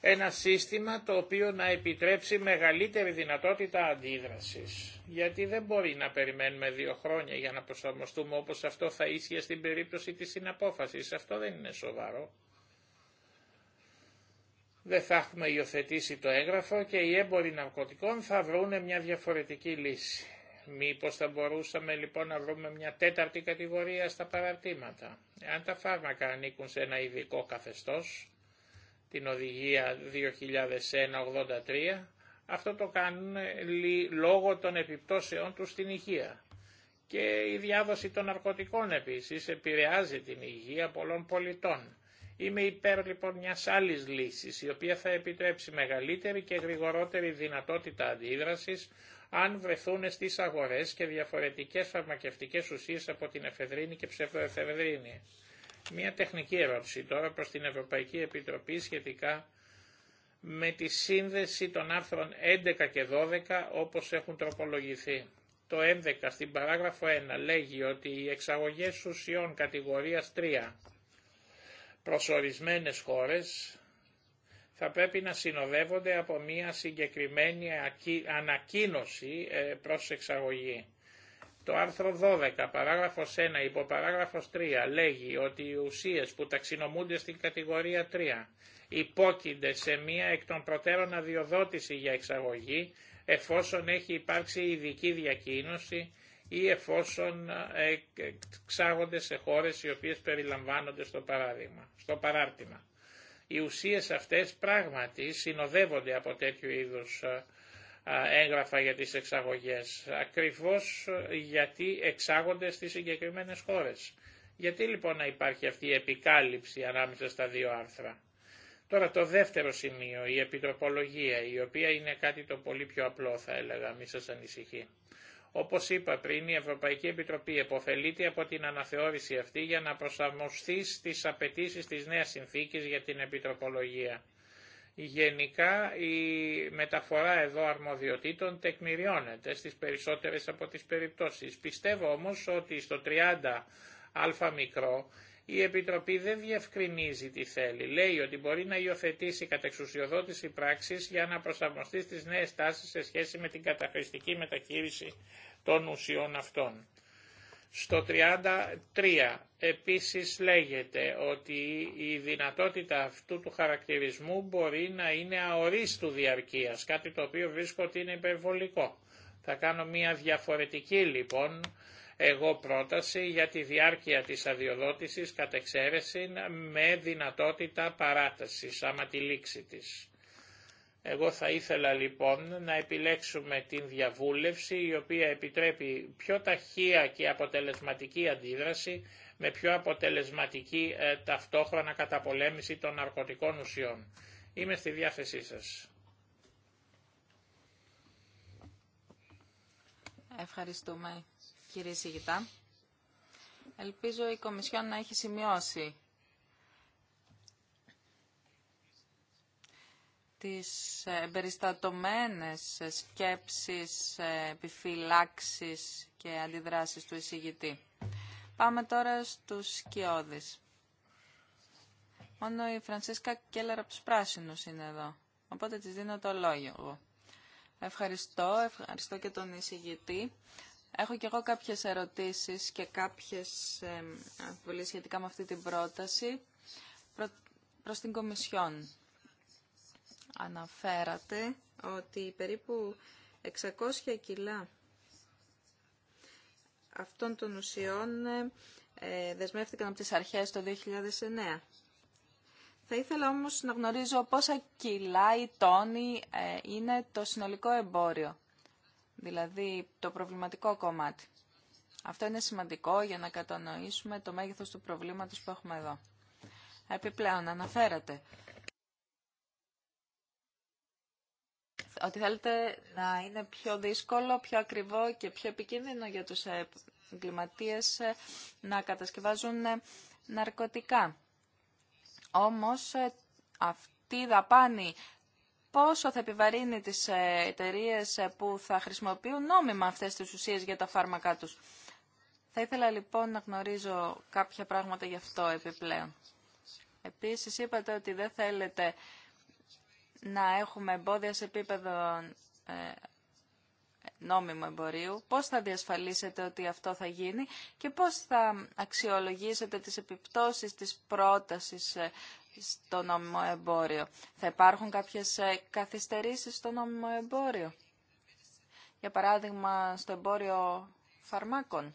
ένα σύστημα το οποίο να επιτρέψει μεγαλύτερη δυνατότητα αντίδρασης. Γιατί δεν μπορεί να περιμένουμε δύο χρόνια για να προσαρμοστούμε όπως αυτό θα ίσχυε στην περίπτωση της συναπόφασης. Αυτό δεν είναι σοβαρό. Δεν θα έχουμε υιοθετήσει το έγγραφο και οι έμποροι ναρκωτικών θα βρούνε μια διαφορετική λύση. Μήπως θα μπορούσαμε λοιπόν να βρούμε μια τέταρτη κατηγορία στα παραρτήματα. Αν τα φάρμακα ανήκουν σε ένα ειδικό καθεστώς, την οδηγία 2001-83, αυτό το κάνουν ε, λόγω των επιπτώσεών του στην υγεία. Και η διάδοση των ναρκωτικών επίσης επηρεάζει την υγεία πολλών πολιτών. Είμαι υπέρ λοιπόν μιας άλλης λύσης, η οποία θα επιτρέψει μεγαλύτερη και γρηγορότερη δυνατότητα αντίδρασης αν βρεθούν στις αγορές και διαφορετικές φαρμακευτικές ουσίες από την εφεδρίνη και ψευδοεφεδρίνη. Μία τεχνική ερώτηση τώρα προς την Ευρωπαϊκή Επιτροπή σχετικά με τη σύνδεση των άρθρων 11 και 12 όπως έχουν τροπολογηθεί. Το 11 στην παράγραφο 1 λέγει ότι οι εξαγωγές ουσιών κατηγορίας 3 ορισμένες χώρες θα πρέπει να συνοδεύονται από μία συγκεκριμένη ανακοίνωση ε, προς εξαγωγή. Το άρθρο 12, παράγραφος 1, υποπαράγραφος 3, λέγει ότι οι ουσίες που ταξινομούνται στην κατηγορία 3 υπόκεινται σε μία εκ των προτέρων αδειοδότηση για εξαγωγή, εφόσον έχει υπάρξει ειδική διακίνωση ή εφόσον ε, εξάγονται σε χώρες οι οποίες περιλαμβάνονται στο, παράδειγμα, στο παράρτημα. Οι ουσίες αυτές πράγματι συνοδεύονται από τέτοιου είδους ε, έγγραφα για τις εξαγωγές, ακριβώς γιατί εξάγονται στις συγκεκριμένες χώρες. Γιατί λοιπόν να υπάρχει αυτή η επικάλυψη ανάμεσα στα δύο άρθρα. Τώρα το δεύτερο σημείο, η επιτροπολογία, η οποία είναι κάτι το πολύ πιο απλό θα έλεγα, μη σας ανησυχεί. Όπως είπα πριν, η Ευρωπαϊκή Επιτροπή εποφελείται από την αναθεώρηση αυτή για να προσαρμοστεί στις απαιτήσεις της νέας συνθήκης για την επιτροπολογία. Γενικά η μεταφορά εδώ αρμοδιοτήτων τεκμηριώνεται στις περισσότερες από τις περιπτώσεις. Πιστεύω όμως ότι στο 30 α μικρό η Επιτροπή δεν διευκρινίζει τι θέλει. Λέει ότι μπορεί να υιοθετήσει κατεξουσιοδότηση πράξης για να προσαρμοστεί στις νέες τάσεις σε σχέση με την καταχρηστική μεταχείριση των ουσιών αυτών. Στο 33 επίσης λέγεται ότι η δυνατότητα αυτού του χαρακτηρισμού μπορεί να είναι αορίστου διαρκείας, κάτι το οποίο βρίσκω ότι είναι υπερβολικό. Θα κάνω μια διαφορετική λοιπόν εγώ πρόταση για τη διάρκεια της αδειοδότησης κατ' εξαίρεση με δυνατότητα παράτασης άμα τη λήξη της. Εγώ θα ήθελα λοιπόν να επιλέξουμε την διαβούλευση η οποία επιτρέπει πιο ταχεία και αποτελεσματική αντίδραση με πιο αποτελεσματική ε, ταυτόχρονα καταπολέμηση των ναρκωτικών ουσιών. Είμαι στη διάθεσή σας. Ευχαριστούμε κύριε Σιγητά. Ελπίζω η Κομισιόν να έχει σημειώσει τις περιστατωμένες σκέψεις, επιφυλάξεις και αντιδράσεις του εισηγητή. Πάμε τώρα στους σκιώδεις. Μόνο η Φρανσίσκα Κέλλερα από Πράσινους είναι εδώ, οπότε της δίνω το λόγιο. Ευχαριστώ, ευχαριστώ και τον εισηγητή. Έχω και εγώ κάποιες ερωτήσεις και κάποιες πολύ σχετικά με αυτή την πρόταση προς την Κομισιόν αναφέρατε ότι περίπου 600 κιλά αυτών των ουσιών ε, δεσμεύτηκαν από τις αρχές το 2009. Θα ήθελα όμως να γνωρίζω πόσα κιλά ή τόνοι ε, είναι το συνολικό εμπόριο, δηλαδή το προβληματικό κομμάτι. Αυτό είναι σημαντικό για να κατανοήσουμε το μέγεθος του προβλήματος που έχουμε εδώ. Επιπλέον, αναφέρατε ότι θέλετε να είναι πιο δύσκολο, πιο ακριβό και πιο επικίνδυνο για τους εγκληματίες ε, να κατασκευάζουν ε, ναρκωτικά. Όμως ε, αυτή η δαπάνη πόσο θα επιβαρύνει τις εταιρείε που θα χρησιμοποιούν νόμιμα αυτές τις ουσίες για τα φάρμακά τους. Θα ήθελα λοιπόν να γνωρίζω κάποια πράγματα γι' αυτό επιπλέον. Επίσης είπατε ότι δεν θέλετε να έχουμε εμπόδια σε επίπεδο ε, νόμιμου εμπορίου, πώς θα διασφαλίσετε ότι αυτό θα γίνει και πώς θα αξιολογήσετε τις επιπτώσεις της πρότασης ε, στο νόμιμο εμπόριο. Θα υπάρχουν κάποιες ε, καθυστερήσεις στο νόμιμο εμπόριο. Για παράδειγμα, στο εμπόριο φαρμάκων.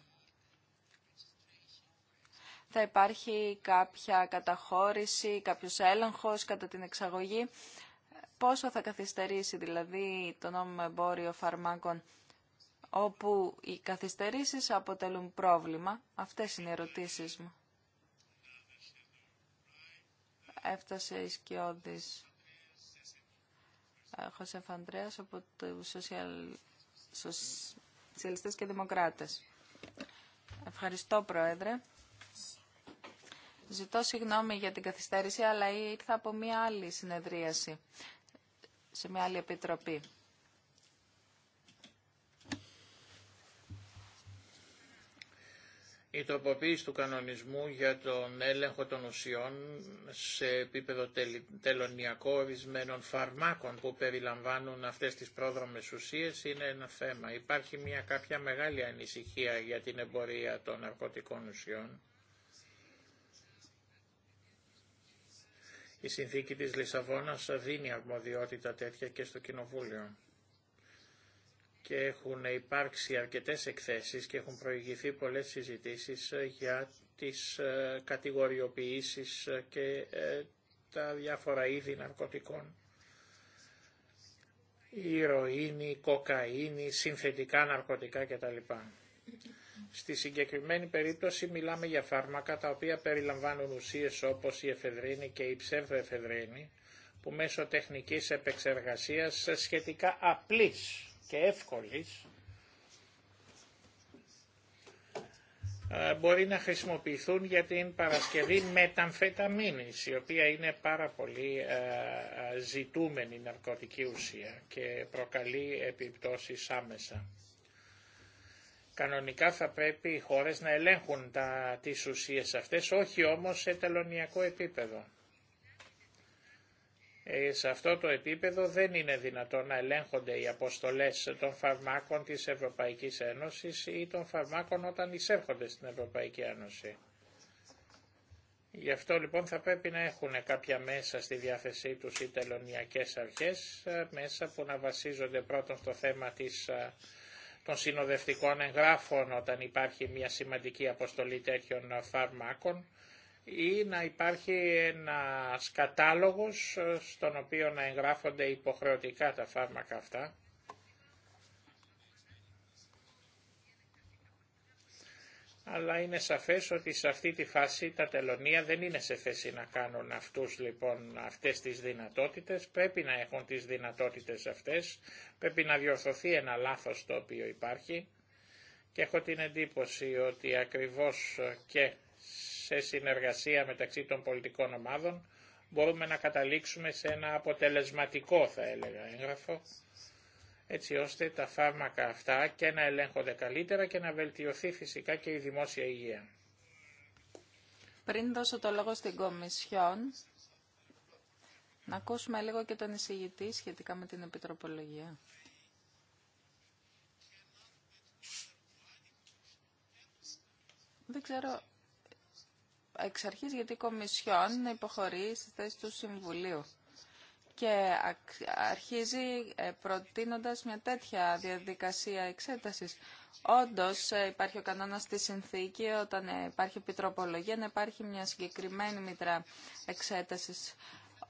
Θα υπάρχει κάποια καταχώρηση, κάποιος έλεγχος κατά την εξαγωγή πόσο θα καθυστερήσει δηλαδή το νόμιμο εμπόριο φαρμάκων όπου οι καθυστερήσεις αποτελούν πρόβλημα. Αυτές είναι οι ερωτήσεις μου. Έφτασε η Σκιώδης ε, Χωσέφ Ανδρέας από τους Σοσιαλιστές και Δημοκράτες. Ευχαριστώ, Πρόεδρε. Ζητώ συγγνώμη για την καθυστέρηση, αλλά ήρθα από μία άλλη συνεδρίαση σε μια άλλη επιτροπή. Η τροποποίηση του κανονισμού για τον έλεγχο των ουσιών σε επίπεδο τελωνιακό ορισμένων φαρμάκων που περιλαμβάνουν αυτές τις πρόδρομες ουσίες είναι ένα θέμα. Υπάρχει μια κάποια μεγάλη ανησυχία για την εμπορία των ναρκωτικών ουσιών Η συνθήκη της Λισαβόνας δίνει αρμοδιότητα τέτοια και στο Κοινοβούλιο. Και έχουν υπάρξει αρκετές εκθέσεις και έχουν προηγηθεί πολλές συζητήσεις ε, για τις ε, κατηγοριοποιήσεις ε, και τα διάφορα είδη ναρκωτικών. Η ηρωίνη, κοκαίνη, συνθετικά ναρκωτικά κτλ. Στη συγκεκριμένη περίπτωση μιλάμε για φάρμακα τα οποία περιλαμβάνουν ουσίες όπως η εφεδρίνη και η ψευδοεφεδρίνη που μέσω τεχνικής επεξεργασίας σχετικά απλής και εύκολης ε, μπορεί να χρησιμοποιηθούν για την παρασκευή μεταμφεταμίνης, η οποία είναι πάρα πολύ ε, ζητούμενη ναρκωτική ουσία και προκαλεί επιπτώσεις άμεσα. Κανονικά θα πρέπει οι χώρες να ελέγχουν τα, τις ουσίες αυτές, όχι όμως σε τελωνιακό επίπεδο. Ε, σε αυτό το επίπεδο δεν είναι δυνατό να ελέγχονται οι αποστολές των φαρμάκων της Ευρωπαϊκής Ένωσης ή των φαρμάκων όταν εισέρχονται στην Ευρωπαϊκή Ένωση. Γι' αυτό λοιπόν θα πρέπει να έχουν κάποια μέσα στη διάθεσή τους οι τελωνιακές αρχές, ε, μέσα που να βασίζονται πρώτον στο θέμα της ε, των συνοδευτικών εγγράφων όταν υπάρχει μια σημαντική αποστολή τέτοιων φαρμάκων ή να υπάρχει ένας κατάλογος ε, στον οποίο να εγγράφονται υποχρεωτικά τα φάρμακα αυτά αλλά είναι σαφές ότι σε αυτή τη φάση τα τελωνία δεν είναι σε θέση να κάνουν αυτούς λοιπόν αυτές τις δυνατότητες, πρέπει να έχουν τις δυνατότητες αυτές, πρέπει να διορθωθεί ένα λάθος το οποίο υπάρχει και έχω την εντύπωση ότι ακριβώς και σε συνεργασία μεταξύ των πολιτικών ομάδων μπορούμε να καταλήξουμε σε ένα αποτελεσματικό θα έλεγα έγγραφο έτσι ώστε τα φάρμακα αυτά και να ελέγχονται καλύτερα και να βελτιωθεί φυσικά και η δημόσια υγεία. Πριν δώσω το λόγο στην Κομισιόν, να ακούσουμε λίγο και τον εισηγητή σχετικά με την επιτροπολογία. Δεν ξέρω εξ αρχής γιατί η Κομισιόν υποχωρεί στη θέση του Συμβουλίου και αρχίζει ε, προτείνοντας μια τέτοια διαδικασία εξέτασης. Όντως ε, υπάρχει ο κανόνας στη συνθήκη όταν ε, υπάρχει επιτροπολογία να υπάρχει μια συγκεκριμένη μητρά εξέτασης.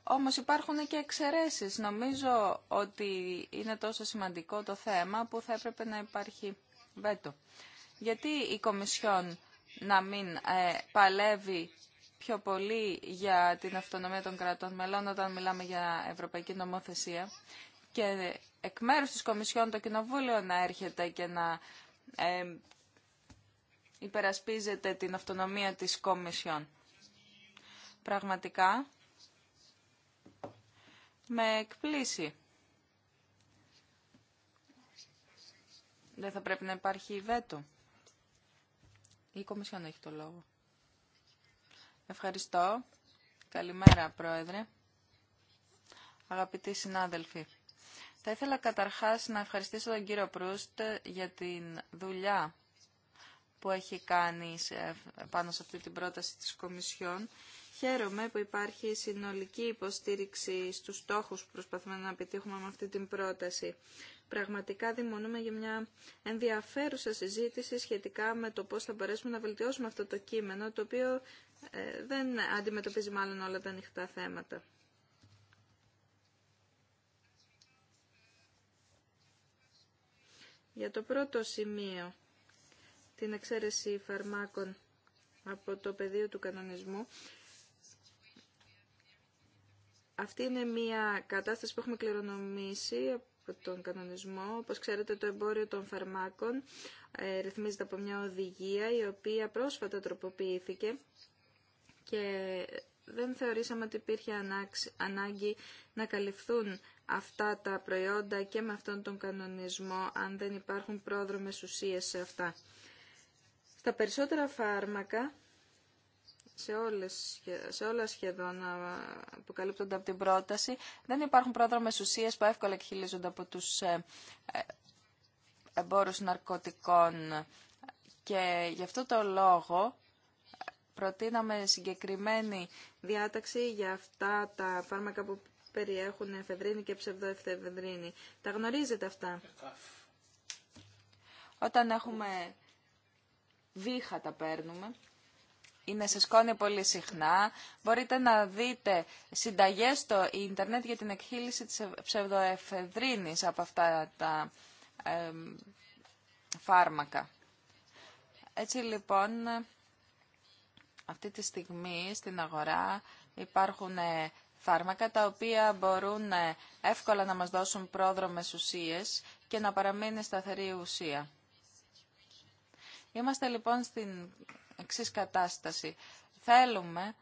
Όμως υπάρχουν και εξαιρέσεις. Νομίζω ότι είναι τόσο σημαντικό το θέμα που θα έπρεπε να υπάρχει βέτο. Γιατί η Κομισιόν να μην παλεύει πιο πολύ για την αυτονομία των κρατών μελών όταν μιλάμε για ευρωπαϊκή νομοθεσία και εκ μέρους της Κομισιόν το Κοινοβούλιο να έρχεται και να υπερασπίζεται την αυτονομία της Κομισιόν. Πραγματικά με εκπλήσει. Δεν θα πρέπει να υπάρχει βέτο. Η Κομισιόν έχει το λόγο. Ευχαριστώ. Καλημέρα, Πρόεδρε. Αγαπητοί συνάδελφοι. Θα ήθελα καταρχάς να ευχαριστήσω τον κύριο Προύστ για την δουλειά που έχει κάνει πάνω σε αυτή την πρόταση της Κομισιόν. Χαίρομαι που υπάρχει συνολική υποστήριξη στους στόχους που προσπαθούμε να πετύχουμε με αυτή την πρόταση. Πραγματικά δημονούμε για μια ενδιαφέρουσα συζήτηση σχετικά με το πώς θα μπορέσουμε να βελτιώσουμε αυτό το κείμενο, το οποίο ε, δεν αντιμετωπίζει μάλλον όλα τα ανοιχτά θέματα. Για το πρώτο σημείο, την εξαίρεση φαρμάκων από το πεδίο του κανονισμού, αυτή είναι μια κατάσταση που έχουμε κληρονομήσει από τον κανονισμό. Όπως ξέρετε, το εμπόριο των φαρμάκων ε, ρυθμίζεται από μια οδηγία η οποία πρόσφατα τροποποιήθηκε και δεν θεωρήσαμε ότι υπήρχε ανάγκη να καλυφθούν αυτά τα προϊόντα και με αυτόν τον κανονισμό αν δεν υπάρχουν πρόδρομες ουσίες σε αυτά. Στα περισσότερα φάρμακα, σε, όλες, σε όλα σχεδόν που καλύπτονται από την πρόταση, δεν υπάρχουν πρόδρομες ουσίες που εύκολα εκχυλίζονται από τους ε, ε, εμπόρους ναρκωτικών. Και γι' αυτό το λόγο προτείναμε συγκεκριμένη διάταξη για αυτά τα φάρμακα που περιέχουν εφεδρίνη και ψευδοεφεδρίνη. Τα γνωρίζετε αυτά. Όταν έχουμε βήχα τα παίρνουμε. Είναι σε σκόνη πολύ συχνά. Μπορείτε να δείτε συνταγές στο ίντερνετ για την εκχύληση της ψευδοεφεδρίνης από αυτά τα φάρμακα. Έτσι λοιπόν αυτή τη στιγμή στην αγορά υπάρχουν ε, φάρμακα τα οποία μπορούν ε, εύκολα να μας δώσουν πρόδρομες ουσίες και να παραμείνει σταθερή ουσία. Είμαστε λοιπόν στην εξής κατάσταση. Θέλουμε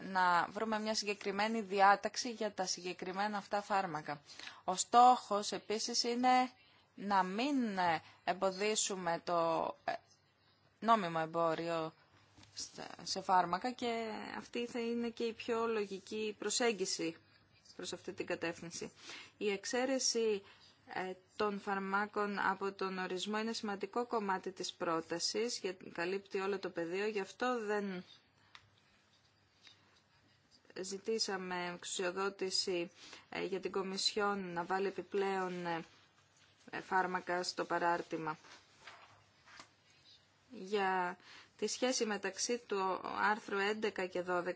να βρούμε μια συγκεκριμένη διάταξη για τα συγκεκριμένα αυτά φάρμακα. Ο στόχος επίσης είναι να μην ε, εμποδίσουμε το νόμιμο εμπόριο σε φάρμακα και αυτή θα είναι και η πιο λογική προσέγγιση προς αυτή την κατεύθυνση. Η εξαίρεση ε, των φαρμάκων από τον ορισμό είναι σημαντικό κομμάτι της πρότασης, γιατί καλύπτει όλο το πεδίο, γι' αυτό δεν ζητήσαμε εξουσιοδότηση ε, για την Κομισιόν να βάλει επιπλέον ε, φάρμακα στο παράρτημα. Για τη σχέση μεταξύ του άρθρου 11 και 12,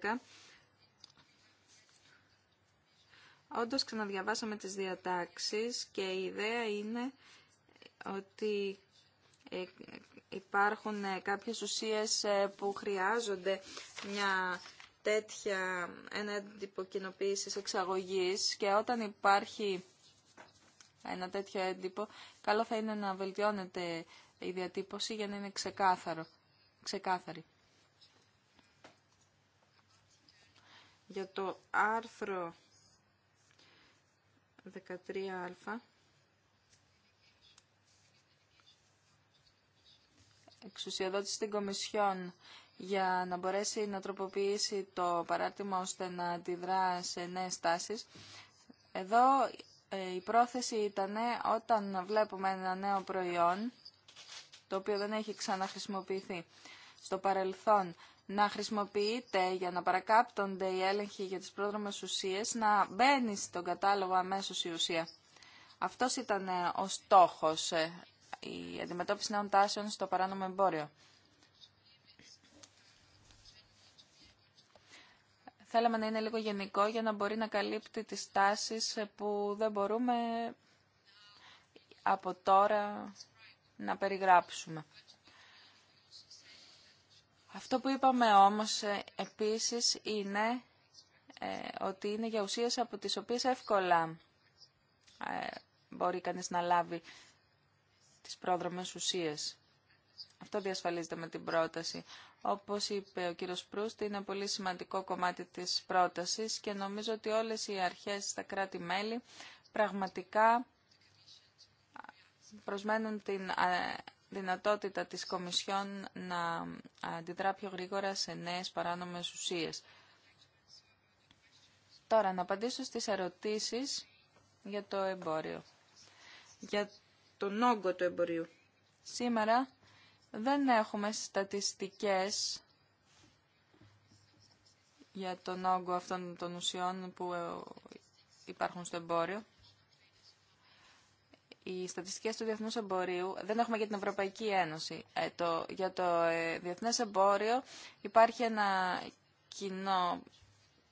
όντως ξαναδιαβάσαμε τις διατάξεις και η ιδέα είναι ότι ε, υπάρχουν ε, κάποιες ουσίες ε, που χρειάζονται μια τέτοια ένα έντυπο κοινοποίησης εξαγωγής και όταν υπάρχει ένα τέτοιο έντυπο, καλό θα είναι να βελτιώνεται η διατύπωση για να είναι ξεκάθαρο ξεκάθαρη. Για το άρθρο 13α εξουσιοδότηση στην Κομισιόν για να μπορέσει να τροποποιήσει το παράρτημα ώστε να αντιδρά σε νέες τάσεις. Εδώ ε, η πρόθεση ήταν όταν βλέπουμε ένα νέο προϊόν το οποίο δεν έχει ξαναχρησιμοποιηθεί στο παρελθόν να χρησιμοποιείται για να παρακάπτονται οι έλεγχοι για τις πρόδρομες ουσίες, να μπαίνει στον κατάλογο αμέσως η ουσία. Αυτός ήταν ε, ο στόχος, ε, η αντιμετώπιση νέων τάσεων στο παράνομο εμπόριο. Θέλαμε να είναι λίγο γενικό για να μπορεί να καλύπτει τις τάσεις που δεν μπορούμε από τώρα να περιγράψουμε. Αυτό που είπαμε όμως ε, επίσης είναι ε, ότι είναι για ουσίες από τις οποίες εύκολα ε, μπορεί κανείς να λάβει τις πρόδρομες ουσίες. Αυτό διασφαλίζεται με την πρόταση. Όπως είπε ο κύριος Προύστ, είναι πολύ σημαντικό κομμάτι της πρότασης και νομίζω ότι όλες οι αρχές στα κράτη-μέλη πραγματικά προσμένουν την δυνατότητα της Κομισιόν να αντιδρά πιο γρήγορα σε νέες παράνομες ουσίες. Τώρα, να απαντήσω στις ερωτήσεις για το εμπόριο. Για τον όγκο του εμπορίου. Σήμερα δεν έχουμε στατιστικές για τον όγκο αυτών των ουσιών που υπάρχουν στο εμπόριο οι στατιστικέ του διεθνού εμπορίου δεν έχουμε για την Ευρωπαϊκή Ένωση. Ε, το, για το ε, διεθνές εμπόριο υπάρχει ένα κοινό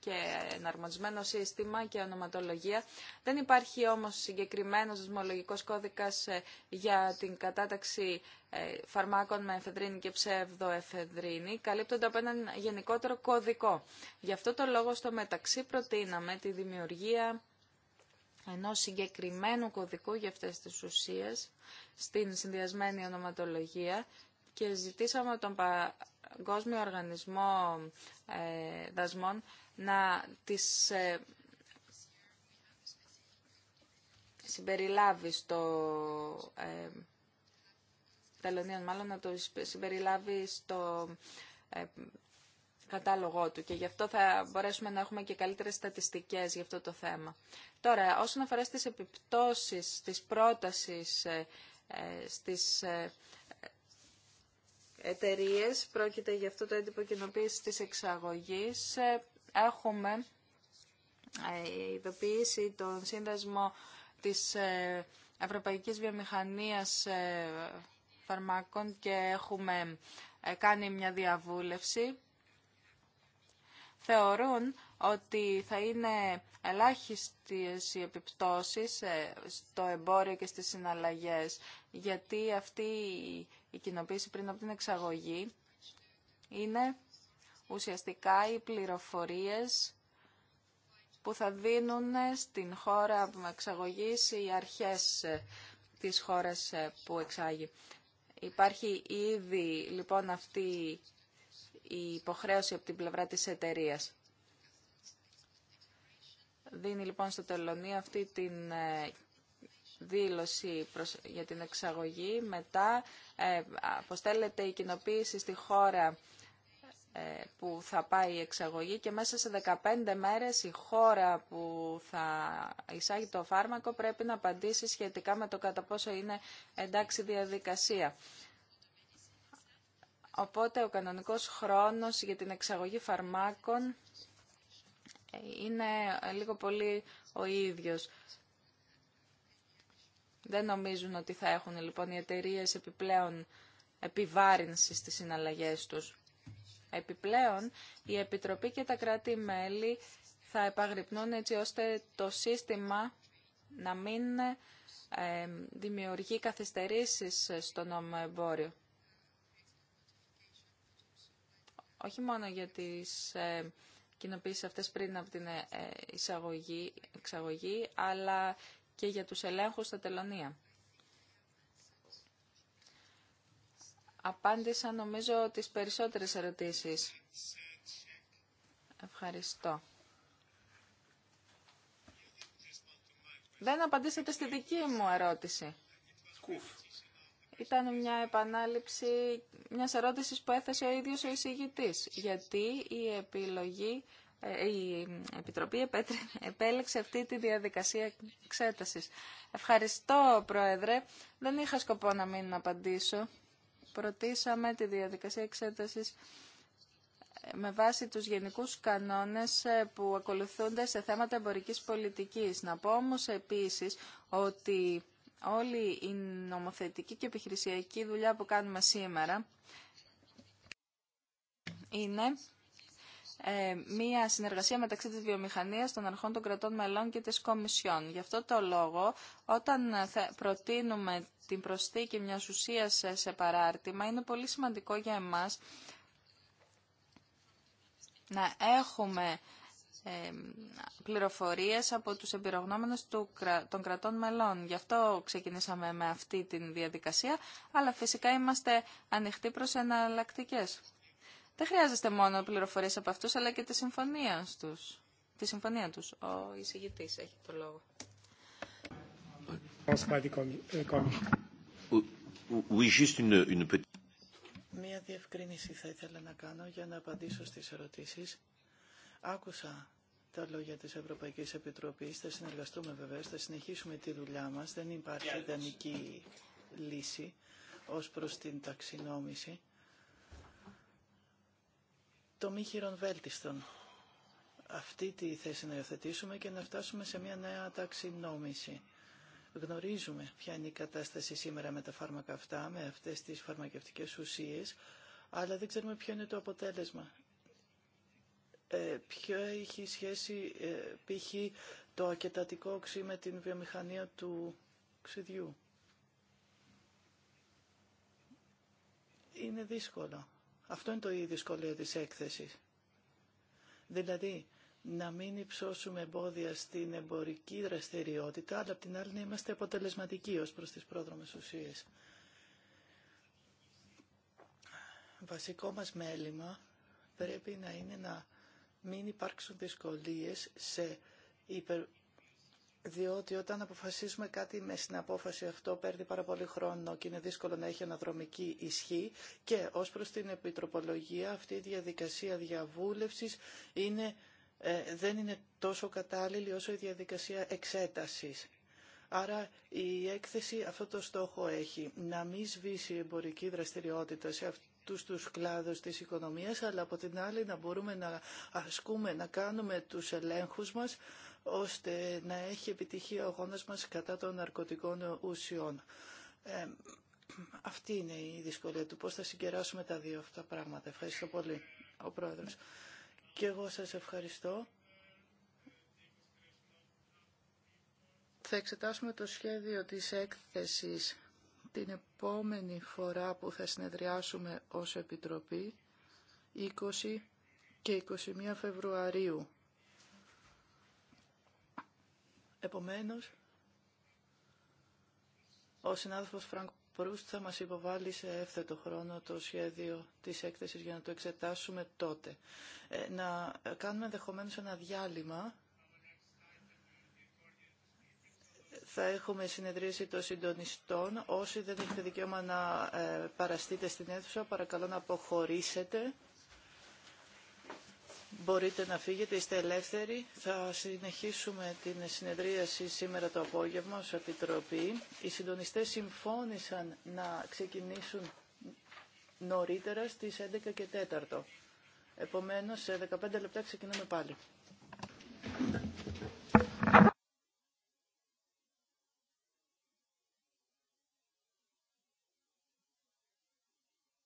και εναρμονισμένο σύστημα και ονοματολογία. Δεν υπάρχει όμως συγκεκριμένος δοσμολογικός κώδικας ε, για την κατάταξη ε, φαρμάκων με εφεδρίνη και ψευδοεφεδρίνη, καλύπτονται από έναν γενικότερο κωδικό. Γι' αυτό το λόγο στο μεταξύ προτείναμε τη δημιουργία ενός συγκεκριμένου κωδικού για αυτές τις ουσίες στην συνδυασμένη ονοματολογία και ζητήσαμε τον Παγκόσμιο Οργανισμό ε, Δασμών να τις ε, συμπεριλάβει στο ε, τελωνίων μάλλον να το συμπεριλάβει στο κατάλογό του και γι' αυτό θα μπορέσουμε να έχουμε και καλύτερες στατιστικές για αυτό το θέμα. Τώρα, όσον αφορά στις επιπτώσεις της πρότασης ε, ε, στις ε, εταιρείε, πρόκειται για αυτό το έντυπο κοινοποίηση της εξαγωγής, έχουμε ειδοποιήσει τον σύνδεσμο της Ευρωπαϊκής Βιομηχανίας Φαρμάκων και έχουμε κάνει μια διαβούλευση θεωρούν ότι θα είναι ελάχιστες οι επιπτώσεις ε, στο εμπόριο και στις συναλλαγές, γιατί αυτή η κοινοποίηση πριν από την εξαγωγή είναι ουσιαστικά οι πληροφορίες που θα δίνουν στην χώρα εξαγωγή οι αρχές ε, της χώρας ε, που εξάγει. Υπάρχει ήδη λοιπόν αυτή η υποχρέωση από την πλευρά της εταιρείας. Δίνει λοιπόν στο τελωνία αυτή την ε, δήλωση για την εξαγωγή. Μετά ε, αποστέλλεται η κοινοποίηση στη χώρα ε, που θα πάει η εξαγωγή και μέσα σε 15 μέρες η χώρα που θα εισάγει το φάρμακο πρέπει να απαντήσει σχετικά με το κατά πόσο είναι εντάξει διαδικασία. Οπότε ο κανονικός χρόνος για την εξαγωγή φαρμάκων ε, είναι ε, λίγο πολύ ο ίδιος. Δεν νομίζουν ότι θα έχουν λοιπόν οι εταιρείε επιπλέον επιβάρυνση στις συναλλαγές τους. Επιπλέον, η Επιτροπή και τα κράτη-μέλη θα επαγρυπνούν έτσι ώστε το σύστημα να μην ε, δημιουργεί καθυστερήσεις στο νόμο εμπόριο. όχι μόνο για τις ε, κοινοποίησεις αυτές πριν από την ε, ε, εισαγωγή, εξαγωγή, αλλά και για τους ελέγχους στα τελωνία. Απάντησα νομίζω τις περισσότερες ερωτήσεις. Ευχαριστώ. Δεν απαντήσατε στη δική μου ερώτηση. Κουφ ήταν μια επανάληψη μια ερώτηση που έθεσε ο ίδιος ο εισηγητής. Γιατί η επιλογή ε, η Επιτροπή επέλεξε αυτή τη διαδικασία εξέτασης. Ευχαριστώ, Πρόεδρε. Δεν είχα σκοπό να μην απαντήσω. Προτίσαμε τη διαδικασία εξέτασης ε, με βάση τους γενικούς κανόνες ε, που ακολουθούνται σε θέματα εμπορικής πολιτικής. Να πω όμως επίσης ότι όλη η νομοθετική και επιχειρησιακή δουλειά που κάνουμε σήμερα είναι ε, μία συνεργασία μεταξύ της βιομηχανίας, των αρχών των κρατών μελών και της Κομισιόν. Γι' αυτό το λόγο, όταν ε, προτείνουμε την προσθήκη μιας ουσίας σε παράρτημα, είναι πολύ σημαντικό για εμάς να έχουμε πληροφορίες από τους εμπειρογνώμενους των κρατών μελών. Γι' αυτό ξεκινήσαμε με αυτή τη διαδικασία, αλλά φυσικά είμαστε ανοιχτοί προς εναλλακτικέ. Δεν χρειάζεστε μόνο πληροφορίες από αυτούς, αλλά και τη συμφωνία τους. Τη συμφωνία τους. Ο εισηγητής έχει το λόγο. Μία διευκρίνηση θα ήθελα να κάνω για να απαντήσω στις ερωτήσεις. Άκουσα τα λόγια της Ευρωπαϊκής Επιτροπής. Θα συνεργαστούμε βέβαια, θα συνεχίσουμε τη δουλειά μας. Δεν υπάρχει ιδανική λύση ως προς την ταξινόμηση. Το μη βέλτιστον. Αυτή τη θέση να υιοθετήσουμε και να φτάσουμε σε μια νέα ταξινόμηση. Γνωρίζουμε ποια είναι η κατάσταση σήμερα με τα φάρμακα αυτά, με αυτές τις φαρμακευτικές ουσίες, αλλά δεν ξέρουμε ποιο είναι το αποτέλεσμα ε, ποιο έχει σχέση ε, π.χ. το ακετατικό οξύ με την βιομηχανία του ξυδιού. Είναι δύσκολο. Αυτό είναι το η δυσκολία της έκθεσης. Δηλαδή, να μην υψώσουμε εμπόδια στην εμπορική δραστηριότητα, αλλά απ' την άλλη να είμαστε αποτελεσματικοί ως προς τις πρόδρομες ουσίες. Βασικό μας μέλημα πρέπει να είναι να μην υπάρξουν δυσκολίες σε υπερ... διότι όταν αποφασίζουμε κάτι με συναπόφαση αυτό παίρνει πάρα πολύ χρόνο και είναι δύσκολο να έχει αναδρομική ισχύ και ως προς την επιτροπολογία αυτή η διαδικασία διαβούλευσης είναι, ε, δεν είναι τόσο κατάλληλη όσο η διαδικασία εξέτασης. Άρα η έκθεση αυτό το στόχο έχει, να μην σβήσει η εμπορική δραστηριότητα σε αυτούς τους κλάδους της οικονομίας, αλλά από την άλλη να μπορούμε να ασκούμε, να κάνουμε τους ελέγχους μας, ώστε να έχει επιτυχία ο αγώνας μας κατά των ναρκωτικών ουσιών. Ε, αυτή είναι η δυσκολία του. Πώς θα συγκεράσουμε τα δύο αυτά πράγματα. Ευχαριστώ πολύ, ο Πρόεδρος. Και εγώ σας ευχαριστώ. Θα εξετάσουμε το σχέδιο της έκθεσης την επόμενη φορά που θα συνεδριάσουμε ως Επιτροπή, 20 και 21 Φεβρουαρίου. Επομένως, ο συνάδελφος Φρανκ Προύστ θα μας υποβάλει σε εύθετο χρόνο το σχέδιο της έκθεσης για να το εξετάσουμε τότε. Ε, να κάνουμε ενδεχομένω ένα διάλειμμα θα έχουμε συνεδρίαση των συντονιστών. Όσοι δεν έχετε δικαίωμα να ε, παραστείτε στην αίθουσα, παρακαλώ να αποχωρήσετε. Μπορείτε να φύγετε, είστε ελεύθεροι. Θα συνεχίσουμε την συνεδρίαση σήμερα το απόγευμα ως Επιτροπή. Οι συντονιστές συμφώνησαν να ξεκινήσουν νωρίτερα στις 11 και 4. Επομένως, σε 15 λεπτά ξεκινάμε πάλι.